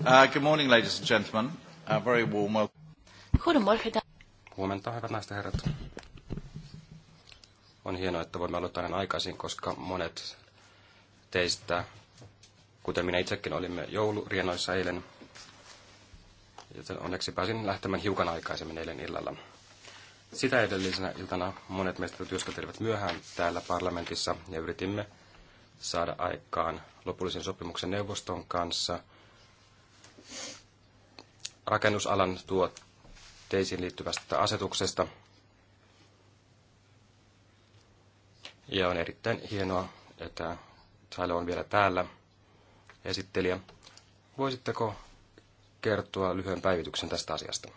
Uh, good morning, ladies and gentlemen. A very warm welcome. Huomenta, hyvät naiset ja herrat. On hienoa, että voimme aloittaa näin aikaisin, koska monet teistä, kuten minä itsekin, olimme joulurienoissa eilen. Joten onneksi pääsin lähtemään hiukan aikaisemmin eilen illalla. Sitä edellisenä iltana monet meistä työskentelivät myöhään täällä parlamentissa ja yritimme saada aikaan lopullisen sopimuksen neuvoston kanssa – rakennusalan tuotteisiin liittyvästä asetuksesta. Ja on erittäin hienoa, että Tyler on vielä täällä esittelijä. Voisitteko kertoa lyhyen päivityksen tästä asiasta?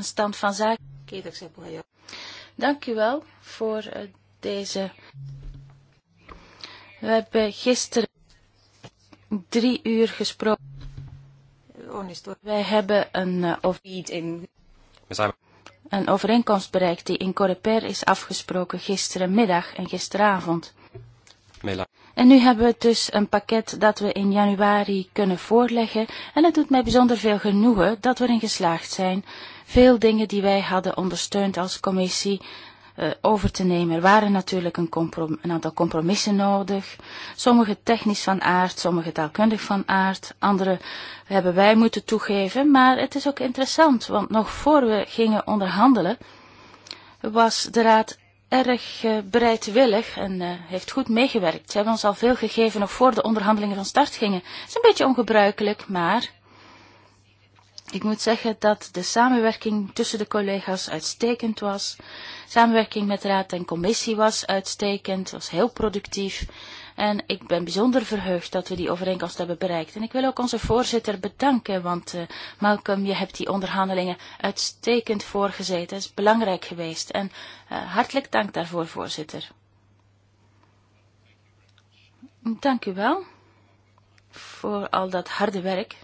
Stand van Kiitoksia puheenjohtaja. Dank u wel voor eh, deze. We hebben gisteren drie uur gesproken. Wij hebben een, eh, een overeenkomst bereikt die in Coreper is afgesproken gisterenmiddag en gisteravond. Mela. En nu hebben we dus een pakket dat we in januari kunnen voorleggen. En het doet mij bijzonder veel genoegen dat we erin geslaagd zijn veel dingen die wij hadden ondersteund als commissie Eh, over te nemen. Er waren natuurlijk een, comprom een, aantal compromissen nodig. Sommige technisch van aard, sommige taalkundig van aard. Andere hebben wij moeten toegeven. Maar het is ook interessant, want nog voor we gingen onderhandelen, was de Raad erg uh, bereidwillig en uh, heeft goed meegewerkt. Ze hebben ons al veel gegeven nog voor de onderhandelingen van start gingen. Het is een beetje ongebruikelijk, maar Ik moet zeggen dat de samenwerking tussen de collega's uitstekend was. Samenwerking met raad en commissie was uitstekend, was heel productief. En ik ben bijzonder verheugd dat we die overeenkomst hebben bereikt. En ik wil ook onze voorzitter bedanken, want uh, Malcolm, je hebt die onderhandelingen uitstekend voorgezeten. Dat is belangrijk geweest. En uh, hartelijk dank daarvoor, voorzitter. Dank u wel voor al dat harde werk.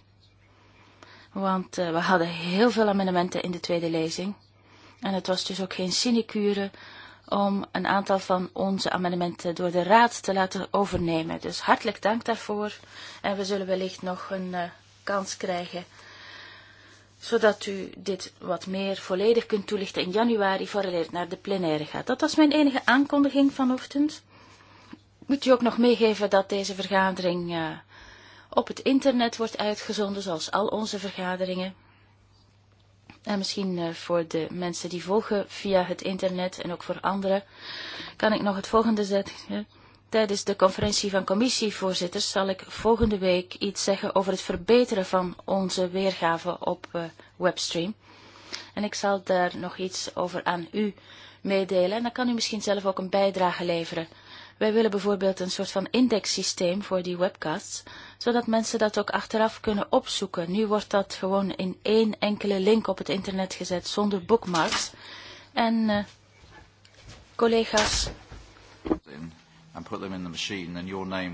Want uh, we hadden heel veel amendementen in de tweede lezing. En het was dus ook geen sinecure om een aantal van onze amendementen door de Raad te laten overnemen. Dus hartelijk dank daarvoor. En we zullen wellicht nog een uh, kans krijgen, zodat u dit wat meer volledig kunt toelichten in januari voor naar de plenaire gaat. Dat was mijn enige aankondiging vanochtend. Moet u ook nog meegeven dat deze vergadering... Uh, op het internet wordt uitgezonden, zoals al onze vergaderingen. En misschien eh, voor de mensen die volgen via het internet en ook voor anderen, kan ik nog het volgende zeggen. Tijdens de conferentie van commissievoorzitters zal ik volgende week iets zeggen over het verbeteren van onze weergave op eh, Webstream. En ik zal daar nog iets over aan u meedelen. En dan kan u misschien zelf ook een bijdrage leveren Wij willen bijvoorbeeld een soort van indexsysteem voor die webcasts, zodat mensen dat ook achteraf kunnen opzoeken. Nu wordt dat gewoon in één enkele link op het internet gezet, zonder bookmarks. En uh, collega's... ...en put them in the machine, and your name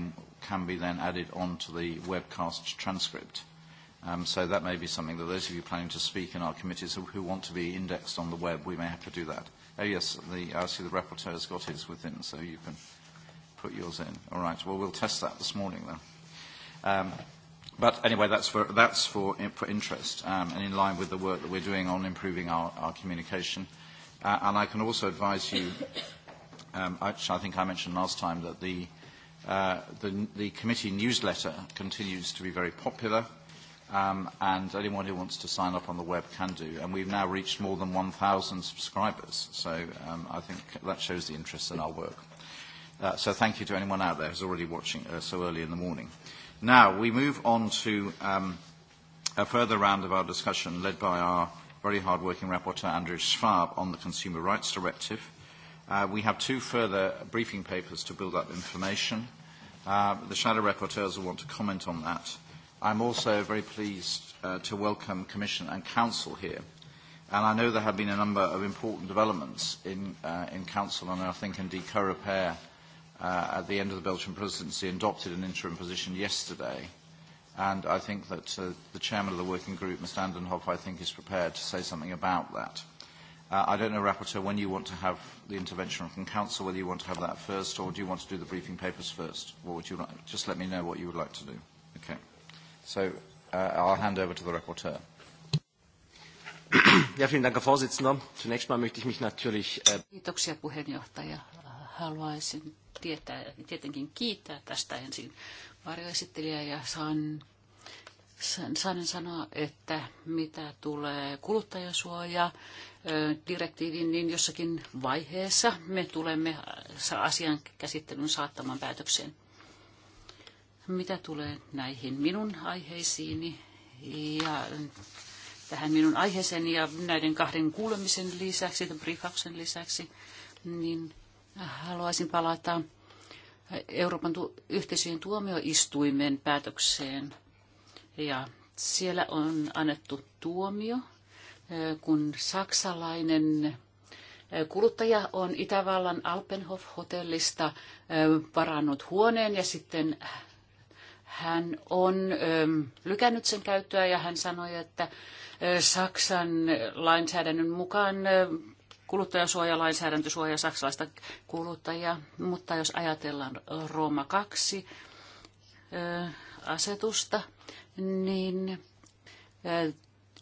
can be then added onto the webcast transcript. Um, so that may be something that those of you planning to speak in our committees who, who want to be indexed on the web, we may have to do that. Oh yes, the, I see the rapporteur has got his within, so you can put yours in. All right. Well, we'll test that this morning then. Um, but anyway, that's for, that's for, for interest um, and in line with the work that we're doing on improving our, our communication. Uh, and I can also advise you, um, I, I think I mentioned last time, that the, uh, the, the committee newsletter continues to be very popular. Um, and anyone who wants to sign up on the web can do. And we've now reached more than 1,000 subscribers. So um, I think that shows the interest in our work. Uh, so thank you to anyone out there who's already watching uh, so early in the morning. Now, we move on to um, a further round of our discussion led by our very hard-working rapporteur, Andrew Schwab, on the Consumer Rights Directive. Uh, we have two further briefing papers to build up information. Uh, the shadow rapporteurs will want to comment on that. I'm also very pleased uh, to welcome Commission and Council here. And I know there have been a number of important developments in, uh, in Council and I think indeed co-repair uh, at the end of the Belgian presidency adopted an interim position yesterday. And I think that uh, the chairman of the working group, Mr. Andenhoff, I think is prepared to say something about that. Uh, I don't know, Rapporteur, when you want to have the intervention from Council, whether you want to have that first or do you want to do the briefing papers first? What would you like? Just let me know what you would like to do. Okay. So uh, I'll hand over to the Rapporteur. Ja, vielen Dank, Herr Vorsitzender. Zunächst mal möchte ich mich natürlich... Äh Kiitoksia puheenjohtaja. Haluaisin tietää, tietenkin kiittää tästä ensin varjoesittelijä. ja saan, saan sanoa, että mitä tulee kuluttajasuojaa, direktiivin, niin jossakin vaiheessa me tulemme asian käsittelyn saattamaan päätökseen. Mitä tulee näihin minun aiheisiini ja tähän minun aiheeseen ja näiden kahden kuulemisen lisäksi, tämän lisäksi, niin Haluaisin palata Euroopan tu- yhteisöjen tuomioistuimen päätökseen. Ja siellä on annettu tuomio, kun saksalainen kuluttaja on Itävallan Alpenhof-hotellista varannut huoneen ja sitten hän on lykännyt sen käyttöä ja hän sanoi, että Saksan lainsäädännön mukaan kuluttajansuojalainsäädäntö suojaa saksalaista kuluttajia, mutta jos ajatellaan Rooma 2 asetusta, niin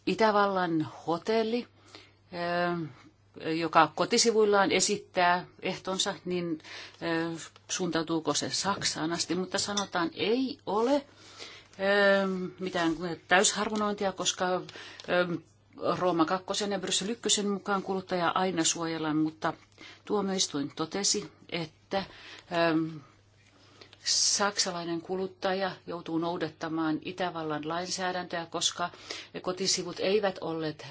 Itävallan hotelli, joka kotisivuillaan esittää ehtonsa, niin suuntautuuko se Saksaan asti, mutta sanotaan ei ole mitään täysharmonointia, koska Rooma 2 ja Bryssel 1 mukaan kuluttaja aina suojellaan, mutta tuomioistuin totesi, että ähm, saksalainen kuluttaja joutuu noudattamaan Itävallan lainsäädäntöä, koska kotisivut eivät olleet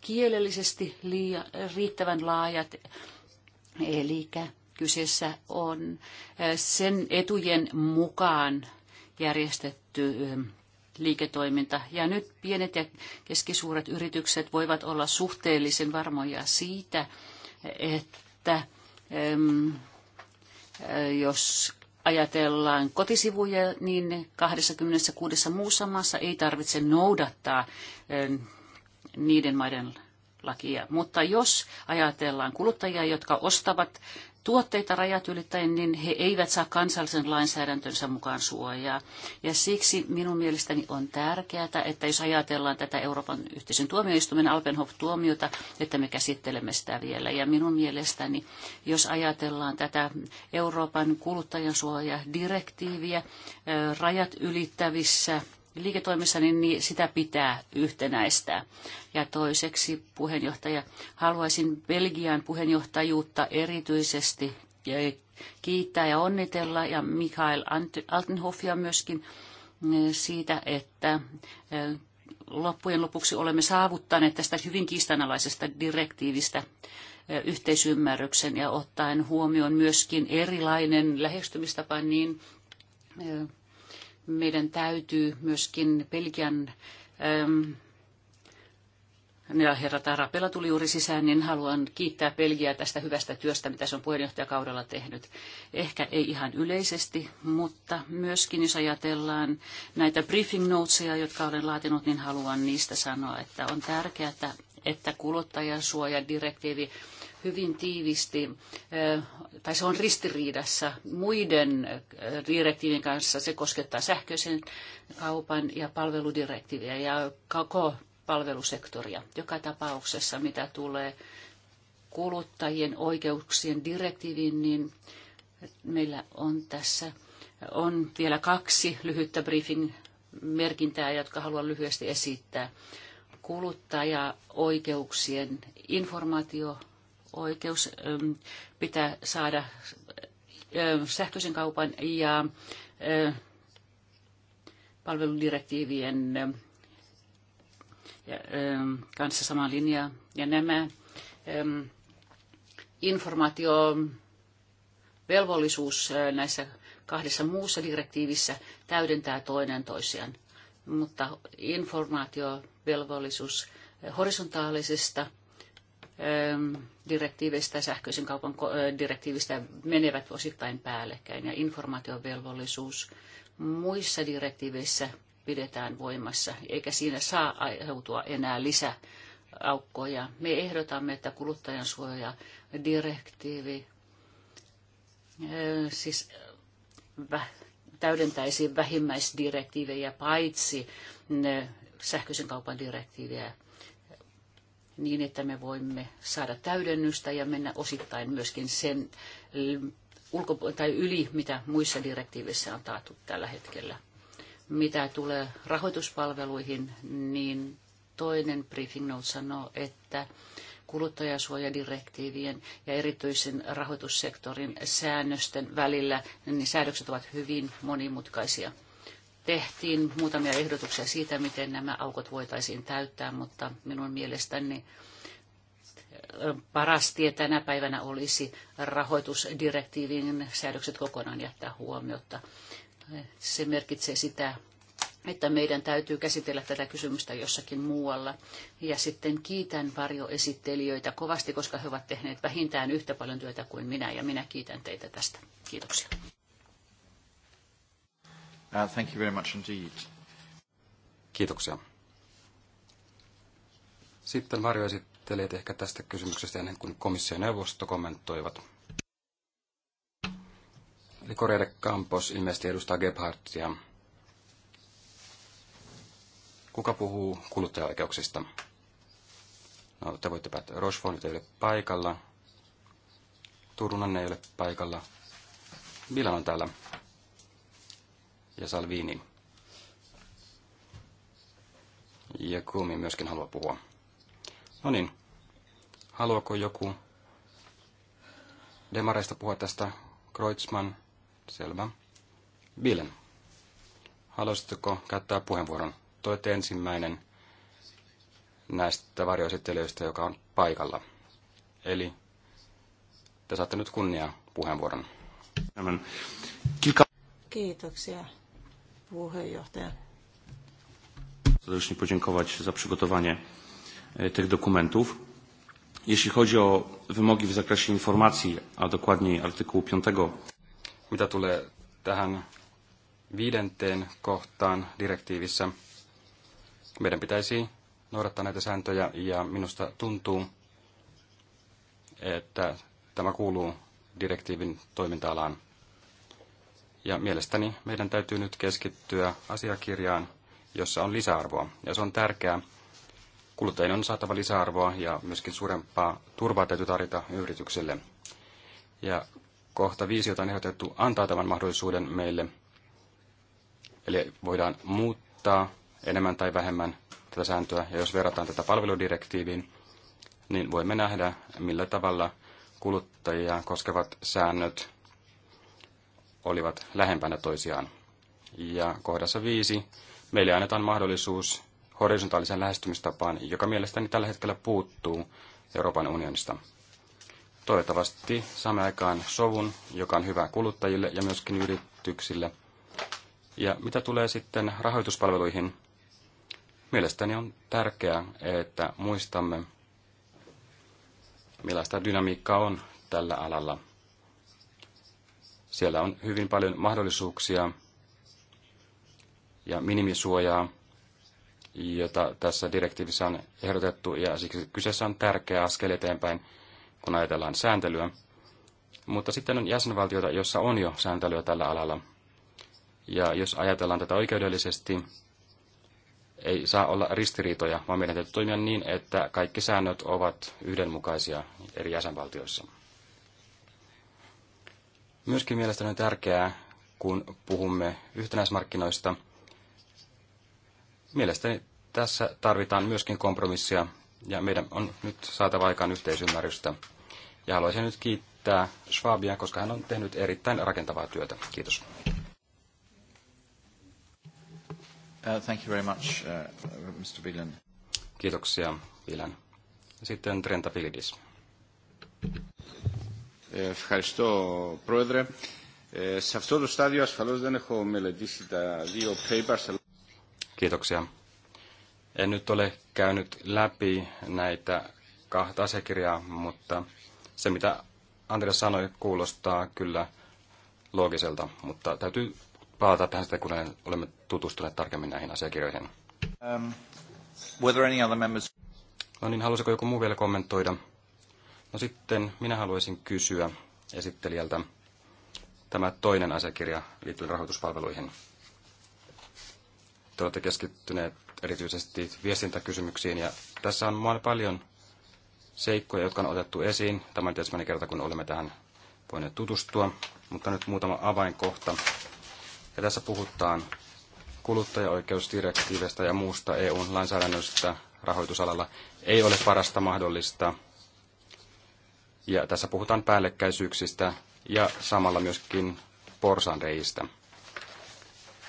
kielellisesti liia, riittävän laajat. Eli kyseessä on äh, sen etujen mukaan järjestetty ähm, liiketoiminta. Ja nyt pienet ja keskisuuret yritykset voivat olla suhteellisen varmoja siitä, että eh, jos ajatellaan kotisivuja, niin 26 muussa maassa ei tarvitse noudattaa niiden maiden lakia. Mutta jos ajatellaan kuluttajia, jotka ostavat tuotteita rajat ylittäen, niin he eivät saa kansallisen lainsäädäntönsä mukaan suojaa. Ja siksi minun mielestäni on tärkeää, että jos ajatellaan tätä Euroopan yhteisön tuomioistuimen Alpenhof-tuomiota, että me käsittelemme sitä vielä. Ja minun mielestäni, jos ajatellaan tätä Euroopan kuluttajansuojadirektiiviä rajat ylittävissä liiketoimissa, niin, niin sitä pitää yhtenäistää. Ja toiseksi puheenjohtaja, haluaisin Belgian puheenjohtajuutta erityisesti eh, kiittää ja onnitella ja Mikael Altenhoffia myöskin eh, siitä, että eh, loppujen lopuksi olemme saavuttaneet tästä hyvin kiistanalaisesta direktiivistä yhteisymmärryksen ja ottaen huomioon myöskin erilainen lähestymistapa niin meidän täytyy myöskin Pelkian ähm, ja herra Tarapela tuli juuri sisään, niin haluan kiittää Pelgiä tästä hyvästä työstä, mitä se on puheenjohtajakaudella tehnyt. Ehkä ei ihan yleisesti, mutta myöskin jos ajatellaan näitä briefing notesia, jotka olen laatinut, niin haluan niistä sanoa, että on tärkeää, että kuluttajansuojadirektiivi hyvin tiivisti, tai se on ristiriidassa muiden direktiivin kanssa. Se koskettaa sähköisen kaupan ja palveludirektiiviä ja koko palvelusektoria. Joka tapauksessa, mitä tulee kuluttajien oikeuksien direktiiviin, niin meillä on tässä on vielä kaksi lyhyttä briefing-merkintää, jotka haluan lyhyesti esittää oikeuksien informaatio oikeus ähm, pitää saada ähm, sähköisen kaupan ja äh, palveludirektiivien ähm, kanssa samaa linjaa. Ja nämä informaatiovelvollisuus äh, näissä kahdessa muussa direktiivissä täydentää toinen toisiaan, mutta informaatiovelvollisuus äh, horisontaalisesta direktiivistä ja sähköisen kaupan direktiivistä menevät osittain päällekkäin ja informaatiovelvollisuus muissa direktiiveissä pidetään voimassa, eikä siinä saa aiheutua enää lisäaukkoja. Me ehdotamme, että kuluttajansuojadirektiivi siis täydentäisi vähimmäisdirektiivejä paitsi sähköisen kaupan direktiiviä niin, että me voimme saada täydennystä ja mennä osittain myöskin sen eh, ulko- tai yli, mitä muissa direktiiveissä on taattu tällä hetkellä. Mitä tulee rahoituspalveluihin, niin toinen briefing note sanoo, että kuluttajasuojadirektiivien ja erityisen rahoitussektorin säännösten välillä, niin säädökset ovat hyvin monimutkaisia tehtiin muutamia ehdotuksia siitä, miten nämä aukot voitaisiin täyttää, mutta minun mielestäni paras tie tänä päivänä olisi rahoitusdirektiivin säädökset kokonaan jättää huomiota. Se merkitsee sitä, että meidän täytyy käsitellä tätä kysymystä jossakin muualla. Ja sitten kiitän varjoesittelijöitä kovasti, koska he ovat tehneet vähintään yhtä paljon työtä kuin minä, ja minä kiitän teitä tästä. Kiitoksia. Uh, thank you very much indeed. Kiitoksia. Sitten varjoesittelijät ehkä tästä kysymyksestä ennen kuin komission neuvosto kommentoivat. Eli Correa Campos ilmeisesti edustaa Gebhardtia. Kuka puhuu kuluttajaoikeuksista? No, te voitte päättää. Rochefort ei ole paikalla. Turunan ei ole paikalla. Milan on täällä ja Salvini. Ja Kumi myöskin haluaa puhua. No niin, haluaako joku demareista puhua tästä? Kreutzmann, selvä. Bilen, haluaisitko käyttää puheenvuoron? Te ensimmäinen näistä varjoesittelijöistä, joka on paikalla. Eli te saatte nyt kunnia puheenvuoron. Kiitoksia puheenjohtaja. Serdecznie podziękować za przygotowanie e, tych dokumentów. Jeśli chodzi o wymogi w zakresie informacji, a dokładniej artykułu 5. Mitä tulee tähän viidenteen kohtaan direktiivissä, meidän pitäisi noudattaa näitä sääntöjä ja minusta tuntuu, että tämä kuuluu direktiivin toiminta-alaan. Ja mielestäni meidän täytyy nyt keskittyä asiakirjaan, jossa on lisäarvoa. Ja se on tärkeää. Kuluttajien on saatava lisäarvoa ja myöskin suurempaa turvaa täytyy tarjota yrityksille. Ja kohta viisi, jota on ehdotettu, antaa tämän mahdollisuuden meille. Eli voidaan muuttaa enemmän tai vähemmän tätä sääntöä. Ja jos verrataan tätä palveludirektiiviin, niin voimme nähdä, millä tavalla kuluttajia koskevat säännöt olivat lähempänä toisiaan. Ja kohdassa viisi meille annetaan mahdollisuus horisontaalisen lähestymistapaan, joka mielestäni tällä hetkellä puuttuu Euroopan unionista. Toivottavasti saamme aikaan sovun, joka on hyvä kuluttajille ja myöskin yrityksille. Ja mitä tulee sitten rahoituspalveluihin, mielestäni on tärkeää, että muistamme, millaista dynamiikkaa on tällä alalla – siellä on hyvin paljon mahdollisuuksia ja minimisuojaa, jota tässä direktiivissä on ehdotettu, ja siksi kyseessä on tärkeä askel eteenpäin, kun ajatellaan sääntelyä. Mutta sitten on jäsenvaltioita, joissa on jo sääntelyä tällä alalla. Ja jos ajatellaan tätä oikeudellisesti, ei saa olla ristiriitoja, vaan meidän täytyy toimia niin, että kaikki säännöt ovat yhdenmukaisia eri jäsenvaltioissa. Myöskin mielestäni on tärkeää, kun puhumme yhtenäismarkkinoista. Mielestäni tässä tarvitaan myöskin kompromissia ja meidän on nyt saatava aikaan yhteisymmärrystä. Ja haluaisin nyt kiittää Schwabia, koska hän on tehnyt erittäin rakentavaa työtä. Kiitos. Uh, thank you very much, uh, Mr. Bilan. Kiitoksia, Bilan. Sitten Trenta Pilidis. Ευχαριστώ, Πρόεδρε. Ε, σε αυτό το στάδιο ασφαλώς δεν έχω μελετήσει τα δύο papers. Kiitoksia. En nyt ole käynyt läpi näitä kahta asiakirjaa, mutta se mitä Andreas sanoi kuulostaa kyllä loogiselta, mutta täytyy palata tähän sitten, kun olemme tutustuneet tarkemmin näihin asiakirjoihin. Um, were there any other members? No niin, haluaisiko joku muu vielä kommentoida? No sitten minä haluaisin kysyä esittelijältä tämä toinen asiakirja liittyen rahoituspalveluihin. Te olette keskittyneet erityisesti viestintäkysymyksiin ja tässä on paljon seikkoja, jotka on otettu esiin. Tämä on ensimmäinen kerta, kun olemme tähän voineet tutustua, mutta nyt muutama avainkohta. Ja tässä puhutaan kuluttajaoikeusdirektiivistä ja muusta EUn lainsäädännöstä rahoitusalalla ei ole parasta mahdollista ja tässä puhutaan päällekkäisyyksistä ja samalla myöskin porsanreistä.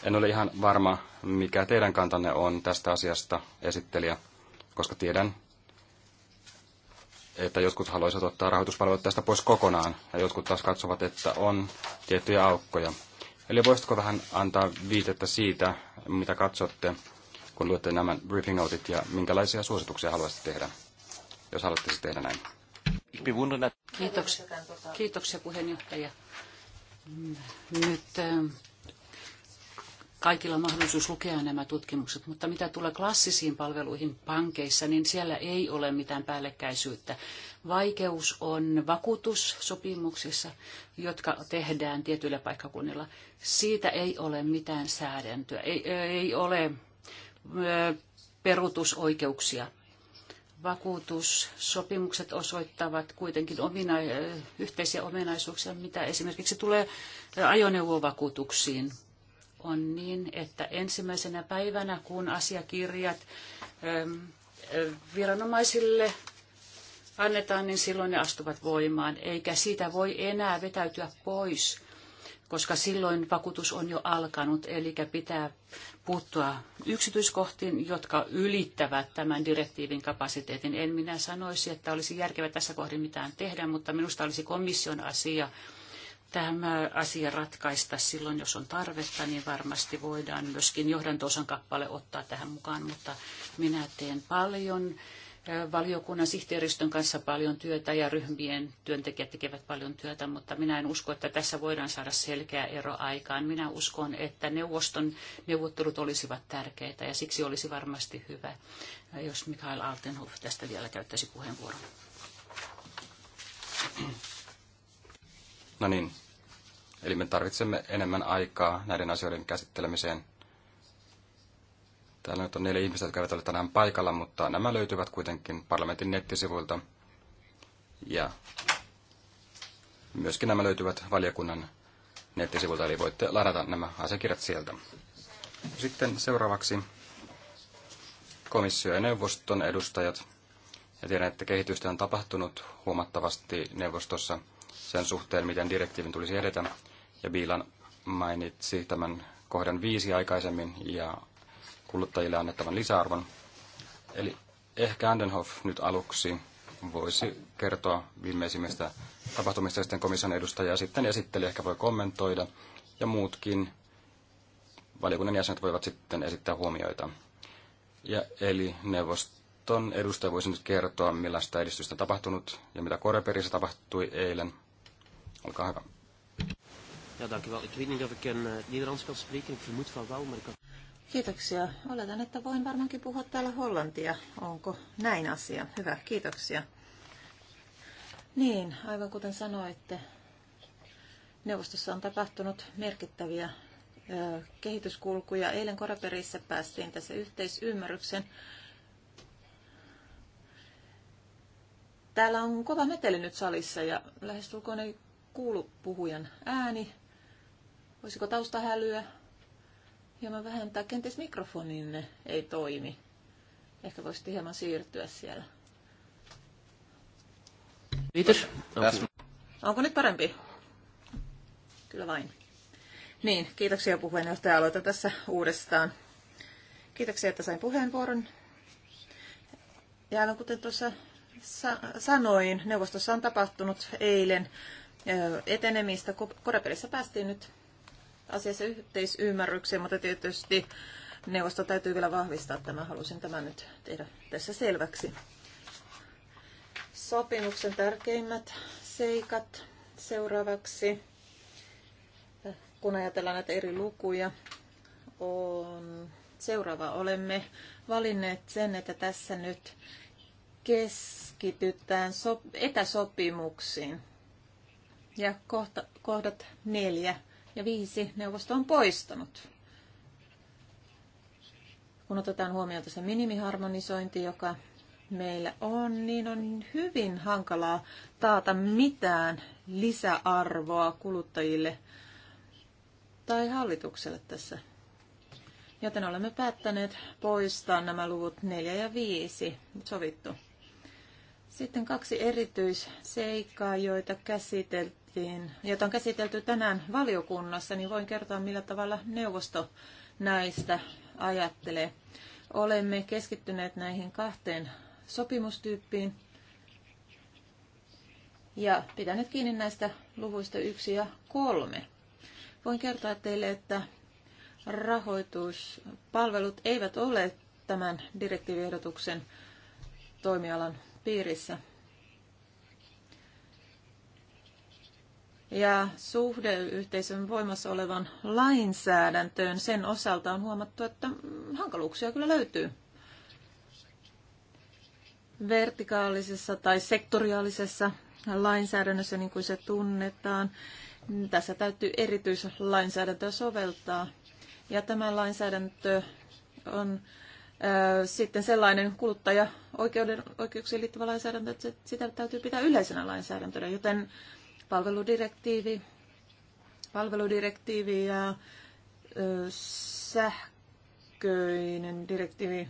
En ole ihan varma, mikä teidän kantanne on tästä asiasta, esittelijä, koska tiedän, että jotkut haluaisivat ottaa rahoituspalvelut tästä pois kokonaan, ja jotkut taas katsovat, että on tiettyjä aukkoja. Eli voisitko vähän antaa viitettä siitä, mitä katsotte, kun luette nämä briefing notit, ja minkälaisia suosituksia haluaisitte tehdä, jos haluatte siis tehdä näin? Kiitoksia, kiitoksia puheenjohtaja. Nyt kaikilla on mahdollisuus lukea nämä tutkimukset, mutta mitä tulee klassisiin palveluihin pankeissa, niin siellä ei ole mitään päällekkäisyyttä. Vaikeus on vakuutussopimuksissa, jotka tehdään tietyillä paikkakunnilla. Siitä ei ole mitään säädäntöä, ei, ei ole perutusoikeuksia vakuutussopimukset osoittavat kuitenkin omina, yhteisiä ominaisuuksia, mitä esimerkiksi tulee ajoneuvovakuutuksiin. On niin, että ensimmäisenä päivänä, kun asiakirjat viranomaisille annetaan, niin silloin ne astuvat voimaan, eikä siitä voi enää vetäytyä pois koska silloin vakuutus on jo alkanut, eli pitää puuttua yksityiskohtiin, jotka ylittävät tämän direktiivin kapasiteetin. En minä sanoisi, että olisi järkevää tässä kohdin mitään tehdä, mutta minusta olisi komission asia tämä asia ratkaista silloin, jos on tarvetta, niin varmasti voidaan myöskin johdantosan kappale ottaa tähän mukaan, mutta minä teen paljon valiokunnan sihteeristön kanssa paljon työtä ja ryhmien työntekijät tekevät paljon työtä, mutta minä en usko, että tässä voidaan saada selkeä ero aikaan. Minä uskon, että neuvoston neuvottelut olisivat tärkeitä ja siksi olisi varmasti hyvä, jos Mikael Altenhoff tästä vielä käyttäisi puheenvuoron. No niin, eli me tarvitsemme enemmän aikaa näiden asioiden käsittelemiseen – Täällä nyt on neljä ihmistä, jotka eivät ole tänään paikalla, mutta nämä löytyvät kuitenkin parlamentin nettisivuilta. Ja myöskin nämä löytyvät valiokunnan nettisivuilta, eli voitte ladata nämä asiakirjat sieltä. Sitten seuraavaksi komissio ja neuvoston edustajat. Ja tiedän, että kehitystä on tapahtunut huomattavasti neuvostossa sen suhteen, miten direktiivin tulisi edetä. Ja Biilan mainitsi tämän kohdan viisi aikaisemmin ja kuluttajille annettavan lisäarvon. Eli ehkä Andenhoff nyt aluksi voisi kertoa viimeisimmistä tapahtumista sitten komission edustaja sitten esitteli, ehkä voi kommentoida ja muutkin valiokunnan jäsenet voivat sitten esittää huomioita. Ja eli neuvoston edustaja voisi nyt kertoa, millaista edistystä on tapahtunut ja mitä Koreperissä tapahtui eilen. Olkaa hyvä. Ja, dankjewel. Ik weet niet of ik in uh, eh, Nederlands kan spreken. Ik vermoed van wel, maar ik kan... Kiitoksia. Oletan, että voin varmaankin puhua täällä hollantia. Onko näin asia? Hyvä, kiitoksia. Niin, aivan kuten sanoitte, neuvostossa on tapahtunut merkittäviä ö, kehityskulkuja. Eilen Koraperissä päästiin tässä yhteisymmärryksen. Täällä on kova meteli nyt salissa ja lähestulkoon ei kuulu puhujan ääni. Voisiko taustahälyä? hieman vähentää. Kenties mikrofoninne ei toimi. Ehkä voisitte hieman siirtyä siellä. Kiitos. Onko nyt parempi? Kyllä vain. Niin, kiitoksia puheenjohtaja. Aloitan tässä uudestaan. Kiitoksia, että sain puheenvuoron. Ja aivan kuten tuossa sa- sanoin, neuvostossa on tapahtunut eilen etenemistä. Korepelissä päästiin nyt asiassa yhteisymmärrykseen, mutta tietysti neuvosto täytyy vielä vahvistaa tämä. Halusin tämän nyt tehdä tässä selväksi. Sopimuksen tärkeimmät seikat seuraavaksi, kun ajatellaan näitä eri lukuja, on seuraava. Olemme valinneet sen, että tässä nyt keskitytään etäsopimuksiin ja kohta, kohdat neljä ja viisi neuvosto on poistanut. Kun otetaan huomioon se minimiharmonisointi, joka meillä on, niin on hyvin hankalaa taata mitään lisäarvoa kuluttajille tai hallitukselle tässä. Joten olemme päättäneet poistaa nämä luvut 4 ja 5 sovittu. Sitten kaksi erityisseikkaa, joita käsiteltiin käsiteltiin, jota on käsitelty tänään valiokunnassa, niin voin kertoa, millä tavalla neuvosto näistä ajattelee. Olemme keskittyneet näihin kahteen sopimustyyppiin ja pitäneet kiinni näistä luvuista yksi ja kolme. Voin kertoa teille, että rahoituspalvelut eivät ole tämän direktiiviehdotuksen toimialan piirissä. ja suhdeyhteisön voimassa olevan lainsäädäntöön sen osalta on huomattu, että hankaluuksia kyllä löytyy. Vertikaalisessa tai sektoriaalisessa lainsäädännössä, niin kuin se tunnetaan, tässä täytyy erityislainsäädäntöä soveltaa. Ja tämä lainsäädäntö on sitten sellainen kuluttaja oikeuden, oikeuksiin liittyvä lainsäädäntö, että sitä täytyy pitää yleisenä lainsäädäntönä, joten palveludirektiivi, palveludirektiivi ja ö, sähköinen direktiivi,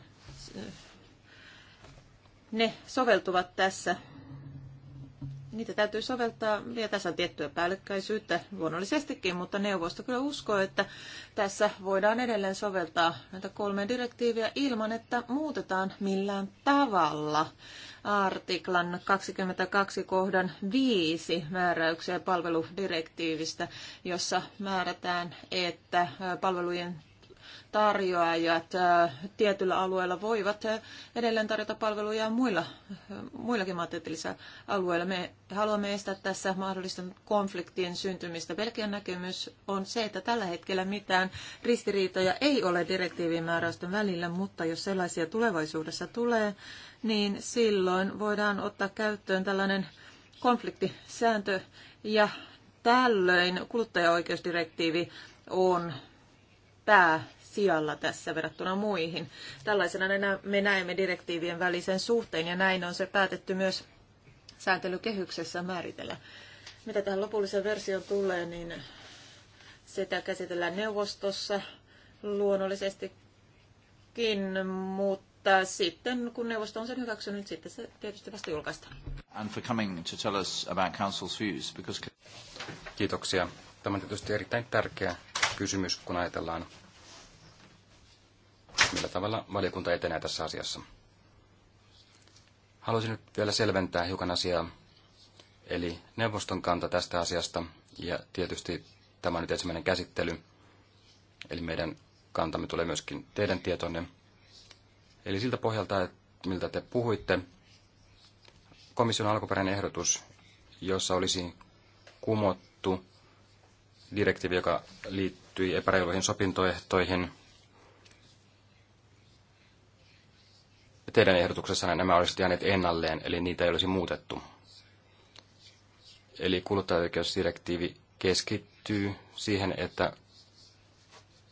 ne soveltuvat tässä niitä täytyy soveltaa, ja tässä on tiettyä päällekkäisyyttä luonnollisestikin, mutta neuvosto kyllä uskoo, että tässä voidaan edelleen soveltaa näitä kolme direktiiviä ilman, että muutetaan millään tavalla artiklan 22 kohdan 5 määräyksiä palveludirektiivistä, jossa määrätään, että palvelujen tarjoajat äh, tietyllä alueella voivat äh, edelleen tarjota palveluja muilla, äh, muillakin maantieteellisillä alueilla. Me haluamme estää tässä mahdollisten konfliktien syntymistä. Belgian näkemys on se, että tällä hetkellä mitään ristiriitoja ei ole direktiivin määräysten välillä, mutta jos sellaisia tulevaisuudessa tulee, niin silloin voidaan ottaa käyttöön tällainen konfliktisääntö ja tällöin kuluttajaoikeusdirektiivi on pää sijalla tässä verrattuna muihin. Tällaisena me näemme direktiivien välisen suhteen ja näin on se päätetty myös sääntelykehyksessä määritellä. Mitä tähän lopulliseen versioon tulee, niin sitä käsitellään neuvostossa luonnollisestikin, mutta sitten kun neuvosto on sen hyväksynyt, sitten se tietysti vasta julkaistaan. And for coming to tell us about council's views, because... Kiitoksia. Tämä on tietysti erittäin tärkeä kysymys, kun ajatellaan millä tavalla valiokunta etenee tässä asiassa. Haluaisin nyt vielä selventää hiukan asiaa, eli neuvoston kanta tästä asiasta, ja tietysti tämä on nyt ensimmäinen käsittely, eli meidän kantamme tulee myöskin teidän tietonne. Eli siltä pohjalta, että miltä te puhuitte, komission alkuperäinen ehdotus, jossa olisi kumottu direktiivi, joka liittyi epäreiluihin sopintoehtoihin teidän ehdotuksessanne nämä olisivat jääneet ennalleen, eli niitä ei olisi muutettu. Eli kuluttajoikeusdirektiivi keskittyy siihen, että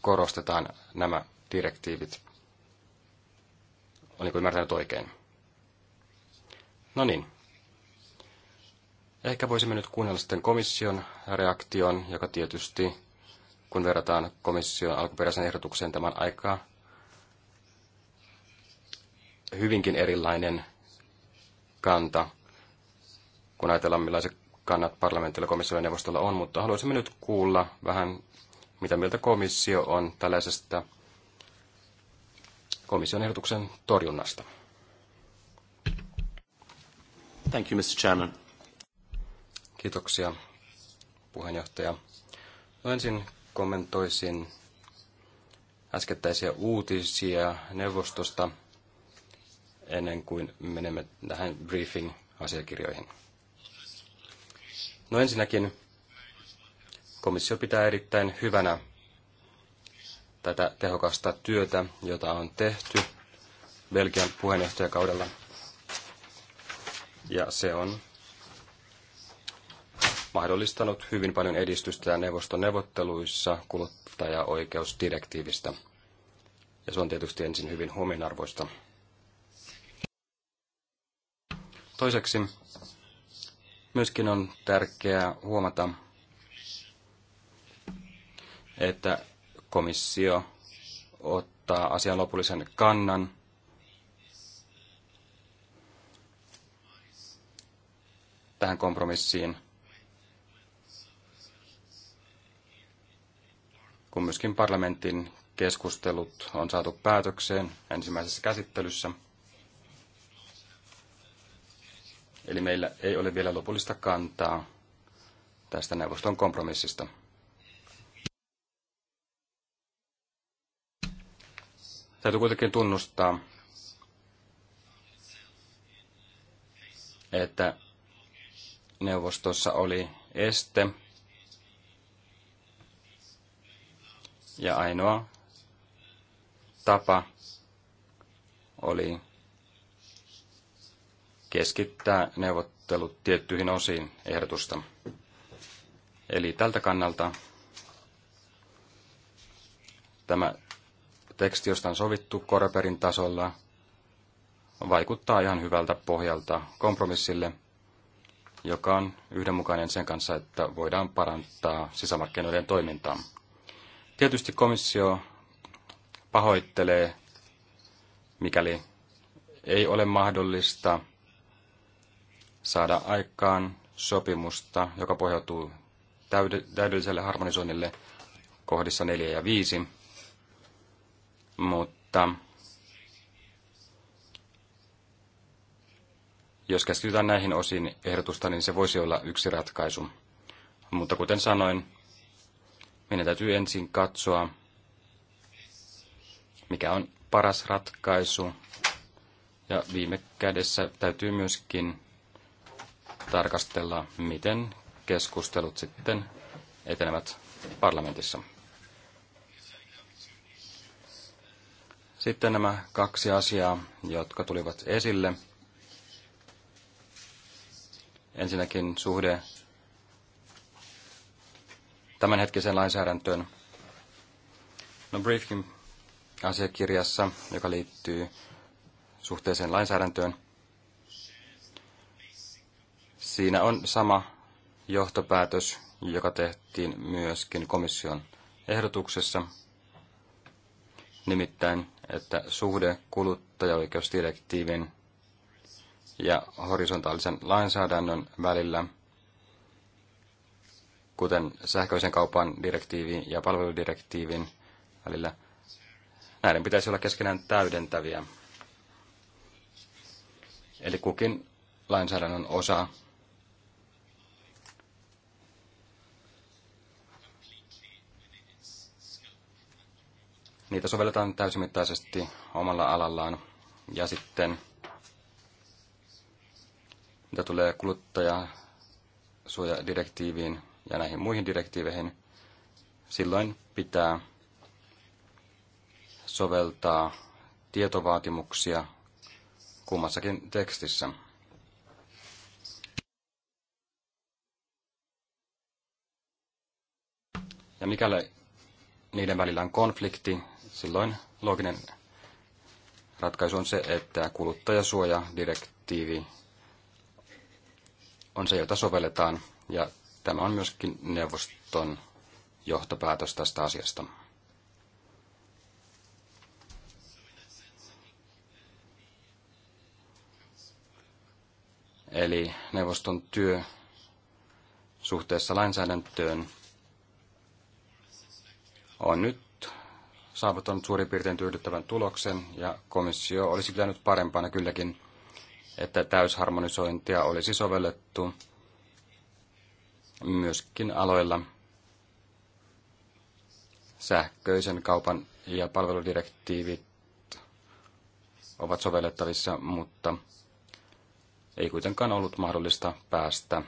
korostetaan nämä direktiivit. Oliko ymmärtänyt oikein? No niin. Ehkä voisimme nyt kuunnella sitten komission reaktion, joka tietysti, kun verrataan komission alkuperäisen ehdotukseen tämän aikaa, hyvinkin erilainen kanta, kun ajatellaan millaiset kannat parlamentilla, komissiolla ja neuvostolla on, mutta haluaisimme nyt kuulla vähän, mitä mieltä komissio on tällaisesta komission ehdotuksen torjunnasta. Thank you, Mr. Chairman. Kiitoksia, puheenjohtaja. No ensin kommentoisin äskettäisiä uutisia neuvostosta – ennen kuin menemme tähän briefing-asiakirjoihin. No ensinnäkin komissio pitää erittäin hyvänä tätä tehokasta työtä, jota on tehty Belgian puheenjohtajakaudella. Ja se on mahdollistanut hyvin paljon edistystä neuvoston neuvotteluissa kuluttajaoikeusdirektiivistä. Ja se on tietysti ensin hyvin huomionarvoista. Toiseksi myöskin on tärkeää huomata, että komissio ottaa asian lopullisen kannan. tähän kompromissiin, kun myöskin parlamentin keskustelut on saatu päätökseen ensimmäisessä käsittelyssä – Eli meillä ei ole vielä lopullista kantaa tästä neuvoston kompromissista. Täytyy kuitenkin tunnustaa, että neuvostossa oli este ja ainoa tapa oli keskittää neuvottelut tiettyihin osiin ehdotusta. Eli tältä kannalta tämä teksti, josta on sovittu Koreperin tasolla, vaikuttaa ihan hyvältä pohjalta kompromissille, joka on yhdenmukainen sen kanssa, että voidaan parantaa sisämarkkinoiden toimintaa. Tietysti komissio pahoittelee, mikäli ei ole mahdollista saada aikaan sopimusta, joka pohjautuu täydelliselle harmonisoinnille kohdissa 4 ja 5, mutta jos keskitytään näihin osiin ehdotusta, niin se voisi olla yksi ratkaisu. Mutta kuten sanoin, meidän täytyy ensin katsoa, mikä on paras ratkaisu. Ja viime kädessä täytyy myöskin tarkastella, miten keskustelut sitten etenevät parlamentissa. Sitten nämä kaksi asiaa, jotka tulivat esille. Ensinnäkin suhde tämänhetkiseen lainsäädäntöön. No briefing asiakirjassa, joka liittyy suhteeseen lainsäädäntöön, Siinä on sama johtopäätös, joka tehtiin myöskin komission ehdotuksessa, nimittäin, että suhde kuluttajaoikeusdirektiivin ja horisontaalisen lainsäädännön välillä, kuten sähköisen kaupan direktiivin ja palveludirektiivin välillä, näiden pitäisi olla keskenään täydentäviä. Eli kukin lainsäädännön osa niitä sovelletaan täysimittaisesti omalla alallaan. Ja sitten mitä tulee kuluttajasuojadirektiiviin ja näihin muihin direktiiveihin, silloin pitää soveltaa tietovaatimuksia kummassakin tekstissä. Ja mikäli niiden välillä on konflikti, Silloin looginen ratkaisu on se, että kuluttajasuojadirektiivi on se, jota sovelletaan, ja tämä on myöskin neuvoston johtopäätös tästä asiasta. Eli neuvoston työ suhteessa lainsäädäntöön on nyt saavuttanut suurin piirtein tyydyttävän tuloksen, ja komissio olisi pitänyt parempana kylläkin, että täysharmonisointia olisi sovellettu myöskin aloilla sähköisen kaupan ja palveludirektiivit ovat sovellettavissa, mutta ei kuitenkaan ollut mahdollista päästä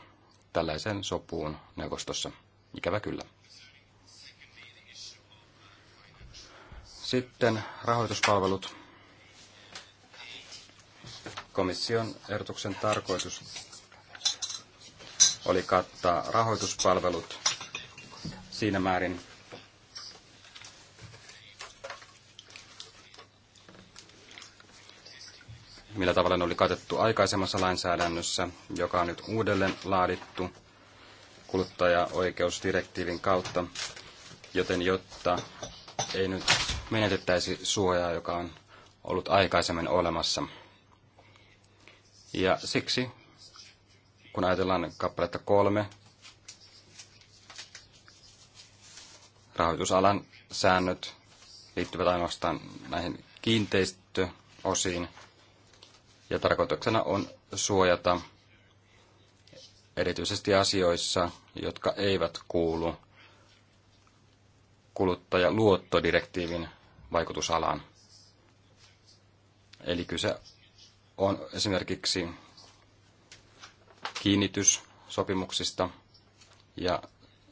tällaiseen sopuun neuvostossa. Ikävä kyllä. Sitten rahoituspalvelut. Komission ehdotuksen tarkoitus oli kattaa rahoituspalvelut siinä määrin, millä tavalla ne oli katettu aikaisemmassa lainsäädännössä, joka on nyt uudelleen laadittu kuluttajaoikeusdirektiivin kautta, joten jotta ei nyt menetettäisi suojaa, joka on ollut aikaisemmin olemassa. Ja siksi, kun ajatellaan kappaletta kolme, rahoitusalan säännöt liittyvät ainoastaan näihin kiinteistöosiin, ja tarkoituksena on suojata erityisesti asioissa, jotka eivät kuulu kuluttajaluottodirektiivin vaikutusalaan. Eli kyse on esimerkiksi kiinnityssopimuksista ja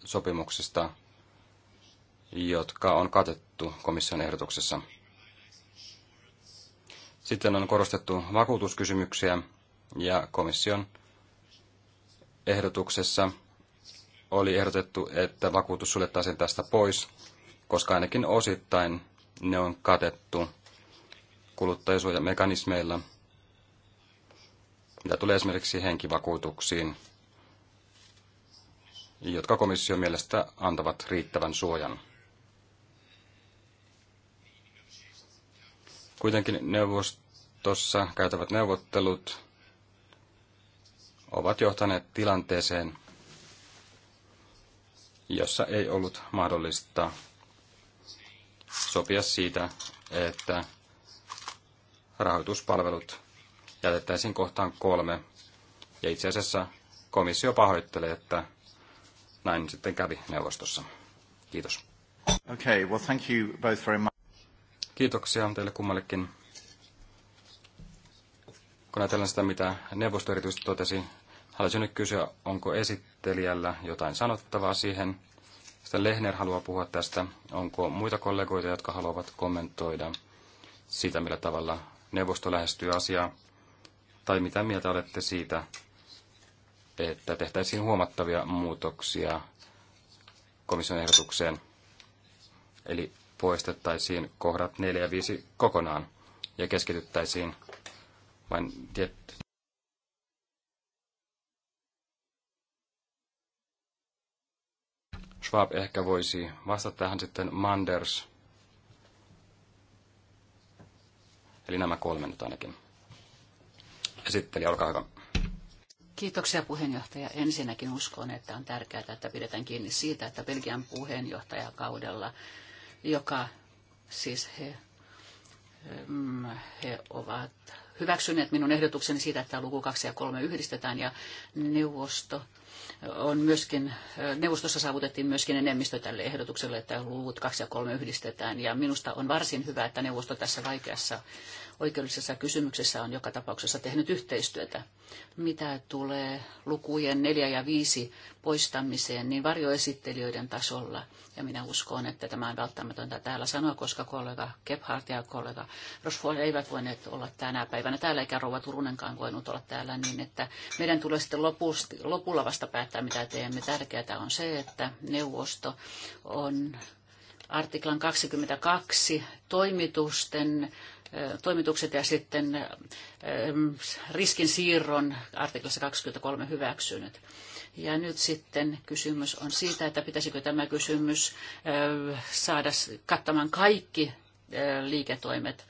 sopimuksista, jotka on katettu komission ehdotuksessa. Sitten on korostettu vakuutuskysymyksiä ja komission ehdotuksessa oli ehdotettu, että vakuutus suljettaisiin tästä pois, koska ainakin osittain ne on katettu kuluttajasuojamekanismeilla, mitä tulee esimerkiksi henkivakuutuksiin, jotka komission mielestä antavat riittävän suojan. Kuitenkin neuvostossa käytävät neuvottelut ovat johtaneet tilanteeseen, jossa ei ollut mahdollista sopia siitä, että rahoituspalvelut jätettäisiin kohtaan kolme. Ja itse asiassa komissio pahoittelee, että näin sitten kävi neuvostossa. Kiitos. Okay, well thank you both very much. Kiitoksia teille kummallekin. Kun ajatellaan sitä, mitä neuvosto erityisesti totesi, haluaisin nyt kysyä, onko esittelijällä jotain sanottavaa siihen – sitten Lehner haluaa puhua tästä. Onko muita kollegoita, jotka haluavat kommentoida sitä, millä tavalla neuvosto lähestyy asiaa? Tai mitä mieltä olette siitä, että tehtäisiin huomattavia muutoksia komission ehdotukseen? Eli poistettaisiin kohdat 4 ja 5 kokonaan ja keskityttäisiin vain tiettyihin Schwab ehkä voisi vastata tähän sitten Manders. Eli nämä kolme nyt ainakin. Esitteli, olkaa hyvä. Kiitoksia puheenjohtaja. Ensinnäkin uskon, että on tärkeää, että pidetään kiinni siitä, että Belgian puheenjohtajakaudella, joka siis he, mm, he ovat hyväksyneet minun ehdotukseni siitä, että luku 2 ja 3 yhdistetään ja neuvosto on myöskin, neuvostossa saavutettiin myöskin enemmistö tälle ehdotukselle, että luvut 2 ja 3 yhdistetään. Ja minusta on varsin hyvä, että neuvosto tässä vaikeassa oikeudellisessa kysymyksessä on joka tapauksessa tehnyt yhteistyötä. Mitä tulee lukujen 4 ja 5 poistamiseen, niin varjoesittelijöiden tasolla, ja minä uskon, että tämä on välttämätöntä täällä sanoa, koska kollega Gebhardt ja kollega Rosford eivät voineet olla tänä päivänä täällä, eikä Rova Turunenkaan voinut olla täällä, niin että meidän tulee sitten lopusti, lopulla vasta päättää, mitä teemme. Tärkeää on se, että neuvosto on artiklan 22 toimitusten toimitukset ja sitten riskin siirron artiklassa 23 hyväksynyt. Ja nyt sitten kysymys on siitä, että pitäisikö tämä kysymys saada kattamaan kaikki liiketoimet,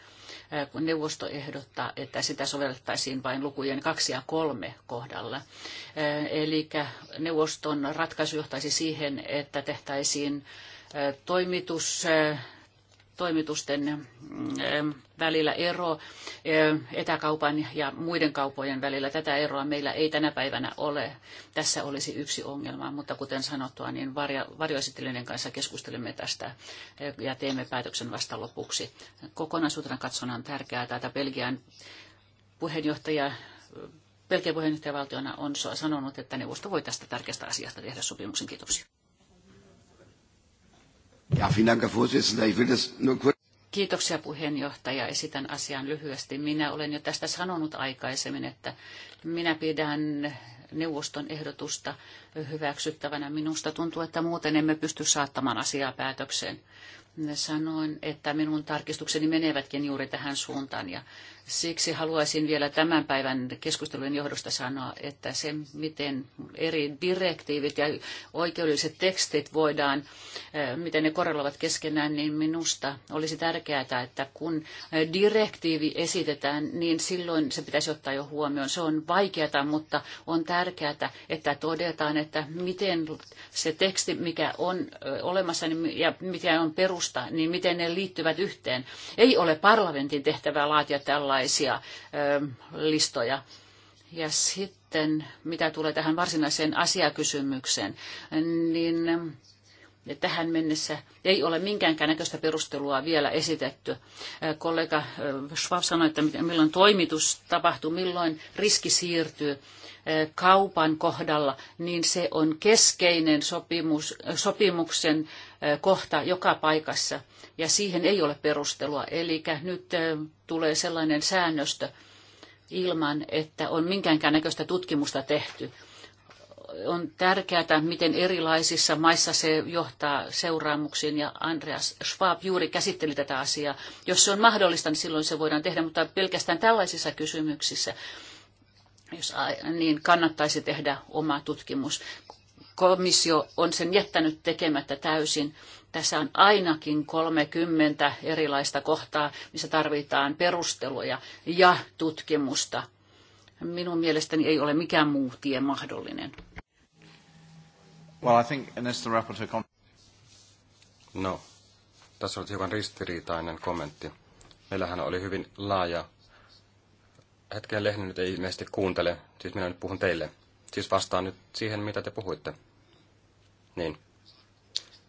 kun neuvosto ehdottaa, että sitä sovellettaisiin vain lukujen kaksi ja kolme kohdalla. Eli neuvoston ratkaisu johtaisi siihen, että tehtäisiin toimitus toimitusten mm, välillä ero, etäkaupan ja muiden kaupojen välillä. Tätä eroa meillä ei tänä päivänä ole. Tässä olisi yksi ongelma, mutta kuten sanottua, niin varjoesittelyiden kanssa keskustelemme tästä ja teemme päätöksen vasta lopuksi. Kokonaisuutena katsona on tärkeää tätä Belgian puheenjohtaja Belgian puheenjohtajavaltiona on sanonut, että neuvosto voi tästä tärkeästä asiasta tehdä sopimuksen. Kiitoksia. Ja, vielen Dank, Ich will das nur kurz... Kiitoksia puheenjohtaja. Esitän asian lyhyesti. Minä olen jo tästä sanonut aikaisemmin, että minä pidän neuvoston ehdotusta hyväksyttävänä. Minusta tuntuu, että muuten emme pysty saattamaan asiaa päätökseen. Sanoin, että minun tarkistukseni menevätkin juuri tähän suuntaan ja Siksi haluaisin vielä tämän päivän keskustelun johdosta sanoa, että se, miten eri direktiivit ja oikeudelliset tekstit voidaan, eh, miten ne korreloivat keskenään, niin minusta olisi tärkeää, että kun direktiivi esitetään, niin silloin se pitäisi ottaa jo huomioon. Se on vaikeata, mutta on tärkeää, että todetaan, että miten se teksti, mikä on eh, olemassa niin, ja mikä on perusta, niin miten ne liittyvät yhteen. Ei ole parlamentin tehtävää laatia tällaista ö, listoja. Ja sitten mitä tulee tähän varsinaiseen asiakysymykseen, niin ja tähän mennessä ei ole minkäänkään näköistä perustelua vielä esitetty. Kollega Schwab sanoi, että milloin toimitus tapahtuu, milloin riski siirtyy kaupan kohdalla, niin se on keskeinen sopimus, sopimuksen kohta joka paikassa ja siihen ei ole perustelua. Eli nyt tulee sellainen säännöstö ilman, että on minkäänkään näköistä tutkimusta tehty. On tärkeää, miten erilaisissa maissa se johtaa seuraamuksiin, ja Andreas Schwab juuri käsitteli tätä asiaa. Jos se on mahdollista, niin silloin se voidaan tehdä, mutta pelkästään tällaisissa kysymyksissä jos, niin kannattaisi tehdä oma tutkimus komissio on sen jättänyt tekemättä täysin. Tässä on ainakin 30 erilaista kohtaa, missä tarvitaan perusteluja ja tutkimusta. Minun mielestäni ei ole mikään muu tie mahdollinen. Well, I think, No, tässä on hiukan ristiriitainen kommentti. Meillähän oli hyvin laaja... Hetken lehden nyt ei ilmeisesti kuuntele, siis minä nyt puhun teille. Siis vastaan nyt siihen, mitä te puhuitte. Niin.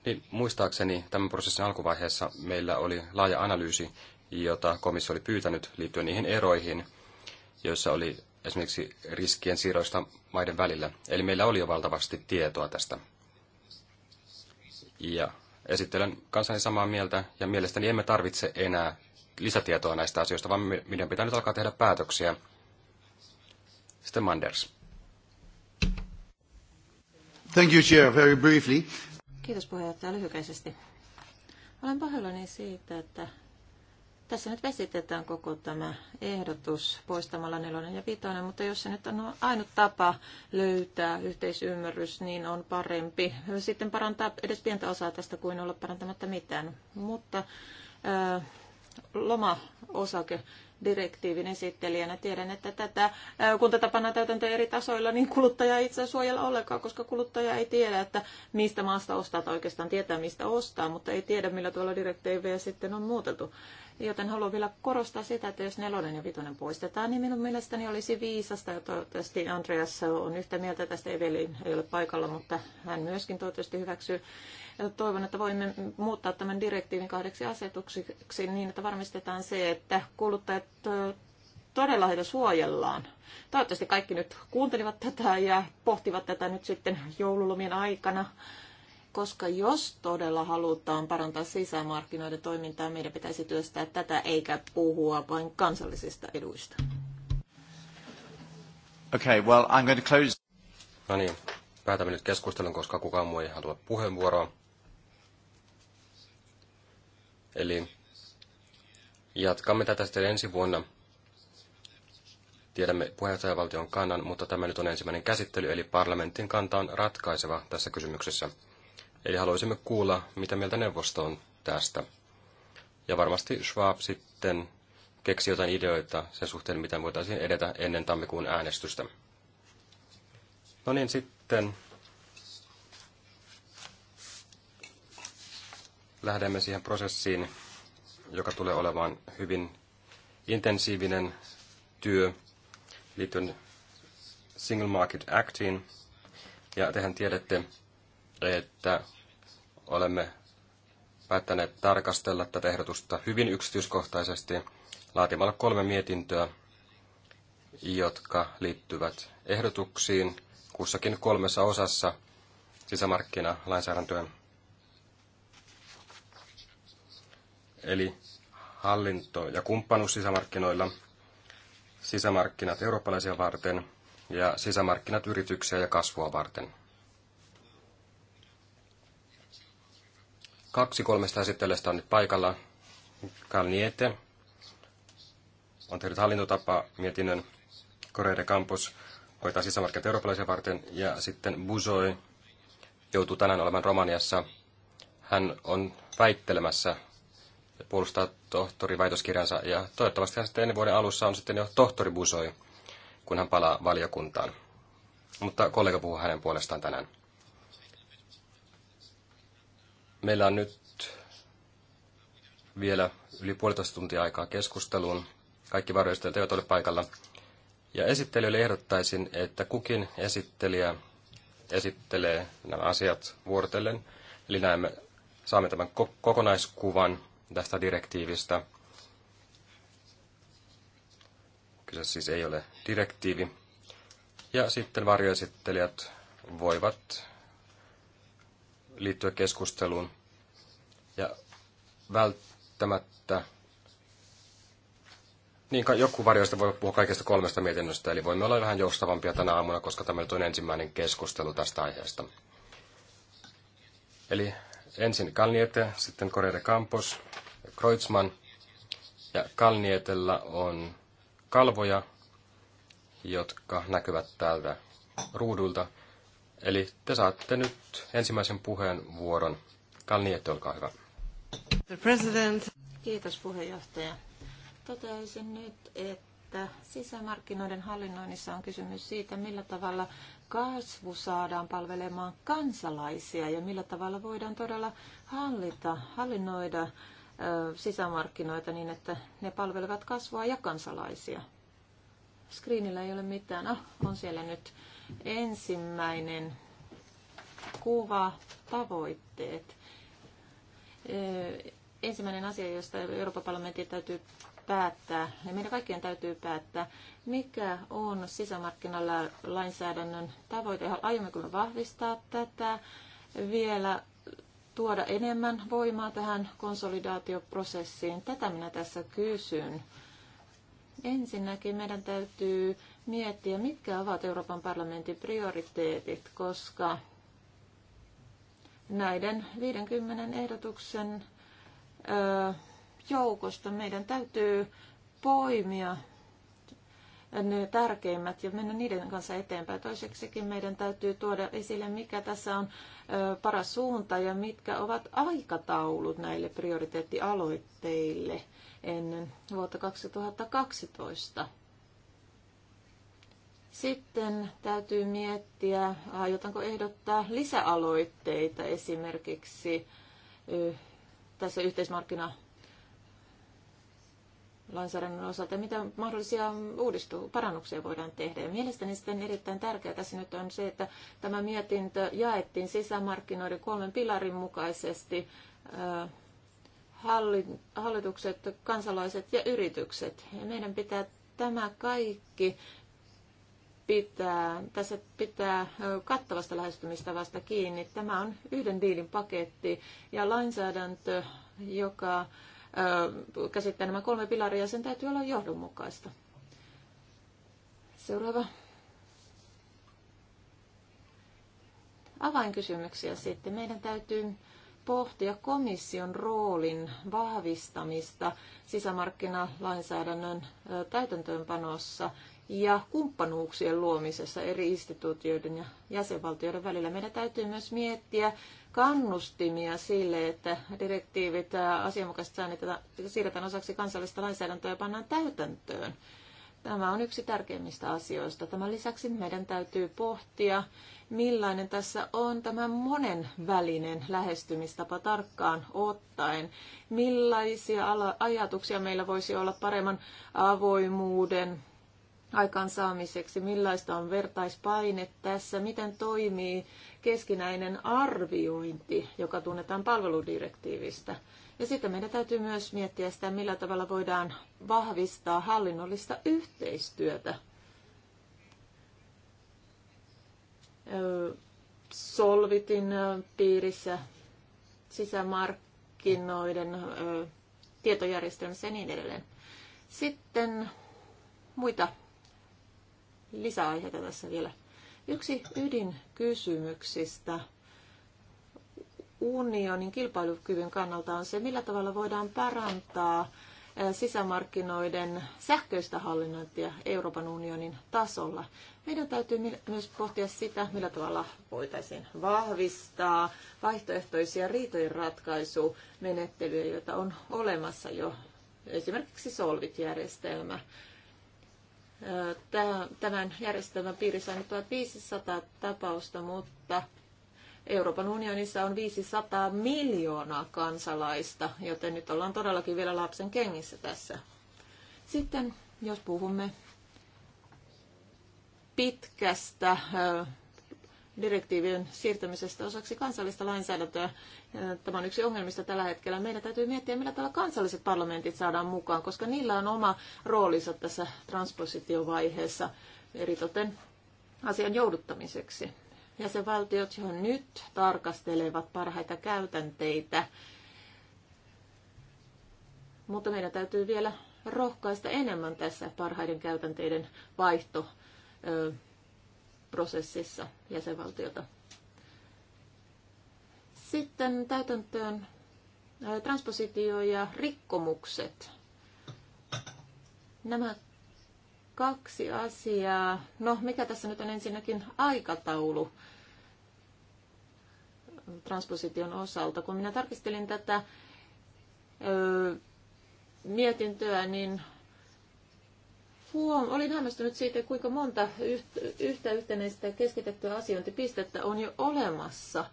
niin muistaakseni tämän prosessin alkuvaiheessa meillä oli laaja analyysi, jota komissio oli pyytänyt liittyen niihin eroihin, joissa oli esimerkiksi riskien siirroista maiden välillä. Eli meillä oli jo valtavasti tietoa tästä. Ja esittelen kanssani samaa mieltä, ja mielestäni emme tarvitse enää lisätietoa näistä asioista, vaan meidän pitää nyt alkaa tehdä päätöksiä. Sitten Manders. Thank you, Chair, very briefly. Kiitos puheenjohtaja lyhykäisesti. Olen pahoillani siitä, että tässä nyt vesitetään koko tämä ehdotus poistamalla nelonen ja vitonen, mutta jos se nyt on ainut tapa löytää yhteisymmärrys, niin on parempi sitten parantaa edes pientä osaa tästä kuin olla parantamatta mitään. Mutta äh, loma-osake direktiivin esittelijänä. Tiedän, että tätä, kun tätä pannaan täytäntöön eri tasoilla, niin kuluttaja ei itse suojella ollenkaan, koska kuluttaja ei tiedä, että mistä maasta ostaa tai oikeastaan tietää, mistä ostaa, mutta ei tiedä, millä tuolla direktiivejä sitten on muuteltu. Joten haluan vielä korostaa sitä, että jos nelonen ja vitonen poistetaan, niin minun mielestäni olisi viisasta, ja toivottavasti Andreas on yhtä mieltä tästä, Evelin ei ole paikalla, mutta hän myöskin toivottavasti hyväksyy, Toivon, että voimme muuttaa tämän direktiivin kahdeksi asetukseksi niin, että varmistetaan se, että kuluttajat todella heitä suojellaan. Toivottavasti kaikki nyt kuuntelivat tätä ja pohtivat tätä nyt sitten joululomien aikana koska jos todella halutaan parantaa sisämarkkinoiden toimintaa, meidän pitäisi työstää tätä eikä puhua vain kansallisista eduista. Okay, well, I'm going to close. No niin, päätämme nyt keskustelun, koska kukaan muu ei halua puheenvuoroa. Eli jatkamme tätä sitten ensi vuonna. Tiedämme puheenjohtajavaltion kannan, mutta tämä nyt on ensimmäinen käsittely, eli parlamentin kanta on ratkaiseva tässä kysymyksessä. Eli haluaisimme kuulla, mitä mieltä neuvosto on tästä. Ja varmasti Schwab sitten keksi jotain ideoita sen suhteen, miten voitaisiin edetä ennen tammikuun äänestystä. No niin, sitten lähdemme siihen prosessiin, joka tulee olemaan hyvin intensiivinen työ liittyen Single Market Actiin. Ja tehän tiedätte, että olemme päättäneet tarkastella tätä ehdotusta hyvin yksityiskohtaisesti laatimalla kolme mietintöä, jotka liittyvät ehdotuksiin kussakin kolmessa osassa sisämarkkinalainsäädäntöön. eli hallinto ja kumppanuus sisämarkkinoilla, sisämarkkinat eurooppalaisia varten ja sisämarkkinat yrityksiä ja kasvua varten. Kaksi kolmesta esittelystä on nyt paikalla. Niete on tehnyt hallintotapa mietinnön Koreiden Campus hoitaa sisämarkkinat eurooppalaisia varten ja sitten Buzoi joutuu tänään olemaan Romaniassa. Hän on väittelemässä puolustaa tohtoriväitöskirjansa ja toivottavasti hän sitten ennen vuoden alussa on sitten jo tohtori Busoi, kun hän palaa valiokuntaan. Mutta kollega puhuu hänen puolestaan tänään. Meillä on nyt vielä yli puolitoista tuntia aikaa keskusteluun. Kaikki varjoistajat eivät ole paikalla. Ja esittelijöille ehdottaisin, että kukin esittelijä esittelee nämä asiat vuorotellen. Eli näemme, saamme tämän kokonaiskuvan tästä direktiivistä. Kyse siis ei ole direktiivi. Ja sitten varjoesittelijät voivat liittyä keskusteluun ja välttämättä niin, joku varjoista voi puhua kaikista kolmesta mietinnöstä, eli voimme olla vähän joustavampia tänä aamuna, koska tämä on ensimmäinen keskustelu tästä aiheesta. Eli Ensin Kalniete, sitten Correa Campos, Kreutzmann ja Kalnietellä on kalvoja, jotka näkyvät täältä ruudulta. Eli te saatte nyt ensimmäisen puheenvuoron. Kalniette, olkaa hyvä. President. Kiitos puheenjohtaja. Toteaisin nyt, että sisämarkkinoiden hallinnoinnissa on kysymys siitä, millä tavalla kasvu saadaan palvelemaan kansalaisia ja millä tavalla voidaan todella hallita, hallinnoida sisämarkkinoita niin, että ne palvelevat kasvua ja kansalaisia. Screenillä ei ole mitään. Ah, on siellä nyt ensimmäinen kuva, tavoitteet. Ensimmäinen asia, josta Euroopan parlamentin täytyy päättää, ja meidän kaikkien täytyy päättää, mikä on sisämarkkinalainsäädännön tavoite. Aiommeko me vahvistaa tätä vielä tuoda enemmän voimaa tähän konsolidaatioprosessiin? Tätä minä tässä kysyn. Ensinnäkin meidän täytyy miettiä, mitkä ovat Euroopan parlamentin prioriteetit, koska näiden 50 ehdotuksen joukosta. Meidän täytyy poimia ne tärkeimmät ja mennä niiden kanssa eteenpäin. Toiseksikin meidän täytyy tuoda esille, mikä tässä on paras suunta ja mitkä ovat aikataulut näille prioriteettialoitteille ennen vuotta 2012. Sitten täytyy miettiä, aiotaanko ehdottaa lisäaloitteita esimerkiksi tässä yhteismarkkina lainsäädännön osalta ja mitä mahdollisia uudistu- parannuksia voidaan tehdä. Ja mielestäni sitten erittäin tärkeää tässä nyt on se, että tämä mietintö jaettiin sisämarkkinoiden kolmen pilarin mukaisesti äh, hallitukset, kansalaiset ja yritykset. Ja meidän pitää tämä kaikki pitää, tässä pitää äh, kattavasta lähestymistä vasta kiinni. Tämä on yhden diilin paketti ja lainsäädäntö, joka käsittää nämä kolme pilaria ja sen täytyy olla johdonmukaista. Seuraava. Avainkysymyksiä sitten. Meidän täytyy pohtia komission roolin vahvistamista sisämarkkinalainsäädännön täytäntöönpanossa ja kumppanuuksien luomisessa eri instituutioiden ja jäsenvaltioiden välillä. Meidän täytyy myös miettiä kannustimia sille, että direktiivit ja asianmukaiset säännöt siirretään osaksi kansallista lainsäädäntöä ja pannaan täytäntöön. Tämä on yksi tärkeimmistä asioista. Tämän lisäksi meidän täytyy pohtia, millainen tässä on tämä monen välinen lähestymistapa tarkkaan ottaen. Millaisia ajatuksia meillä voisi olla paremman avoimuuden, aikaansaamiseksi, millaista on vertaispaine tässä, miten toimii keskinäinen arviointi, joka tunnetaan palveludirektiivistä. Ja sitten meidän täytyy myös miettiä sitä, millä tavalla voidaan vahvistaa hallinnollista yhteistyötä solvitin piirissä sisämarkkinoiden tietojärjestelmissä ja niin edelleen. Sitten muita lisäaiheita tässä vielä. Yksi ydinkysymyksistä unionin kilpailukyvyn kannalta on se, millä tavalla voidaan parantaa eh, sisämarkkinoiden sähköistä hallinnointia Euroopan unionin tasolla. Meidän täytyy myös pohtia sitä, millä tavalla voitaisiin vahvistaa vaihtoehtoisia riitojen ratkaisumenettelyjä, joita on olemassa jo esimerkiksi Solvit-järjestelmä tämän järjestelmän piirissä on 1500 tapausta, mutta Euroopan unionissa on 500 miljoonaa kansalaista, joten nyt ollaan todellakin vielä lapsen kengissä tässä. Sitten jos puhumme pitkästä direktiivien siirtämisestä osaksi kansallista lainsäädäntöä. Tämä on yksi ongelmista tällä hetkellä. Meidän täytyy miettiä, millä tavalla kansalliset parlamentit saadaan mukaan, koska niillä on oma roolinsa tässä transpositiovaiheessa eritoten asian jouduttamiseksi. Jäsenvaltiot jo nyt tarkastelevat parhaita käytänteitä, mutta meidän täytyy vielä rohkaista enemmän tässä parhaiden käytänteiden vaihto prosessissa jäsenvaltiota. Sitten täytäntöön transpositio ja rikkomukset. Nämä kaksi asiaa. No, mikä tässä nyt on ensinnäkin aikataulu transposition osalta? Kun minä tarkistelin tätä ö, mietintöä, niin huom- olin hämmästynyt siitä, kuinka monta yhtä yhtenäistä keskitettyä asiointipistettä on jo olemassa.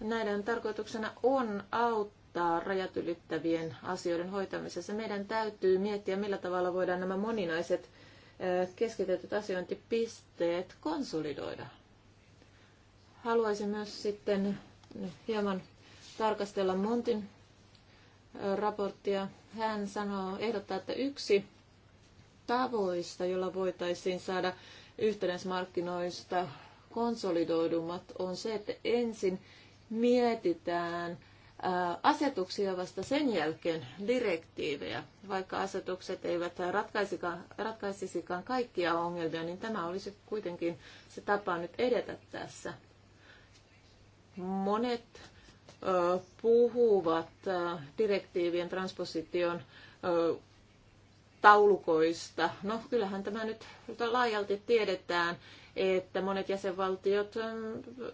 Näiden tarkoituksena on auttaa rajat ylittävien asioiden hoitamisessa. Meidän täytyy miettiä, millä tavalla voidaan nämä moninaiset keskitetyt asiointipisteet konsolidoida. Haluaisin myös sitten hieman tarkastella Montin raporttia. Hän sanoo, ehdottaa, että yksi tavoista, jolla voitaisiin saada yhtenäismarkkinoista konsolidoidummat, on se, että ensin mietitään asetuksia vasta sen jälkeen direktiivejä. Vaikka asetukset eivät ratkaisisikaan kaikkia ongelmia, niin tämä olisi kuitenkin se tapa nyt edetä tässä. Monet puhuvat direktiivien transposition taulukoista. No kyllähän tämä nyt laajalti tiedetään, että monet jäsenvaltiot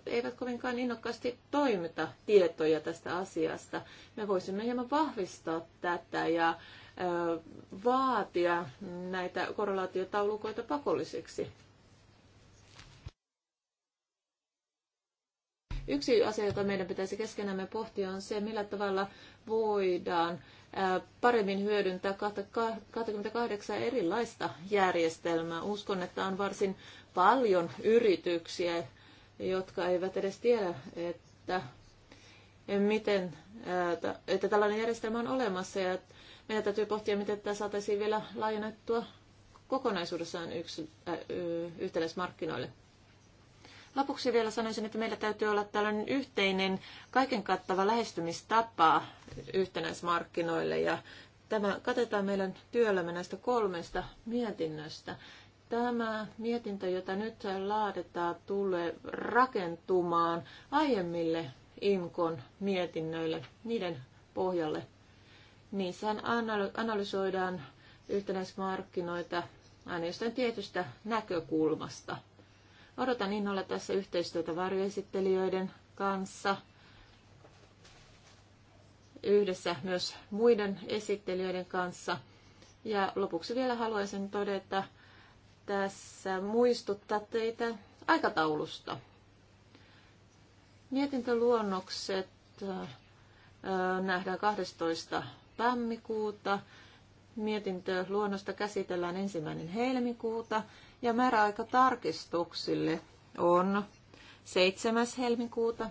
eivät kovinkaan innokkaasti toimita tietoja tästä asiasta. Me voisimme hieman vahvistaa tätä ja vaatia näitä korrelaatiotaulukoita pakollisiksi. Yksi asia, jota meidän pitäisi keskenämme pohtia, on se, millä tavalla voidaan paremmin hyödyntää 28 erilaista järjestelmää. Uskon, että on varsin paljon yrityksiä, jotka eivät edes tiedä, että, miten, että tällainen järjestelmä on olemassa. Ja meidän täytyy pohtia, miten tämä saataisiin vielä laajennettua kokonaisuudessaan yksi, äh, yhtenäismarkkinoille. markkinoille. Lopuksi vielä sanoisin, että meillä täytyy olla tällainen yhteinen, kaiken kattava lähestymistapa yhtenäismarkkinoille ja tämä katetaan meidän työllämme näistä kolmesta mietinnöstä. Tämä mietintö, jota nyt laadetaan, tulee rakentumaan aiemmille IMKON mietinnöille, niiden pohjalle. Niissähän analysoidaan yhtenäismarkkinoita aina jostain tietystä näkökulmasta – Odotan innolla tässä yhteistyötä varjoesittelijöiden kanssa. Yhdessä myös muiden esittelijöiden kanssa. Ja lopuksi vielä haluaisin todeta tässä muistuttaa teitä aikataulusta. Mietintöluonnokset äh, nähdään 12. tammikuuta. mietintöluonnosta käsitellään ensimmäinen helmikuuta ja määräaika tarkistuksille on 7. helmikuuta.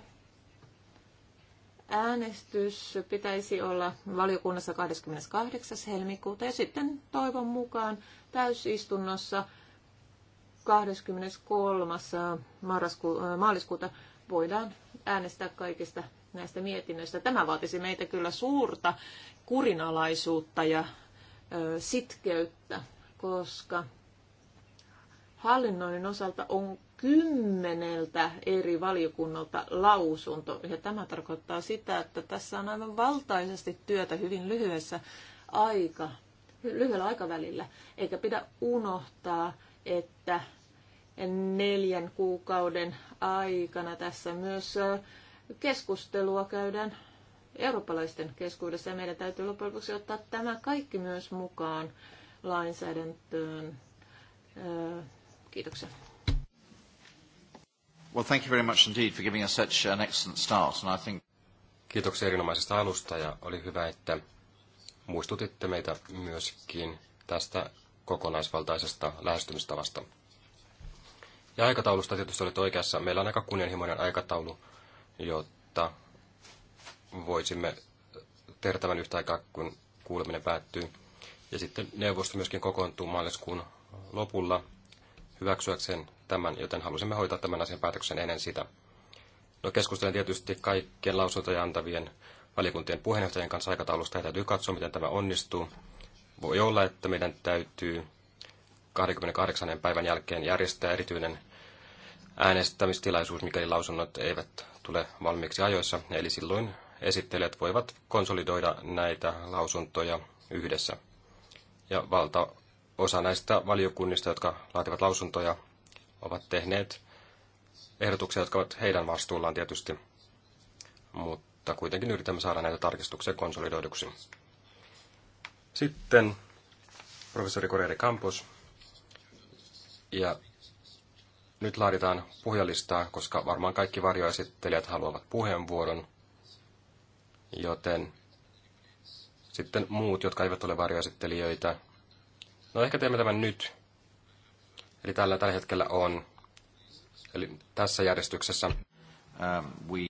Äänestys pitäisi olla valiokunnassa 28. helmikuuta ja sitten toivon mukaan täysistunnossa 23. Äh, marrasku- äh, maaliskuuta voidaan äänestää kaikista näistä mietinnöistä. Tämä vaatisi meitä kyllä suurta kurinalaisuutta ja ö, sitkeyttä, koska hallinnoinnin osalta on kymmeneltä eri valiokunnalta lausunto. Ja tämä tarkoittaa sitä, että tässä on aivan valtaisesti työtä hyvin lyhyessä aika, lyhyellä aikavälillä. Eikä pidä unohtaa, että neljän kuukauden aikana tässä myös keskustelua käydään eurooppalaisten keskuudessa ja meidän täytyy loppujen lopuksi ottaa tämä kaikki myös mukaan lainsäädäntöön Kiitoksia. Well, thank you very much indeed for giving us such an excellent start, and I think... Kiitoksia erinomaisesta alusta ja oli hyvä, että muistutitte meitä myöskin tästä kokonaisvaltaisesta lähestymistavasta. Ja aikataulusta tietysti olet oikeassa. Meillä on aika kunnianhimoinen aikataulu, jotta voisimme tehdä tämän yhtä aikaa, kun kuuleminen päättyy. Ja sitten neuvosto myöskin kokoontuu maaliskuun lopulla hyväksyäkseen tämän, joten halusimme hoitaa tämän asian päätöksen ennen sitä. No keskustelen tietysti kaikkien lausuntoja antavien valiokuntien puheenjohtajien kanssa aikataulusta ja täytyy katsoa, miten tämä onnistuu. Voi olla, että meidän täytyy 28. päivän jälkeen järjestää erityinen äänestämistilaisuus, mikäli lausunnot eivät tule valmiiksi ajoissa. Eli silloin esittelijät voivat konsolidoida näitä lausuntoja yhdessä. Ja valta, osa näistä valiokunnista, jotka laativat lausuntoja, ovat tehneet ehdotuksia, jotka ovat heidän vastuullaan tietysti, mutta kuitenkin yritämme saada näitä tarkistuksia konsolidoiduksi. Sitten professori Koreeri Campos. Ja nyt laaditaan puhujalistaa, koska varmaan kaikki varjoesittelijät haluavat puheenvuoron. Joten sitten muut, jotka eivät ole varjoesittelijöitä, No ehkä teemme tämän nyt. Eli tällä tällä hetkellä on. Eli tässä järjestyksessä. Um,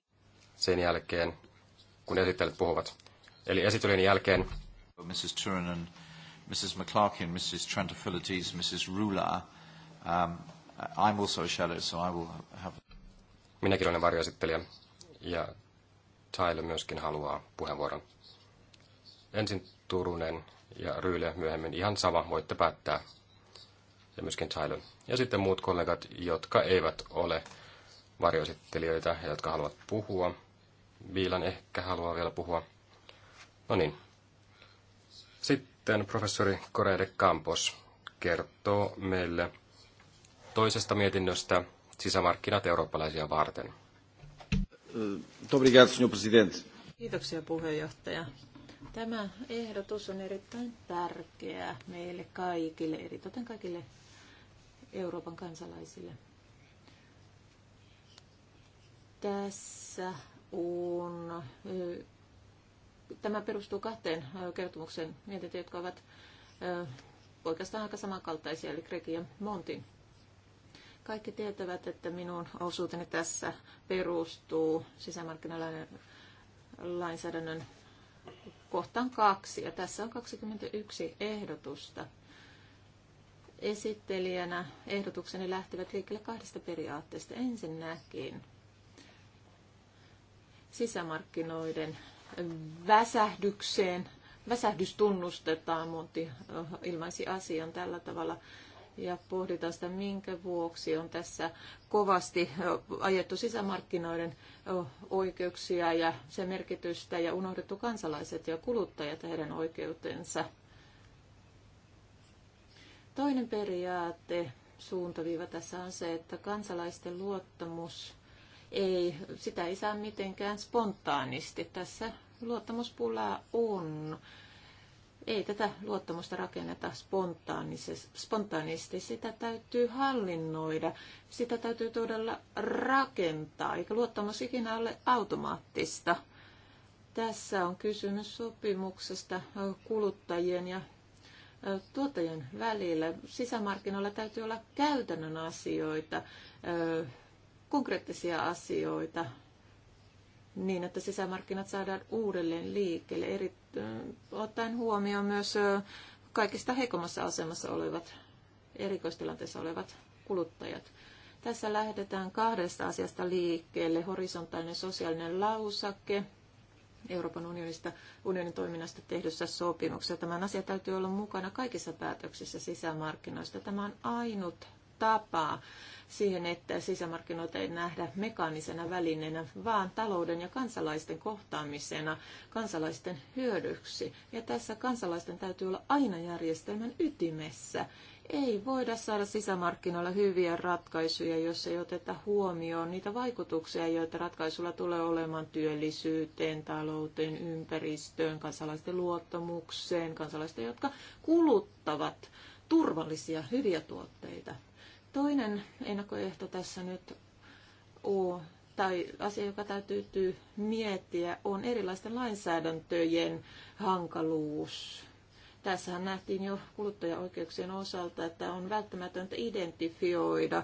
Sen jälkeen, kun esittelijät puhuvat. Eli esittelyn jälkeen. Mrs. Turunen, Mrs. McClarkin, Mrs. Trantafilides, Mrs. Rula. Um, I'm also a shadow, so I will have... Minäkin olen varjoesittelijä ja Tyler myöskin haluaa puheenvuoron. Ensin Turunen ja Ryyle myöhemmin. Ihan sama, voitte päättää. Ja myöskin Tyler. Ja sitten muut kollegat, jotka eivät ole varjoesittelijöitä ja jotka haluavat puhua. Viilan ehkä haluaa vielä puhua. No niin. Sitten professori Koreide Campos kertoo meille toisesta mietinnöstä sisämarkkinat eurooppalaisia varten. Kiitoksia puheenjohtaja. Tämä ehdotus on erittäin tärkeä meille kaikille, eritoten kaikille Euroopan kansalaisille. Tässä on, tämä perustuu kahteen kertomuksen mietintöön, jotka ovat oikeastaan aika samankaltaisia, eli Grekin ja Montin. Kaikki tietävät, että minun osuuteni tässä perustuu sisämarkkinalainsäädännön kohtaan kaksi. Ja tässä on 21 ehdotusta. Esittelijänä ehdotukseni lähtevät liikkeelle kahdesta periaatteesta. Ensinnäkin sisämarkkinoiden väsähdykseen väsähdys tunnustetaan, Monti ilmaisi asian tällä tavalla ja pohditaan sitä, minkä vuoksi on tässä kovasti ajettu sisämarkkinoiden oikeuksia ja sen merkitystä ja unohdettu kansalaiset ja kuluttajat heidän oikeutensa. Toinen periaate, suuntaviiva tässä on se, että kansalaisten luottamus ei, sitä ei saa mitenkään spontaanisti. Tässä luottamuspulaa on ei tätä luottamusta rakenneta spontaanisti. Sitä täytyy hallinnoida. Sitä täytyy todella rakentaa, eikä luottamus ikinä ole automaattista. Tässä on kysymys sopimuksesta kuluttajien ja tuottajien välillä. Sisämarkkinoilla täytyy olla käytännön asioita, konkreettisia asioita, niin, että sisämarkkinat saadaan uudelleen liikkeelle, eri, äh, ottaen huomioon myös äh, kaikista heikommassa asemassa olevat, erikoistilanteessa olevat kuluttajat. Tässä lähdetään kahdesta asiasta liikkeelle. Horisontaalinen sosiaalinen lausake Euroopan unionista, unionin toiminnasta tehdyssä sopimuksessa. Tämän asia täytyy olla mukana kaikissa päätöksissä sisämarkkinoista. Tämä on ainut tapa siihen, että sisämarkkinoita ei nähdä mekaanisena välineenä, vaan talouden ja kansalaisten kohtaamisena, kansalaisten hyödyksi. Ja tässä kansalaisten täytyy olla aina järjestelmän ytimessä. Ei voida saada sisämarkkinoilla hyviä ratkaisuja, jos ei oteta huomioon niitä vaikutuksia, joita ratkaisulla tulee olemaan työllisyyteen, talouteen, ympäristöön, kansalaisten luottamukseen, kansalaisten, jotka kuluttavat turvallisia, hyviä tuotteita. Toinen ennakkoehto tässä nyt on, tai asia, joka täytyy miettiä, on erilaisten lainsäädäntöjen hankaluus. Tässähän nähtiin jo kuluttajaoikeuksien osalta, että on välttämätöntä identifioida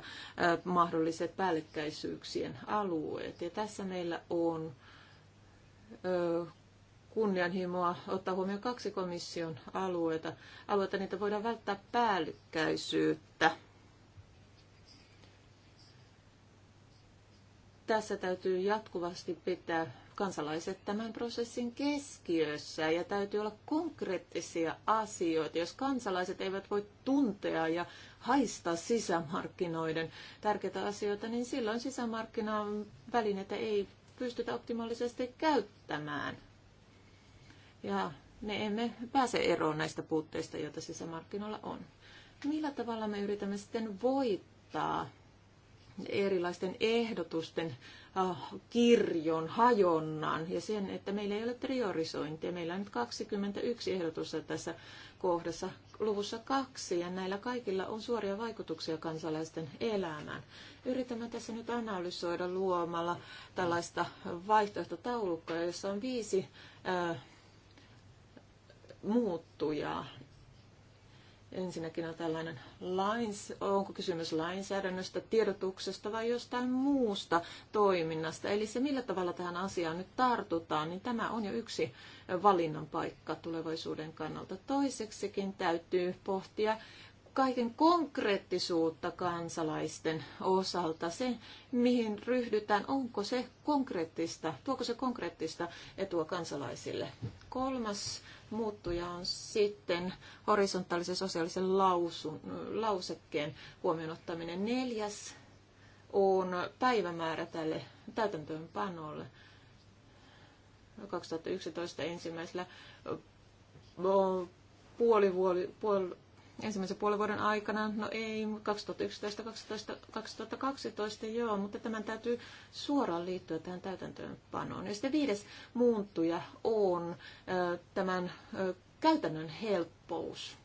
mahdolliset päällekkäisyyksien alueet. Ja tässä meillä on kunnianhimoa ottaa huomioon kaksi komission alueita. Alueita niitä voidaan välttää päällekkäisyyttä Tässä täytyy jatkuvasti pitää kansalaiset tämän prosessin keskiössä ja täytyy olla konkreettisia asioita. Jos kansalaiset eivät voi tuntea ja haistaa sisämarkkinoiden tärkeitä asioita, niin silloin sisämarkkinan välineitä ei pystytä optimaalisesti käyttämään. Ja me emme pääse eroon näistä puutteista, joita sisämarkkinoilla on. Millä tavalla me yritämme sitten voittaa erilaisten ehdotusten ah, kirjon, hajonnan ja sen, että meillä ei ole priorisointia. Meillä on nyt 21 ehdotusta tässä kohdassa luvussa kaksi ja näillä kaikilla on suoria vaikutuksia kansalaisten elämään. Yritämme tässä nyt analysoida luomalla tällaista vaihtoehtotaulukkoa, jossa on viisi ää, äh, muuttujaa. Ensinnäkin on tällainen, lains, onko kysymys lainsäädännöstä, tiedotuksesta vai jostain muusta toiminnasta. Eli se, millä tavalla tähän asiaan nyt tartutaan, niin tämä on jo yksi valinnan paikka tulevaisuuden kannalta. Toiseksikin täytyy pohtia kaiken konkreettisuutta kansalaisten osalta. Se, mihin ryhdytään, onko se konkreettista, tuoko se konkreettista etua kansalaisille kolmas muuttuja on sitten horisontaalisen sosiaalisen lausun, lausekkeen huomioon ottaminen. Neljäs on päivämäärä tälle täytäntöönpanolle. 2011 ensimmäisellä puoli, puoli, puoli, ensimmäisen puolen vuoden aikana, no ei, 2011, 2012, 2012 joo, mutta tämän täytyy suoraan liittyä tähän täytäntöönpanoon. Ja sitten viides muuntuja on tämän käytännön helppous.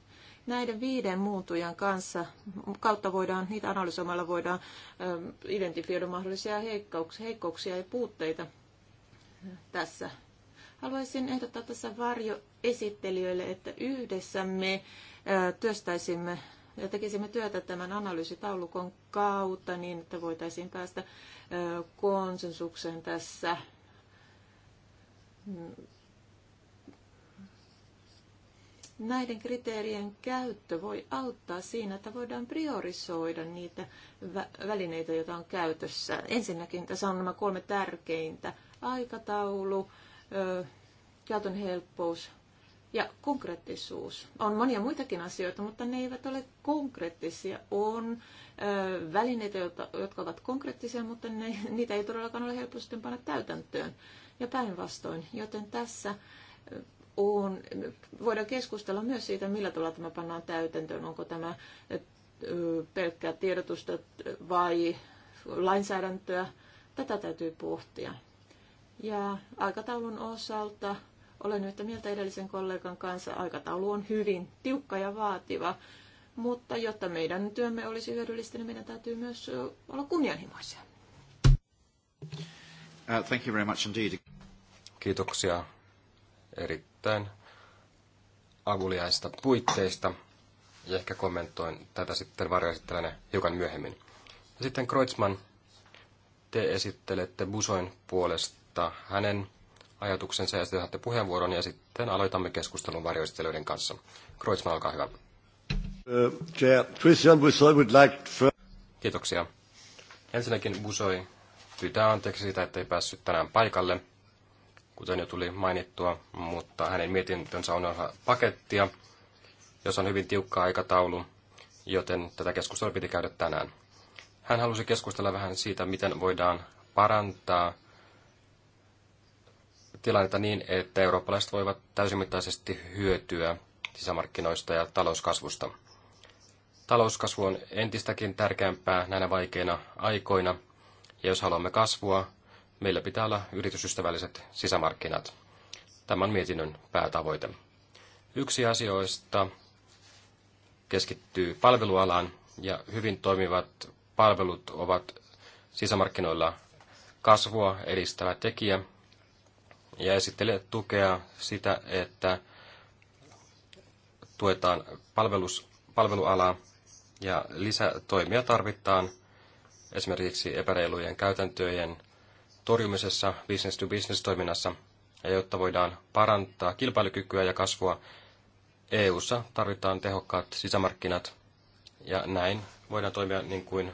Näiden viiden muuntujan kanssa, kautta voidaan, niitä analysoimalla voidaan identifioida mahdollisia heikkouksia ja puutteita tässä Haluaisin ehdottaa tässä varjoesittelijöille, että yhdessä me työstäisimme ja tekisimme työtä tämän analyysitaulukon kautta niin, että voitaisiin päästä konsensukseen tässä näiden kriteerien käyttö voi auttaa siinä, että voidaan priorisoida niitä välineitä, joita on käytössä. Ensinnäkin tässä on nämä kolme tärkeintä. Aikataulu, käytön helppous ja konkreettisuus. On monia muitakin asioita, mutta ne eivät ole konkreettisia. On ö, välineitä, jotka ovat konkreettisia, mutta ne, niitä ei todellakaan ole helppo sitten panna täytäntöön. Ja päinvastoin. Joten tässä on, voidaan keskustella myös siitä, millä tavalla tämä pannaan täytäntöön. Onko tämä pelkkää tiedotusta vai lainsäädäntöä. Tätä täytyy pohtia. Ja aikataulun osalta olen yhtä mieltä edellisen kollegan kanssa. Aikataulu on hyvin tiukka ja vaativa, mutta jotta meidän työmme olisi hyödyllistä, niin meidän täytyy myös olla kunnianhimoisia. Uh, thank you very much indeed. Kiitoksia erittäin avuliaista puitteista ja ehkä kommentoin tätä sitten varjoesittelijänä hiukan myöhemmin. Ja sitten Kreutzmann, te esittelette Busoin puolesta ottaa hänen ajatuksensa ja sitten puheenvuoron ja sitten aloitamme keskustelun varjoistelijoiden kanssa. Kreutzmann, olkaa hyvä. Kiitoksia. Ensinnäkin Busoi pyytää anteeksi siitä, ei päässyt tänään paikalle, kuten jo tuli mainittua, mutta hänen mietintönsä on osa pakettia, jos on hyvin tiukka aikataulu, joten tätä keskustelua piti käydä tänään. Hän halusi keskustella vähän siitä, miten voidaan parantaa tilannetta niin, että eurooppalaiset voivat täysimittaisesti hyötyä sisämarkkinoista ja talouskasvusta. Talouskasvu on entistäkin tärkeämpää näinä vaikeina aikoina, ja jos haluamme kasvua, meillä pitää olla yritysystävälliset sisämarkkinat. Tämän mietinnön päätavoite. Yksi asioista keskittyy palvelualaan, ja hyvin toimivat palvelut ovat sisämarkkinoilla kasvua edistävä tekijä, ja esittelee tukea sitä, että tuetaan palvelus, palvelualaa ja lisätoimia tarvitaan esimerkiksi epäreilujen käytäntöjen torjumisessa business-to-business-toiminnassa, ja jotta voidaan parantaa kilpailukykyä ja kasvua, EU:ssa tarvitaan tehokkaat sisämarkkinat, ja näin voidaan toimia niin kuin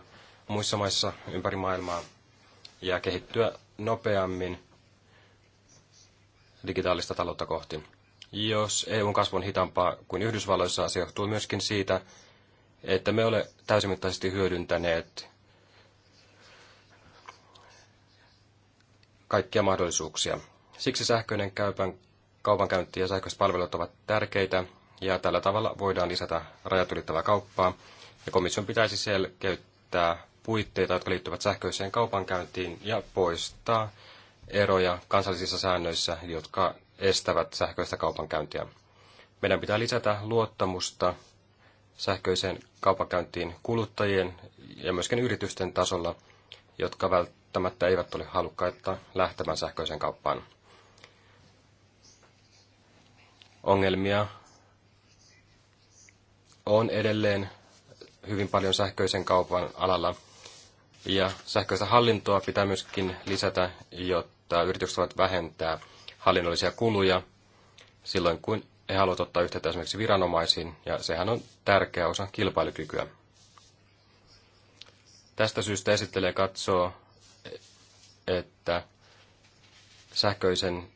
muissa maissa ympäri maailmaa ja kehittyä nopeammin digitaalista taloutta kohti. Jos EUn kasvu on hitaampaa kuin Yhdysvalloissa, se johtuu myöskin siitä, että me ole täysimittaisesti hyödyntäneet kaikkia mahdollisuuksia. Siksi sähköinen käypän, kaupankäynti ja sähköiset palvelut ovat tärkeitä, ja tällä tavalla voidaan lisätä rajat ylittävää kauppaa, ja komission pitäisi selkeyttää puitteita, jotka liittyvät sähköiseen kaupankäyntiin, ja poistaa eroja kansallisissa säännöissä, jotka estävät sähköistä kaupankäyntiä. Meidän pitää lisätä luottamusta sähköiseen kaupankäyntiin kuluttajien ja myöskin yritysten tasolla, jotka välttämättä eivät ole halukkaita lähtemään sähköiseen kauppaan. Ongelmia on edelleen hyvin paljon sähköisen kaupan alalla – ja sähköistä hallintoa pitää myöskin lisätä, jotta yritykset voivat vähentää hallinnollisia kuluja silloin, kun he haluavat ottaa yhteyttä esimerkiksi viranomaisiin, ja sehän on tärkeä osa kilpailukykyä. Tästä syystä esittelee katsoo, että sähköisen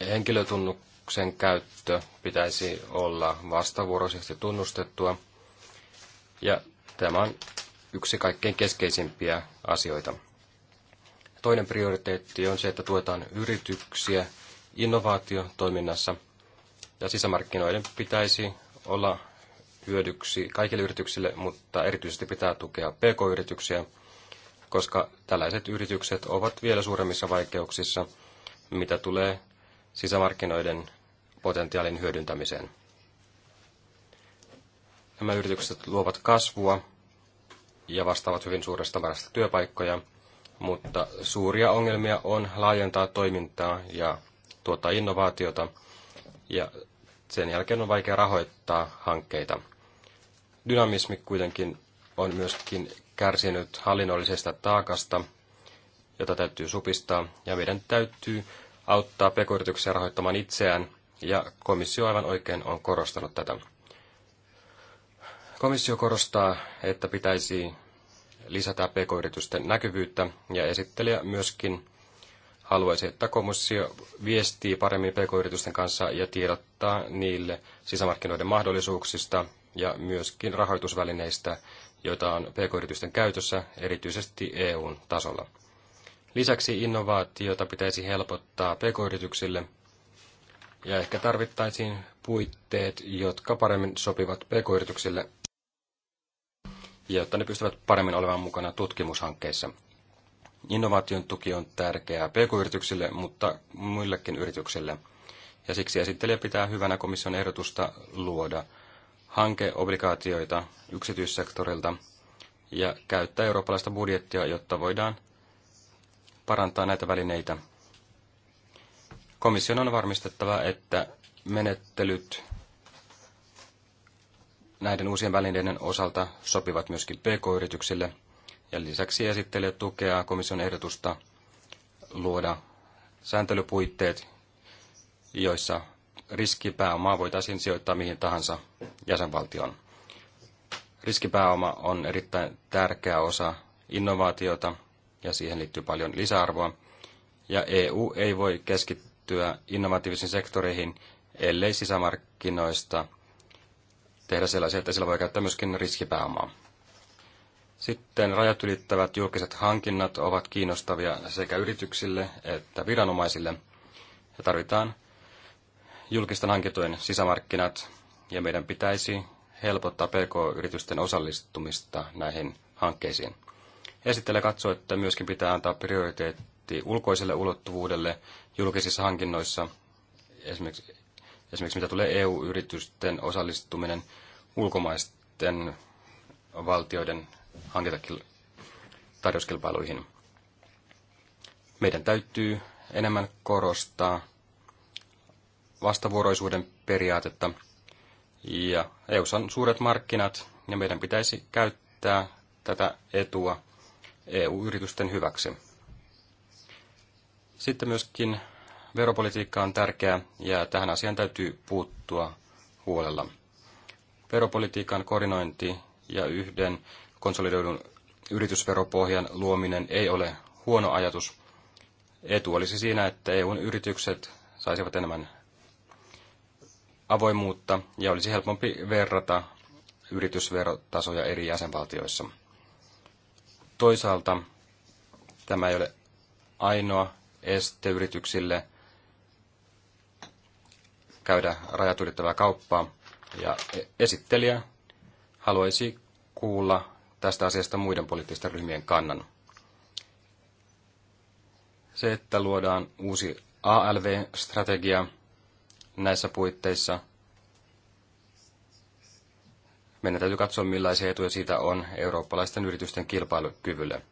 henkilötunnuksen käyttö pitäisi olla vastavuoroisesti tunnustettua, ja tämä on yksi kaikkein keskeisimpiä asioita. Toinen prioriteetti on se, että tuetaan yrityksiä innovaatiotoiminnassa, ja sisämarkkinoiden pitäisi olla hyödyksi kaikille yrityksille, mutta erityisesti pitää tukea pk-yrityksiä, koska tällaiset yritykset ovat vielä suuremmissa vaikeuksissa, mitä tulee sisämarkkinoiden potentiaalin hyödyntämiseen. Nämä yritykset luovat kasvua ja vastaavat hyvin suuresta määrästä työpaikkoja, mutta suuria ongelmia on laajentaa toimintaa ja tuottaa innovaatiota, ja sen jälkeen on vaikea rahoittaa hankkeita. Dynamismi kuitenkin on myöskin kärsinyt hallinnollisesta taakasta, jota täytyy supistaa, ja meidän täytyy auttaa pk rahoittamaan itseään, ja komissio aivan oikein on korostanut tätä. Komissio korostaa, että pitäisi lisätä pk-yritysten näkyvyyttä ja esittelijä myöskin haluaisi, että komissio viestii paremmin pk-yritysten kanssa ja tiedottaa niille sisämarkkinoiden mahdollisuuksista ja myöskin rahoitusvälineistä, joita on pk-yritysten käytössä erityisesti EUn tasolla. Lisäksi innovaatiota pitäisi helpottaa pk-yrityksille ja ehkä tarvittaisiin puitteet, jotka paremmin sopivat pk-yrityksille jotta ne pystyvät paremmin olemaan mukana tutkimushankkeissa. Innovaation tuki on tärkeää pk-yrityksille, mutta muillekin yrityksille. Ja siksi esittelijä pitää hyvänä komission ehdotusta luoda hankeobligaatioita yksityissektorilta ja käyttää eurooppalaista budjettia, jotta voidaan parantaa näitä välineitä. Komission on varmistettava, että menettelyt näiden uusien välineiden osalta sopivat myöskin PK-yrityksille, ja lisäksi esittelee tukea komission ehdotusta luoda sääntelypuitteet, joissa riskipääomaa voitaisiin sijoittaa mihin tahansa jäsenvaltioon. Riskipääoma on erittäin tärkeä osa innovaatiota ja siihen liittyy paljon lisäarvoa. Ja EU ei voi keskittyä innovatiivisiin sektoreihin, ellei sisämarkkinoista – tehdä sellaisia, että sillä voi käyttää myöskin riskipääomaa. Sitten rajat ylittävät julkiset hankinnat ovat kiinnostavia sekä yrityksille että viranomaisille. Ja tarvitaan julkisten hankintojen sisämarkkinat ja meidän pitäisi helpottaa PK-yritysten osallistumista näihin hankkeisiin. Esittelijä katsoo, että myöskin pitää antaa prioriteetti ulkoiselle ulottuvuudelle julkisissa hankinnoissa, esimerkiksi Esimerkiksi mitä tulee EU-yritysten osallistuminen ulkomaisten valtioiden hankintatarjouskilpailuihin. Meidän täytyy enemmän korostaa vastavuoroisuuden periaatetta. Ja EU on suuret markkinat ja meidän pitäisi käyttää tätä etua EU-yritysten hyväksi. Sitten myöskin veropolitiikka on tärkeä ja tähän asiaan täytyy puuttua huolella. Veropolitiikan koordinointi ja yhden konsolidoidun yritysveropohjan luominen ei ole huono ajatus. Etu olisi siinä, että EUn yritykset saisivat enemmän avoimuutta ja olisi helpompi verrata yritysverotasoja eri jäsenvaltioissa. Toisaalta tämä ei ole ainoa este yrityksille käydä rajat ylittävää kauppaa. Ja esittelijä haluaisi kuulla tästä asiasta muiden poliittisten ryhmien kannan. Se, että luodaan uusi ALV-strategia näissä puitteissa, meidän täytyy katsoa, millaisia etuja siitä on eurooppalaisten yritysten kilpailukyvylle.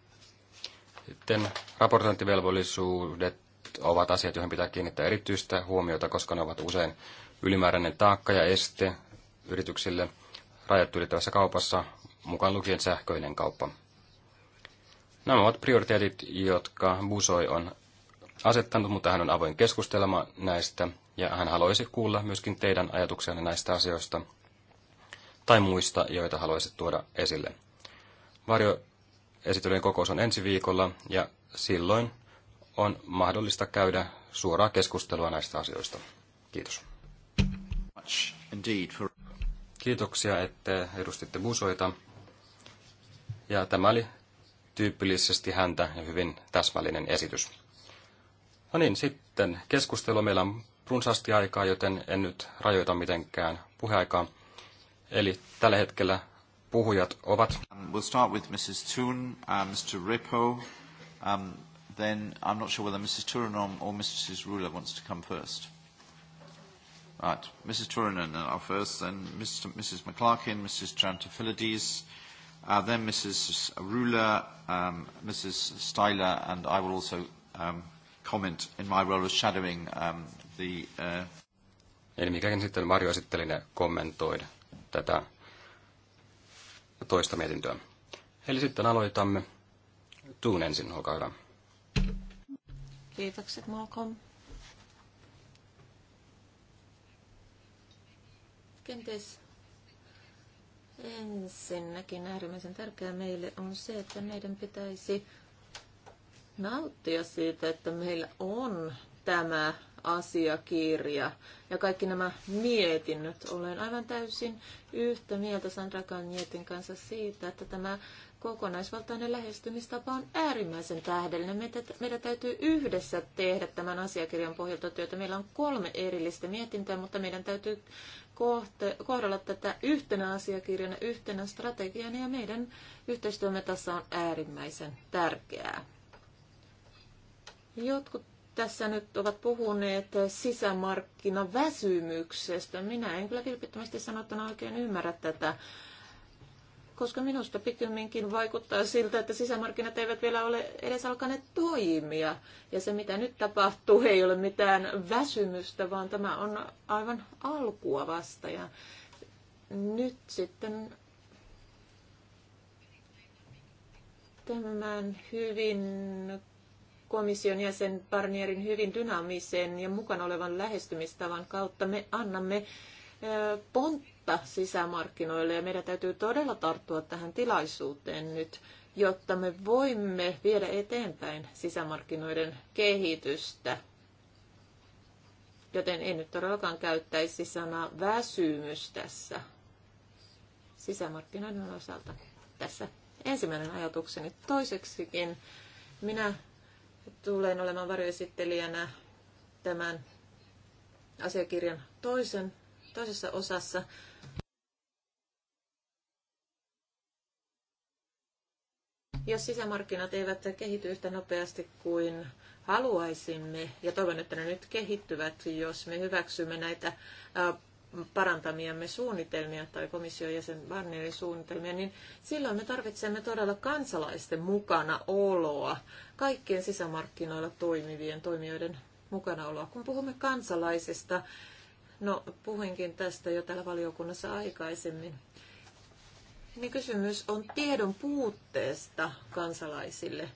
Sitten raportointivelvollisuudet ovat asiat, joihin pitää kiinnittää erityistä huomiota, koska ne ovat usein ylimääräinen taakka ja este yrityksille rajat ylittävässä kaupassa, mukaan lukien sähköinen kauppa. Nämä ovat prioriteetit, jotka Busoi on asettanut, mutta hän on avoin keskustelema näistä ja hän haluaisi kuulla myöskin teidän ajatuksianne näistä asioista tai muista, joita haluaisit tuoda esille. Varjo esitylen kokous on ensi viikolla ja silloin on mahdollista käydä suoraa keskustelua näistä asioista. Kiitos. Kiitoksia, että edustitte Busoita. Ja tämä oli tyypillisesti häntä ja hyvin täsmällinen esitys. No niin, sitten keskustelu. Meillä on runsaasti aikaa, joten en nyt rajoita mitenkään puheaikaa. Eli tällä hetkellä puhujat ovat... Um, we'll start with Mrs. Toon, uh, Mr. Ripo, um, then I'm not sure whether Mrs. Turunen or Mrs. Ruler wants to come first. Right, Mrs. Turunen are uh, first, then Mr. Mrs. McClarkin, Mrs. Trantafilides, uh, then Mrs. Ruler, um, Mrs. Styler, and I will also um, comment in my role as shadowing um, the... Uh... Eli mikäkin sitten Marjo varjoesittelijänä kommentoida tätä toista mietintöä. Eli sitten aloitamme. Tuun ensin, olkaa hyvä. Kiitokset Malcolm. Kenties ensinnäkin äärimmäisen tärkeää meille on se, että meidän pitäisi nauttia siitä, että meillä on tämä asiakirja ja kaikki nämä mietinnöt. Olen aivan täysin yhtä mieltä Sandra Kanjetin kanssa siitä, että tämä kokonaisvaltainen lähestymistapa on äärimmäisen tähdellinen. meidän täytyy yhdessä tehdä tämän asiakirjan pohjalta työtä. Meillä on kolme erillistä mietintää, mutta meidän täytyy kohte, kohdella tätä yhtenä asiakirjana, yhtenä strategiana ja meidän yhteistyömme tässä on äärimmäisen tärkeää. Jotkut tässä nyt ovat puhuneet sisämarkkinaväsymyksestä. Minä en kyllä vilpittömästi sanottuna oikein ymmärrä tätä koska minusta pikemminkin vaikuttaa siltä, että sisämarkkinat eivät vielä ole edes alkaneet toimia. Ja se, mitä nyt tapahtuu, ei ole mitään väsymystä, vaan tämä on aivan alkua vasta. Ja nyt sitten tämän hyvin komission jäsen Barnierin hyvin dynaamisen ja mukana olevan lähestymistavan kautta me annamme pontta uutta sisämarkkinoille ja meidän täytyy todella tarttua tähän tilaisuuteen nyt, jotta me voimme viedä eteenpäin sisämarkkinoiden kehitystä. Joten en nyt todellakaan käyttäisi sanaa väsymys tässä sisämarkkinoiden osalta. Tässä ensimmäinen ajatukseni. Toiseksikin minä tulen olemaan varjoesittelijänä tämän asiakirjan toisen, toisessa osassa. Jos sisämarkkinat eivät kehity yhtä nopeasti kuin haluaisimme, ja toivon, että ne nyt kehittyvät, jos me hyväksymme näitä parantamiamme suunnitelmia tai komission jäsen Barnierin suunnitelmia, niin silloin me tarvitsemme todella kansalaisten mukana oloa, kaikkien sisämarkkinoilla toimivien toimijoiden mukana oloa. Kun puhumme kansalaisista, no puhuinkin tästä jo täällä valiokunnassa aikaisemmin, niin kysymys on tiedon puutteesta kansalaisille.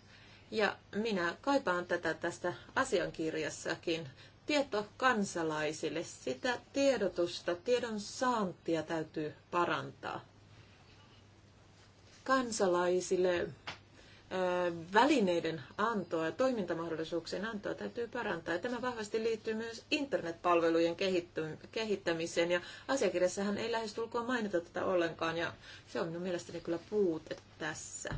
Ja minä kaipaan tätä tästä asiankirjassakin. Tieto kansalaisille, sitä tiedotusta, tiedon saantia täytyy parantaa. Kansalaisille välineiden antoa ja toimintamahdollisuuksien antoa täytyy parantaa. Ja tämä vahvasti liittyy myös internetpalvelujen kehittämiseen ja asiakirjassahan ei lähestulkoon mainita tätä ollenkaan ja se on minun mielestäni kyllä puute tässä.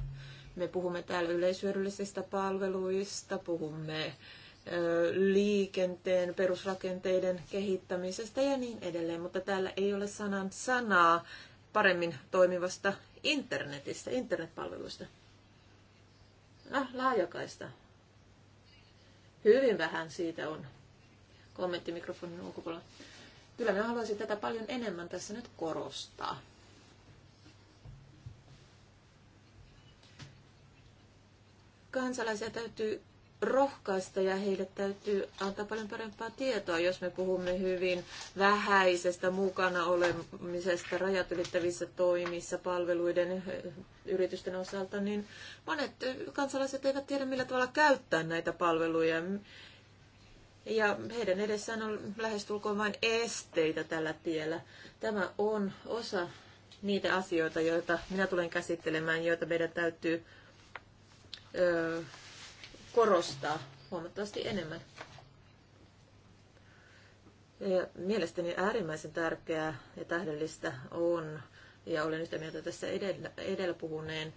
Me puhumme täällä yleishyödyllisistä palveluista, puhumme liikenteen perusrakenteiden kehittämisestä ja niin edelleen, mutta täällä ei ole sanan sanaa paremmin toimivasta internetistä, internetpalveluista. Ah, laajakaista. Hyvin vähän siitä on. Kommentti mikrofonin ulkopuolella. Kyllä minä haluaisin tätä paljon enemmän tässä nyt korostaa. Kansalaisia täytyy rohkaista ja heille täytyy antaa paljon parempaa tietoa, jos me puhumme hyvin vähäisestä mukana olemisesta rajat ylittävissä toimissa palveluiden eh, yritysten osalta, niin monet eh, kansalaiset eivät tiedä millä tavalla käyttää näitä palveluja. Ja heidän edessään on lähestulkoon vain esteitä tällä tiellä. Tämä on osa niitä asioita, joita minä tulen käsittelemään, joita meidän täytyy korostaa huomattavasti enemmän. Mielestäni äärimmäisen tärkeää ja tähdellistä on, ja olen yhtä mieltä tässä edellä, edellä puhuneen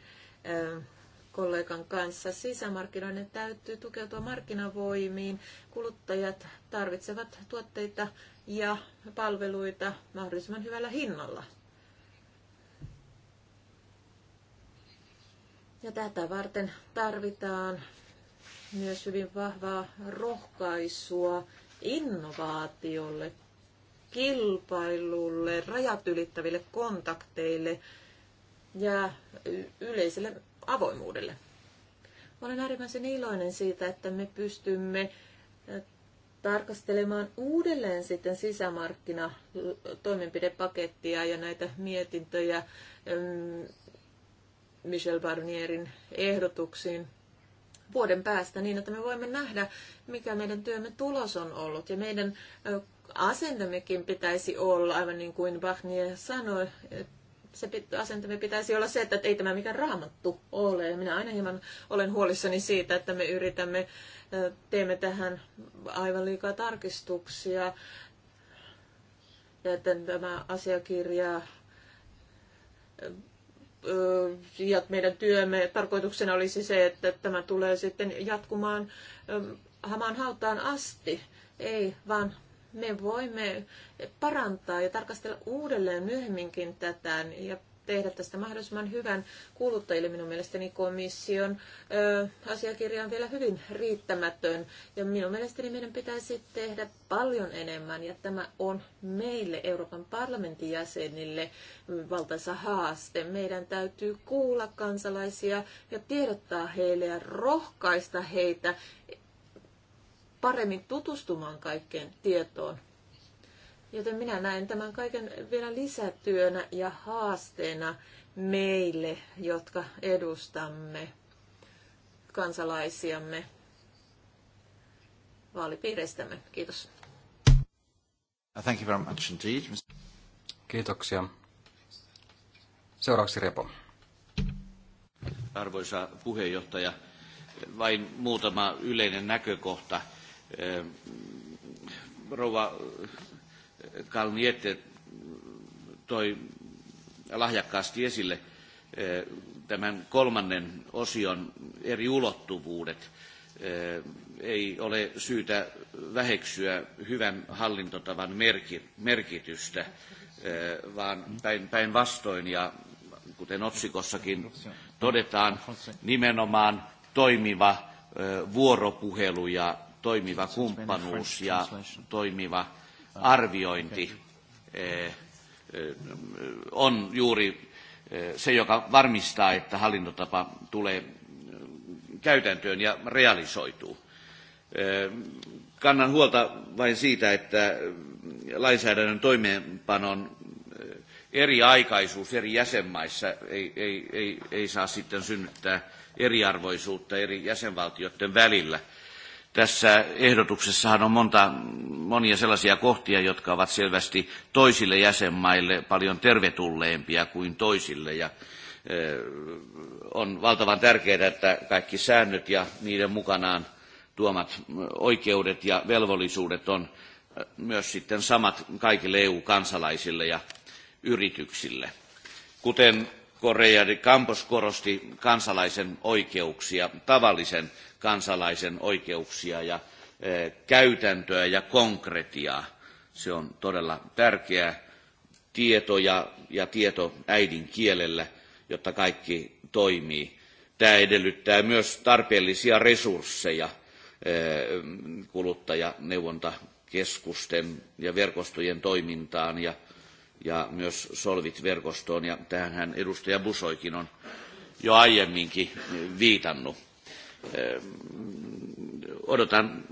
kollegan kanssa, sisämarkkinoiden täytyy tukeutua markkinavoimiin. Kuluttajat tarvitsevat tuotteita ja palveluita mahdollisimman hyvällä hinnalla. Ja tätä varten tarvitaan myös hyvin vahvaa rohkaisua innovaatiolle, kilpailulle, rajat ylittäville kontakteille ja yleiselle avoimuudelle. Olen äärimmäisen iloinen siitä, että me pystymme tarkastelemaan uudelleen sitten sisämarkkinatoimenpidepakettia ja näitä mietintöjä Michel Barnierin ehdotuksiin vuoden päästä niin, että me voimme nähdä, mikä meidän työmme tulos on ollut. Ja meidän asentammekin pitäisi olla, aivan niin kuin Bachnie sanoi, se asentamme pitäisi olla se, että ei tämä mikään raamattu ole. Minä aina hieman olen huolissani siitä, että me yritämme, teemme tähän aivan liikaa tarkistuksia. Ja että tämä asiakirja ja meidän työmme tarkoituksena olisi se, että tämä tulee sitten jatkumaan hamaan hautaan asti. Ei, vaan me voimme parantaa ja tarkastella uudelleen myöhemminkin tätä ja tehdä tästä mahdollisimman hyvän kuluttajille. Minun mielestäni komission ö, asiakirja on vielä hyvin riittämätön ja minun mielestäni meidän pitäisi tehdä paljon enemmän ja tämä on meille Euroopan parlamentin jäsenille valtaisa haaste. Meidän täytyy kuulla kansalaisia ja tiedottaa heille ja rohkaista heitä paremmin tutustumaan kaikkeen tietoon Joten minä näen tämän kaiken vielä lisätyönä ja haasteena meille, jotka edustamme kansalaisiamme vaalipiireistämme. Kiitos. Thank you very much indeed. Kiitoksia. Seuraavaksi Repo. Arvoisa puheenjohtaja, vain muutama yleinen näkökohta. Rouva Kalniette toi lahjakkaasti esille eh, tämän kolmannen osion eri ulottuvuudet. Eh, ei ole syytä väheksyä hyvän hallintotavan merkitystä, eh, vaan päinvastoin ja kuten otsikossakin todetaan, nimenomaan toimiva vuoropuhelu ja toimiva kumppanuus ja toimiva arviointi eh, eh, on juuri eh, se, joka varmistaa, että hallintotapa tulee käytäntöön ja realisoituu. Kannan huolta vain siitä, että lainsäädännön toimeenpanon eriaikaisuus eri jäsenmaissa ei, ei, ei, ei saa sitten synnyttää eriarvoisuutta eri jäsenvaltioiden välillä – tässä ehdotuksessahan on monta, monia sellaisia kohtia, jotka ovat selvästi toisille jäsenmaille paljon tervetulleempia kuin toisille. Ja eh, on valtavan tärkeää, että kaikki säännöt ja niiden mukanaan tuomat oikeudet ja velvollisuudet on eh, myös sitten samat kaikille EU-kansalaisille ja yrityksille. Kuten Korea de Campos korosti kansalaisen oikeuksia tavallisen kansalaisen oikeuksia ja eh, käytäntöä ja konkretiaa. Se on todella tärkeää. Tieto ja, ja tieto äidinkielellä, jotta kaikki toimii. Tämä edellyttää myös tarpeellisia resursseja eh, kuluttajaneuvontakeskusten ja verkostojen toimintaan ja, ja myös Solvit-verkostoon. Ja tähän edustaja Busoikin on jo aiemminkin viitannut. Ehm, odotan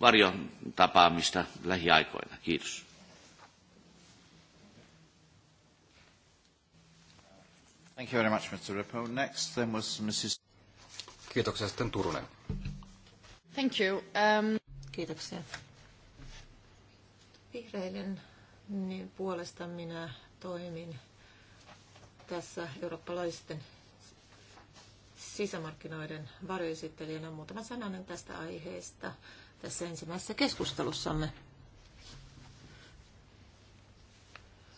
varjon tapaamista lähiaikoina. Kiitos. Thank you very much, Mr. Repo. Next then was Mrs. Kiitoksia sitten Turunen. Thank you. Um... Kiitoksia. Vihreiden niin puolesta minä toimin tässä eurooppalaisten sisämarkkinoiden varjoesittelijänä muutama sananen tästä aiheesta tässä ensimmäisessä keskustelussamme.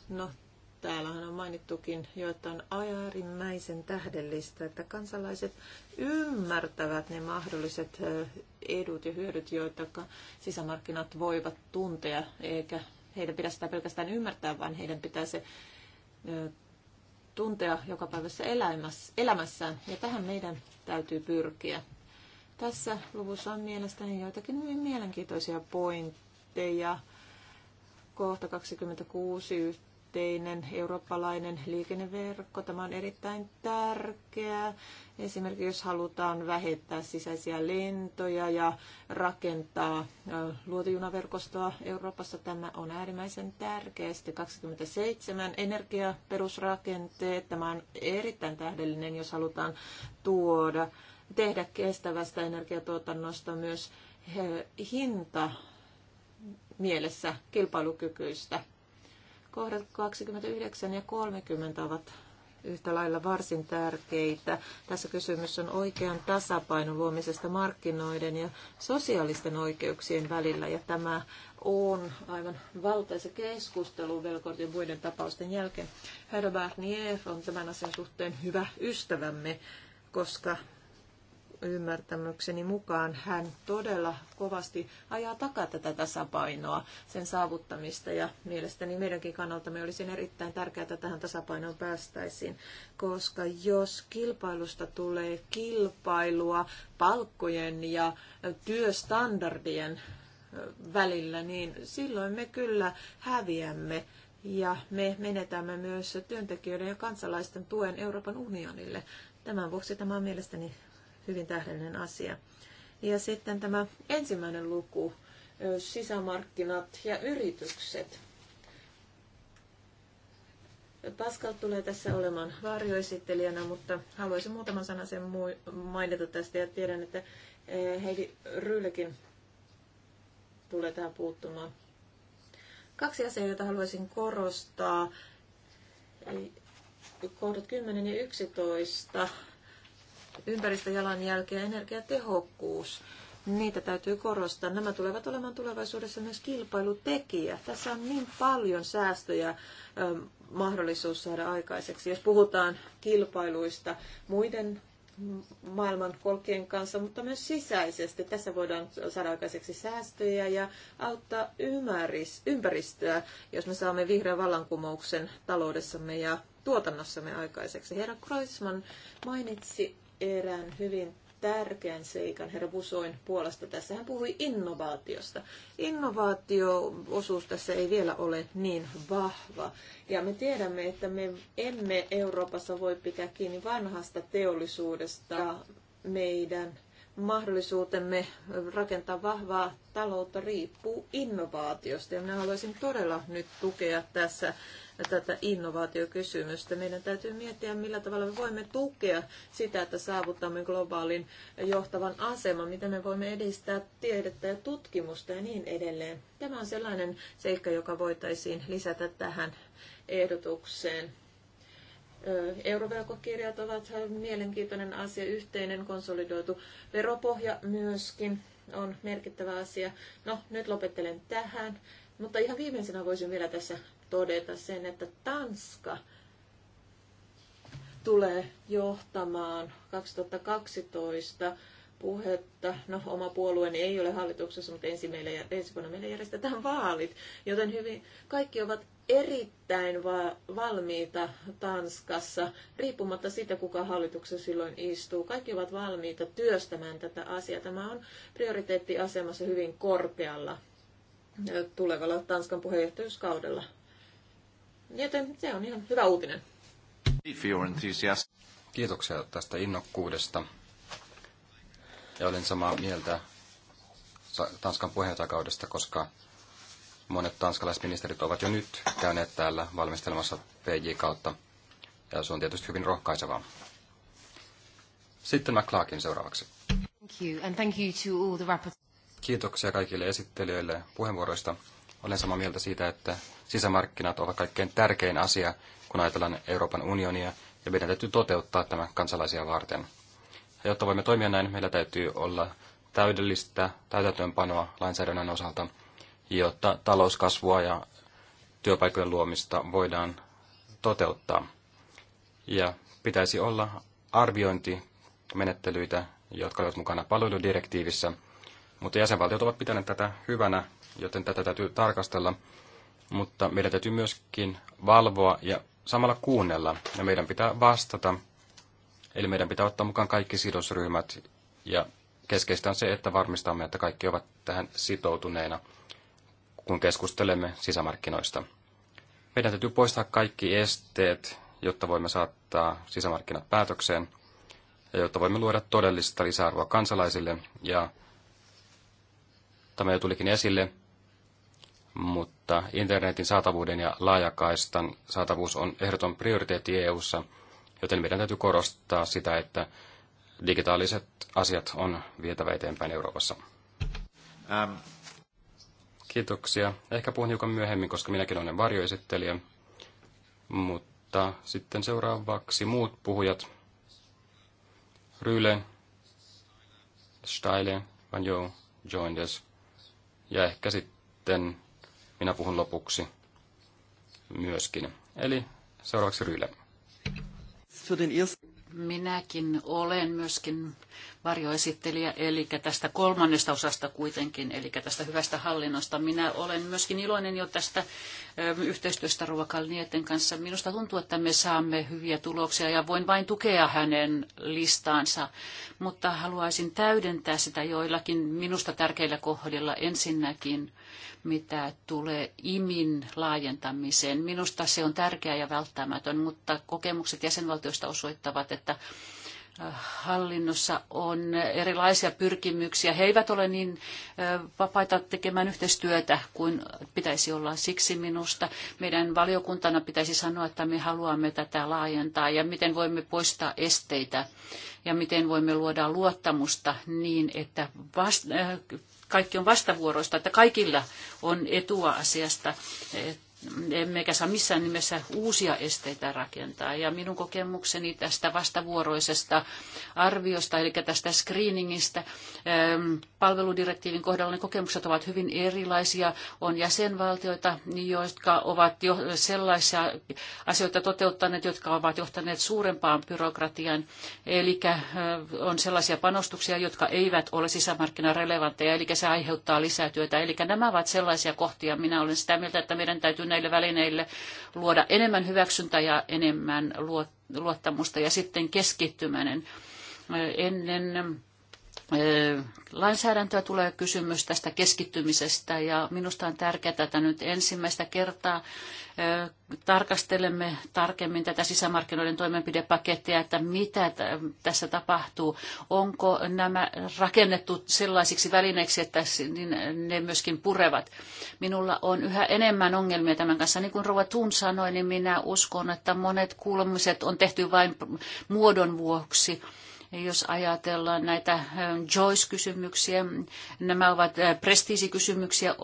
No, täällähän on mainittukin jo, että on äärimmäisen tähdellistä, että kansalaiset ymmärtävät ne mahdolliset edut ja hyödyt, joita sisämarkkinat voivat tuntea, eikä heidän pidä sitä pelkästään ymmärtää, vaan heidän pitää se tuntea joka päivässä elämässään, ja tähän meidän täytyy pyrkiä. Tässä luvussa on mielestäni joitakin hyvin mielenkiintoisia pointteja. Kohta 26 yhteinen eurooppalainen liikenneverkko. Tämä on erittäin tärkeää. Esimerkiksi jos halutaan vähentää sisäisiä lentoja ja rakentaa luotijunaverkostoa Euroopassa, tämä on äärimmäisen tärkeää. Sitten 27 energiaperusrakenteet. Tämä on erittäin tähdellinen, jos halutaan tuoda, tehdä kestävästä energiatuotannosta myös hinta mielessä kilpailukykyistä Kohdat 29 ja 30 ovat yhtä lailla varsin tärkeitä. Tässä kysymys on oikean tasapainon luomisesta markkinoiden ja sosiaalisten oikeuksien välillä, ja tämä on aivan valtaisa keskustelu Velkortin muiden tapausten jälkeen. Herra Barnier on tämän asian suhteen hyvä ystävämme, koska ymmärtämykseni mukaan hän todella kovasti ajaa takaa tätä tasapainoa, sen saavuttamista ja mielestäni meidänkin me olisi erittäin tärkeää, että tähän tasapainoon päästäisiin, koska jos kilpailusta tulee kilpailua palkkojen ja työstandardien välillä, niin silloin me kyllä häviämme ja me menetämme myös työntekijöiden ja kansalaisten tuen Euroopan unionille. Tämän vuoksi tämä on mielestäni hyvin tähdellinen asia. Ja sitten tämä ensimmäinen luku, sisämarkkinat ja yritykset. Pascal tulee tässä olemaan varjoesittelijänä, mutta haluaisin muutaman sanan sen mainita tästä ja tiedän, että Heidi Ryylekin tulee tähän puuttumaan. Kaksi asiaa, joita haluaisin korostaa. Kohdat 10 ja 11 ympäristöjalanjälki ja energiatehokkuus. Niitä täytyy korostaa. Nämä tulevat olemaan tulevaisuudessa myös kilpailutekijä. Tässä on niin paljon säästöjä mahdollisuus saada aikaiseksi, jos puhutaan kilpailuista muiden maailman kolkien kanssa, mutta myös sisäisesti. Tässä voidaan saada aikaiseksi säästöjä ja auttaa ymäris, ympäristöä, jos me saamme vihreän vallankumouksen taloudessamme ja tuotannossamme aikaiseksi. Herra Kreuzman mainitsi erään hyvin tärkeän seikan herra Busoin puolesta. Tässä hän puhui innovaatiosta. Innovaatioosuus tässä ei vielä ole niin vahva. Ja me tiedämme, että me emme Euroopassa voi pitää kiinni vanhasta teollisuudesta. Meidän mahdollisuutemme rakentaa vahvaa taloutta riippuu innovaatiosta. Ja minä haluaisin todella nyt tukea tässä tätä innovaatiokysymystä. Meidän täytyy miettiä, millä tavalla me voimme tukea sitä, että saavutamme globaalin johtavan aseman, miten me voimme edistää tiedettä ja tutkimusta ja niin edelleen. Tämä on sellainen seikka, joka voitaisiin lisätä tähän ehdotukseen. Eurovelkokirjat ovat mielenkiintoinen asia, yhteinen konsolidoitu veropohja myöskin on merkittävä asia. No, nyt lopettelen tähän. Mutta ihan viimeisenä voisin vielä tässä todeta sen, että Tanska tulee johtamaan 2012 puhetta. No, oma puolueeni ei ole hallituksessa, mutta ensi, meille, ensi vuonna meillä järjestetään vaalit, joten hyvin kaikki ovat erittäin va- valmiita Tanskassa, riippumatta siitä, kuka hallituksessa silloin istuu. Kaikki ovat valmiita työstämään tätä asiaa. Tämä on prioriteettiasemassa hyvin korkealla tulevalla Tanskan puheenjohtajuuskaudella. Joten se on ihan hyvä uutinen. Kiitoksia tästä innokkuudesta. Ja olen samaa mieltä Tanskan puheenjohtajakaudesta, koska monet tanskalaisministerit ovat jo nyt käyneet täällä valmistelemassa PJ kautta. Ja se on tietysti hyvin rohkaisevaa. Sitten McClarkin seuraavaksi. Thank you, and thank you to all the Kiitoksia kaikille esittelijöille puheenvuoroista. Olen samaa mieltä siitä, että sisämarkkinat ovat kaikkein tärkein asia, kun ajatellaan Euroopan unionia, ja meidän täytyy toteuttaa tämä kansalaisia varten. Ja jotta voimme toimia näin, meillä täytyy olla täydellistä täytäntöönpanoa lainsäädännön osalta, jotta talouskasvua ja työpaikkojen luomista voidaan toteuttaa. Ja pitäisi olla arviointimenettelyitä, jotka olivat mukana palveludirektiivissä, mutta jäsenvaltiot ovat pitäneet tätä hyvänä joten tätä täytyy tarkastella. Mutta meidän täytyy myöskin valvoa ja samalla kuunnella, ja meidän pitää vastata. Eli meidän pitää ottaa mukaan kaikki sidosryhmät, ja keskeistä on se, että varmistamme, että kaikki ovat tähän sitoutuneena, kun keskustelemme sisämarkkinoista. Meidän täytyy poistaa kaikki esteet, jotta voimme saattaa sisämarkkinat päätökseen, ja jotta voimme luoda todellista lisäarvoa kansalaisille, ja tämä jo tulikin esille, mutta internetin saatavuuden ja laajakaistan saatavuus on ehdoton prioriteetti EU:ssa, joten meidän täytyy korostaa sitä, että digitaaliset asiat on vietävä eteenpäin Euroopassa. Ähm. Kiitoksia. Ehkä puhun hiukan myöhemmin, koska minäkin olen varjoesittelijä. Mutta sitten seuraavaksi muut puhujat. Ryle, Steile, Van Joo, Joinders ja ehkä sitten minä puhun lopuksi myöskin. Eli seuraavaksi Ryle. Minäkin olen myöskin varjoesittelijä, eli tästä kolmannesta osasta kuitenkin, eli tästä hyvästä hallinnosta. Minä olen myöskin iloinen jo tästä yhteistyöstä Ruokalnieten kanssa. Minusta tuntuu, että me saamme hyviä tuloksia ja voin vain tukea hänen listaansa, mutta haluaisin täydentää sitä joillakin minusta tärkeillä kohdilla ensinnäkin mitä tulee imin laajentamiseen. Minusta se on tärkeää ja välttämätön, mutta kokemukset jäsenvaltioista osoittavat, että hallinnossa on erilaisia pyrkimyksiä. He eivät ole niin vapaita tekemään yhteistyötä kuin pitäisi olla. Siksi minusta meidän valiokuntana pitäisi sanoa, että me haluamme tätä laajentaa ja miten voimme poistaa esteitä ja miten voimme luoda luottamusta niin, että vasta- kaikki on vastavuoroista, että kaikilla on etua asiasta. Että emmekä saa missään nimessä uusia esteitä rakentaa. Ja minun kokemukseni tästä vastavuoroisesta arviosta, eli tästä screeningistä, ähm, palveludirektiivin kohdalla ne kokemukset ovat hyvin erilaisia. On jäsenvaltioita, jotka ovat jo sellaisia asioita toteuttaneet, jotka ovat johtaneet suurempaan byrokratiaan, eli äh, on sellaisia panostuksia, jotka eivät ole sisämarkkinarelevantteja, eli se aiheuttaa lisää työtä Eli nämä ovat sellaisia kohtia, minä olen sitä mieltä, että meidän täytyy näille välineille, luoda enemmän hyväksyntää ja enemmän luottamusta ja sitten keskittyminen. Ennen lainsäädäntöä tulee kysymys tästä keskittymisestä ja minusta on tärkeää, että nyt ensimmäistä kertaa tarkastelemme tarkemmin tätä sisämarkkinoiden toimenpidepakettia, että mitä tässä tapahtuu. Onko nämä rakennettu sellaisiksi välineiksi, että niin ne myöskin purevat. Minulla on yhä enemmän ongelmia tämän kanssa. Niin kuin Rova Thun sanoi, niin minä uskon, että monet kuulumiset on tehty vain muodon vuoksi jos ajatellaan näitä Joyce-kysymyksiä, nämä ovat prestiisikysymyksiä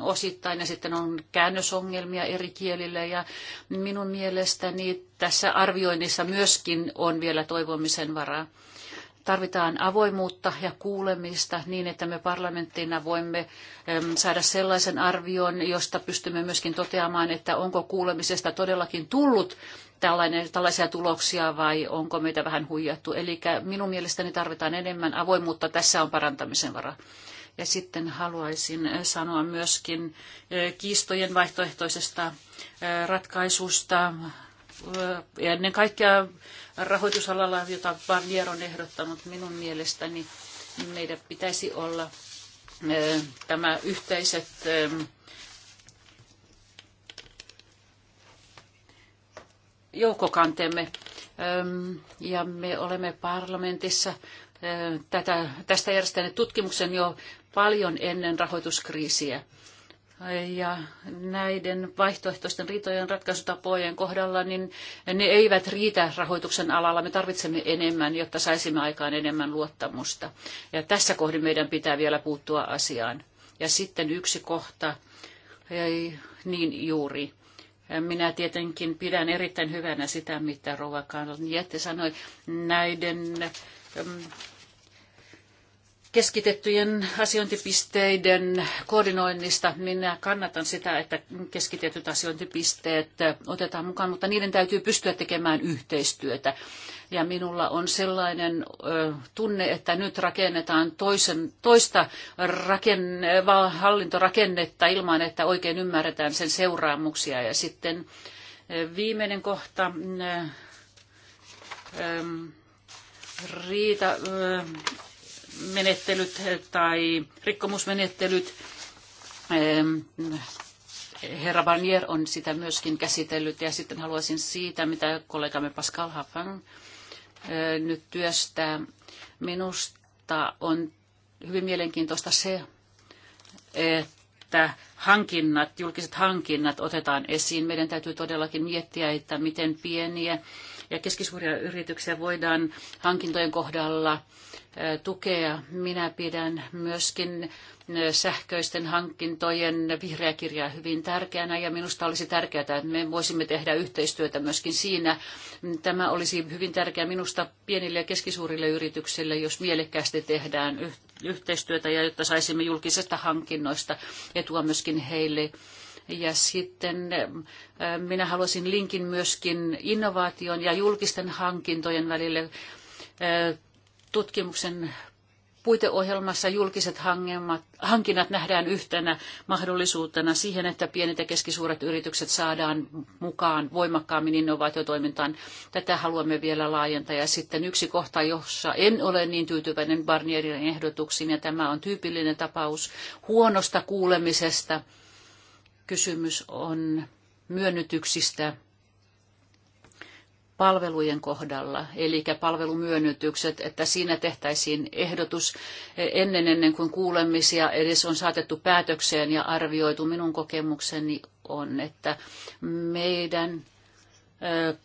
osittain ja sitten on käännösongelmia eri kielille ja minun mielestäni tässä arvioinnissa myöskin on vielä toivomisen varaa. Tarvitaan avoimuutta ja kuulemista niin, että me parlamenttina voimme saada sellaisen arvion, josta pystymme myöskin toteamaan, että onko kuulemisesta todellakin tullut tällainen, tällaisia tuloksia vai onko meitä vähän huijattu. Eli minun mielestäni tarvitaan enemmän avoimuutta, tässä on parantamisen varaa. Ja sitten haluaisin sanoa myöskin e, kiistojen vaihtoehtoisesta e, ratkaisusta, e, ja ennen kaikkea rahoitusalalla, jota Barnier on ehdottanut minun mielestäni, meidän pitäisi olla tämä yhteiset joukkokanteemme Ja me olemme parlamentissa tätä, tästä järjestäneet tutkimuksen jo paljon ennen rahoituskriisiä. Ja näiden vaihtoehtoisten riitojen ratkaisutapojen kohdalla, niin ne eivät riitä rahoituksen alalla. Me tarvitsemme enemmän, jotta saisimme aikaan enemmän luottamusta. Ja tässä kohdin meidän pitää vielä puuttua asiaan. Ja sitten yksi kohta, ei, niin juuri minä tietenkin pidän erittäin hyvänä sitä, mitä Rova Kanjette sanoi näiden mm, keskitettyjen asiointipisteiden koordinoinnista. Minä kannatan sitä, että keskitetyt asiointipisteet otetaan mukaan, mutta niiden täytyy pystyä tekemään yhteistyötä ja minulla on sellainen ö, tunne, että nyt rakennetaan toisen, toista rakenne, hallintorakennetta ilman, että oikein ymmärretään sen seuraamuksia. Ja sitten viimeinen kohta, mm, ö, ö, riita, ö, menettelyt tai rikkomusmenettelyt. Herra Barnier on sitä myöskin käsitellyt ja sitten haluaisin siitä, mitä kollegamme Pascal Haffan nyt työstää. Minusta on hyvin mielenkiintoista se, että hankinnat, julkiset hankinnat otetaan esiin. Meidän täytyy todellakin miettiä, että miten pieniä ja keskisuuria yrityksiä voidaan hankintojen kohdalla tukea. Minä pidän myöskin sähköisten hankintojen vihreä kirjaa hyvin tärkeänä ja minusta olisi tärkeää, että me voisimme tehdä yhteistyötä myöskin siinä. Tämä olisi hyvin tärkeää minusta pienille ja keskisuurille yrityksille, jos mielekkäästi tehdään yhteistyötä ja jotta saisimme julkisesta hankinnoista etua myöskin myöskin heille. Ja sitten äh, minä haluaisin linkin myöskin innovaation ja julkisten hankintojen välille äh, tutkimuksen puiteohjelmassa julkiset hankinnat, hankinnat nähdään yhtenä mahdollisuutena siihen, että pienet ja keskisuuret yritykset saadaan mukaan voimakkaammin innovaatiotoimintaan. Tätä haluamme vielä laajentaa. Ja sitten yksi kohta, jossa en ole niin tyytyväinen Barnierin ehdotuksiin, ja tämä on tyypillinen tapaus huonosta kuulemisesta. Kysymys on myönnytyksistä palvelujen kohdalla, eli palvelumyönnytykset, että siinä tehtäisiin ehdotus ennen ennen kuin kuulemisia edes on saatettu päätökseen ja arvioitu. Minun kokemukseni on, että meidän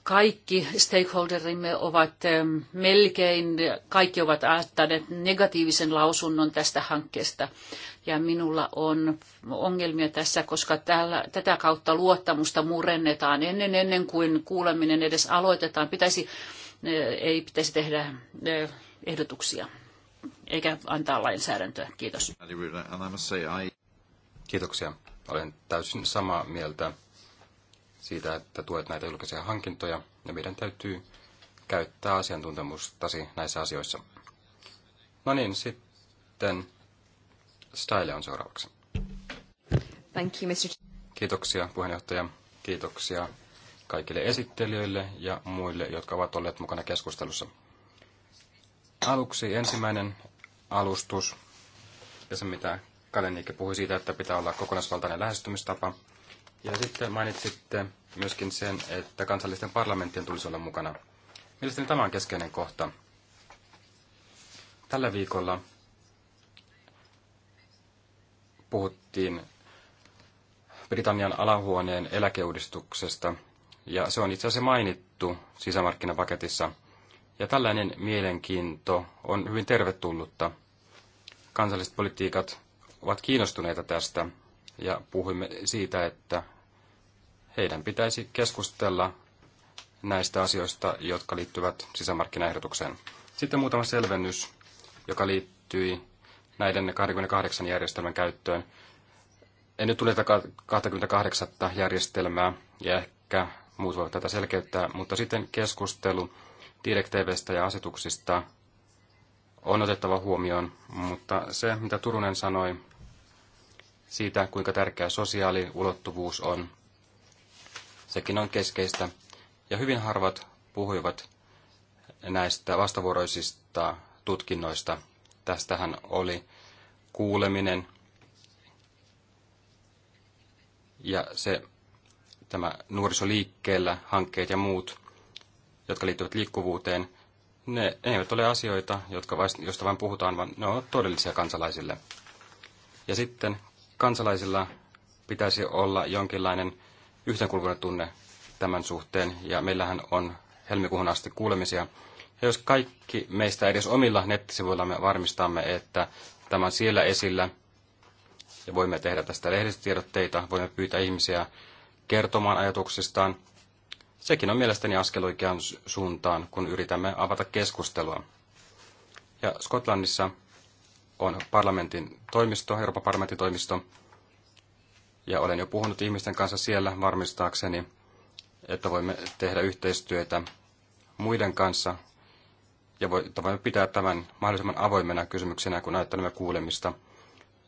kaikki stakeholderimme ovat melkein, kaikki ovat antaneet negatiivisen lausunnon tästä hankkeesta. Ja minulla on ongelmia tässä, koska täällä, tätä kautta luottamusta murennetaan ennen, ennen kuin kuuleminen edes aloitetaan. Pitäisi, ei pitäisi tehdä ehdotuksia eikä antaa lainsäädäntöä. Kiitos. Kiitoksia. Olen täysin samaa mieltä siitä, että tuet näitä julkisia hankintoja, ja meidän täytyy käyttää asiantuntemustasi näissä asioissa. No niin, sitten Style on seuraavaksi. Thank you, Mr. Kiitoksia puheenjohtaja, kiitoksia kaikille esittelijöille ja muille, jotka ovat olleet mukana keskustelussa. Aluksi ensimmäinen alustus ja se, mitä Kalenike puhui siitä, että pitää olla kokonaisvaltainen lähestymistapa – ja sitten mainitsitte myöskin sen, että kansallisten parlamenttien tulisi olla mukana. Mielestäni tämä on keskeinen kohta. Tällä viikolla puhuttiin Britannian alahuoneen eläkeuudistuksesta, ja se on itse asiassa mainittu sisämarkkinapaketissa. Ja tällainen mielenkiinto on hyvin tervetullutta. Kansalliset politiikat ovat kiinnostuneita tästä, ja puhuimme siitä, että heidän pitäisi keskustella näistä asioista, jotka liittyvät sisämarkkinaehdotukseen. Sitten muutama selvennys, joka liittyi näiden 28 järjestelmän käyttöön. En nyt tule tätä 28 järjestelmää ja ehkä muut voivat tätä selkeyttää, mutta sitten keskustelu direktiiveistä ja asetuksista on otettava huomioon, mutta se, mitä Turunen sanoi siitä, kuinka tärkeä sosiaaliulottuvuus on, Sekin on keskeistä. Ja hyvin harvat puhuivat näistä vastavuoroisista tutkinnoista. Tästähän oli kuuleminen ja se, tämä nuorisoliikkeellä hankkeet ja muut, jotka liittyvät liikkuvuuteen, ne eivät ole asioita, jotka vain, joista vain puhutaan, vaan ne ovat todellisia kansalaisille. Ja sitten kansalaisilla pitäisi olla jonkinlainen yhtäkulkunut tunne tämän suhteen, ja meillähän on helmikuuhun asti kuulemisia. Ja jos kaikki meistä edes omilla nettisivuillamme varmistamme, että tämä on siellä esillä, ja voimme tehdä tästä lehdistötiedotteita, voimme pyytää ihmisiä kertomaan ajatuksistaan, sekin on mielestäni askel oikeaan suuntaan, kun yritämme avata keskustelua. Ja Skotlannissa on parlamentin toimisto, Euroopan parlamentin toimisto, ja olen jo puhunut ihmisten kanssa siellä varmistaakseni, että voimme tehdä yhteistyötä muiden kanssa ja voimme pitää tämän mahdollisimman avoimena kysymyksenä, kun ajattelemme kuulemista,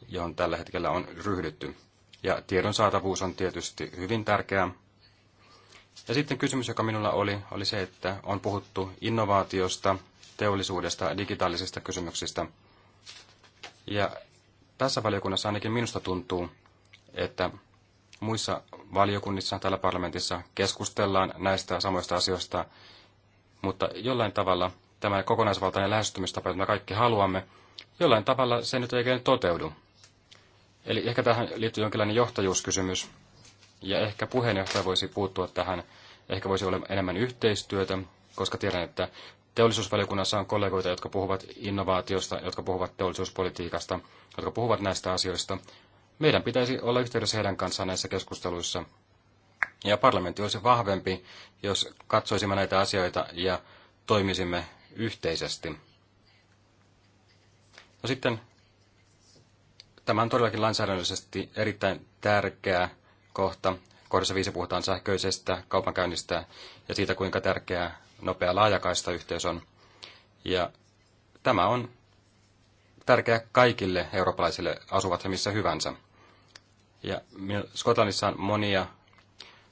johon tällä hetkellä on ryhdytty. Ja tiedon saatavuus on tietysti hyvin tärkeää. Ja sitten kysymys, joka minulla oli, oli se, että on puhuttu innovaatiosta, teollisuudesta, digitaalisista kysymyksistä. Ja tässä valiokunnassa ainakin minusta tuntuu, että muissa valiokunnissa täällä parlamentissa keskustellaan näistä samoista asioista, mutta jollain tavalla tämä kokonaisvaltainen lähestymistapa, jota me kaikki haluamme, jollain tavalla se nyt ei oikein toteudu. Eli ehkä tähän liittyy jonkinlainen johtajuuskysymys, ja ehkä puheenjohtaja voisi puuttua tähän, ehkä voisi olla enemmän yhteistyötä, koska tiedän, että teollisuusvaliokunnassa on kollegoita, jotka puhuvat innovaatiosta, jotka puhuvat teollisuuspolitiikasta, jotka puhuvat näistä asioista, meidän pitäisi olla yhteydessä heidän kanssaan näissä keskusteluissa. Ja parlamentti olisi vahvempi, jos katsoisimme näitä asioita ja toimisimme yhteisesti. No sitten tämä on todellakin lainsäädännöllisesti erittäin tärkeä kohta. Kohdassa viisi puhutaan sähköisestä kaupankäynnistä ja siitä, kuinka tärkeä nopea laajakaista yhteys on. Ja tämä on tärkeä kaikille eurooppalaisille, asuvat he missä hyvänsä. Ja Skotlannissa on monia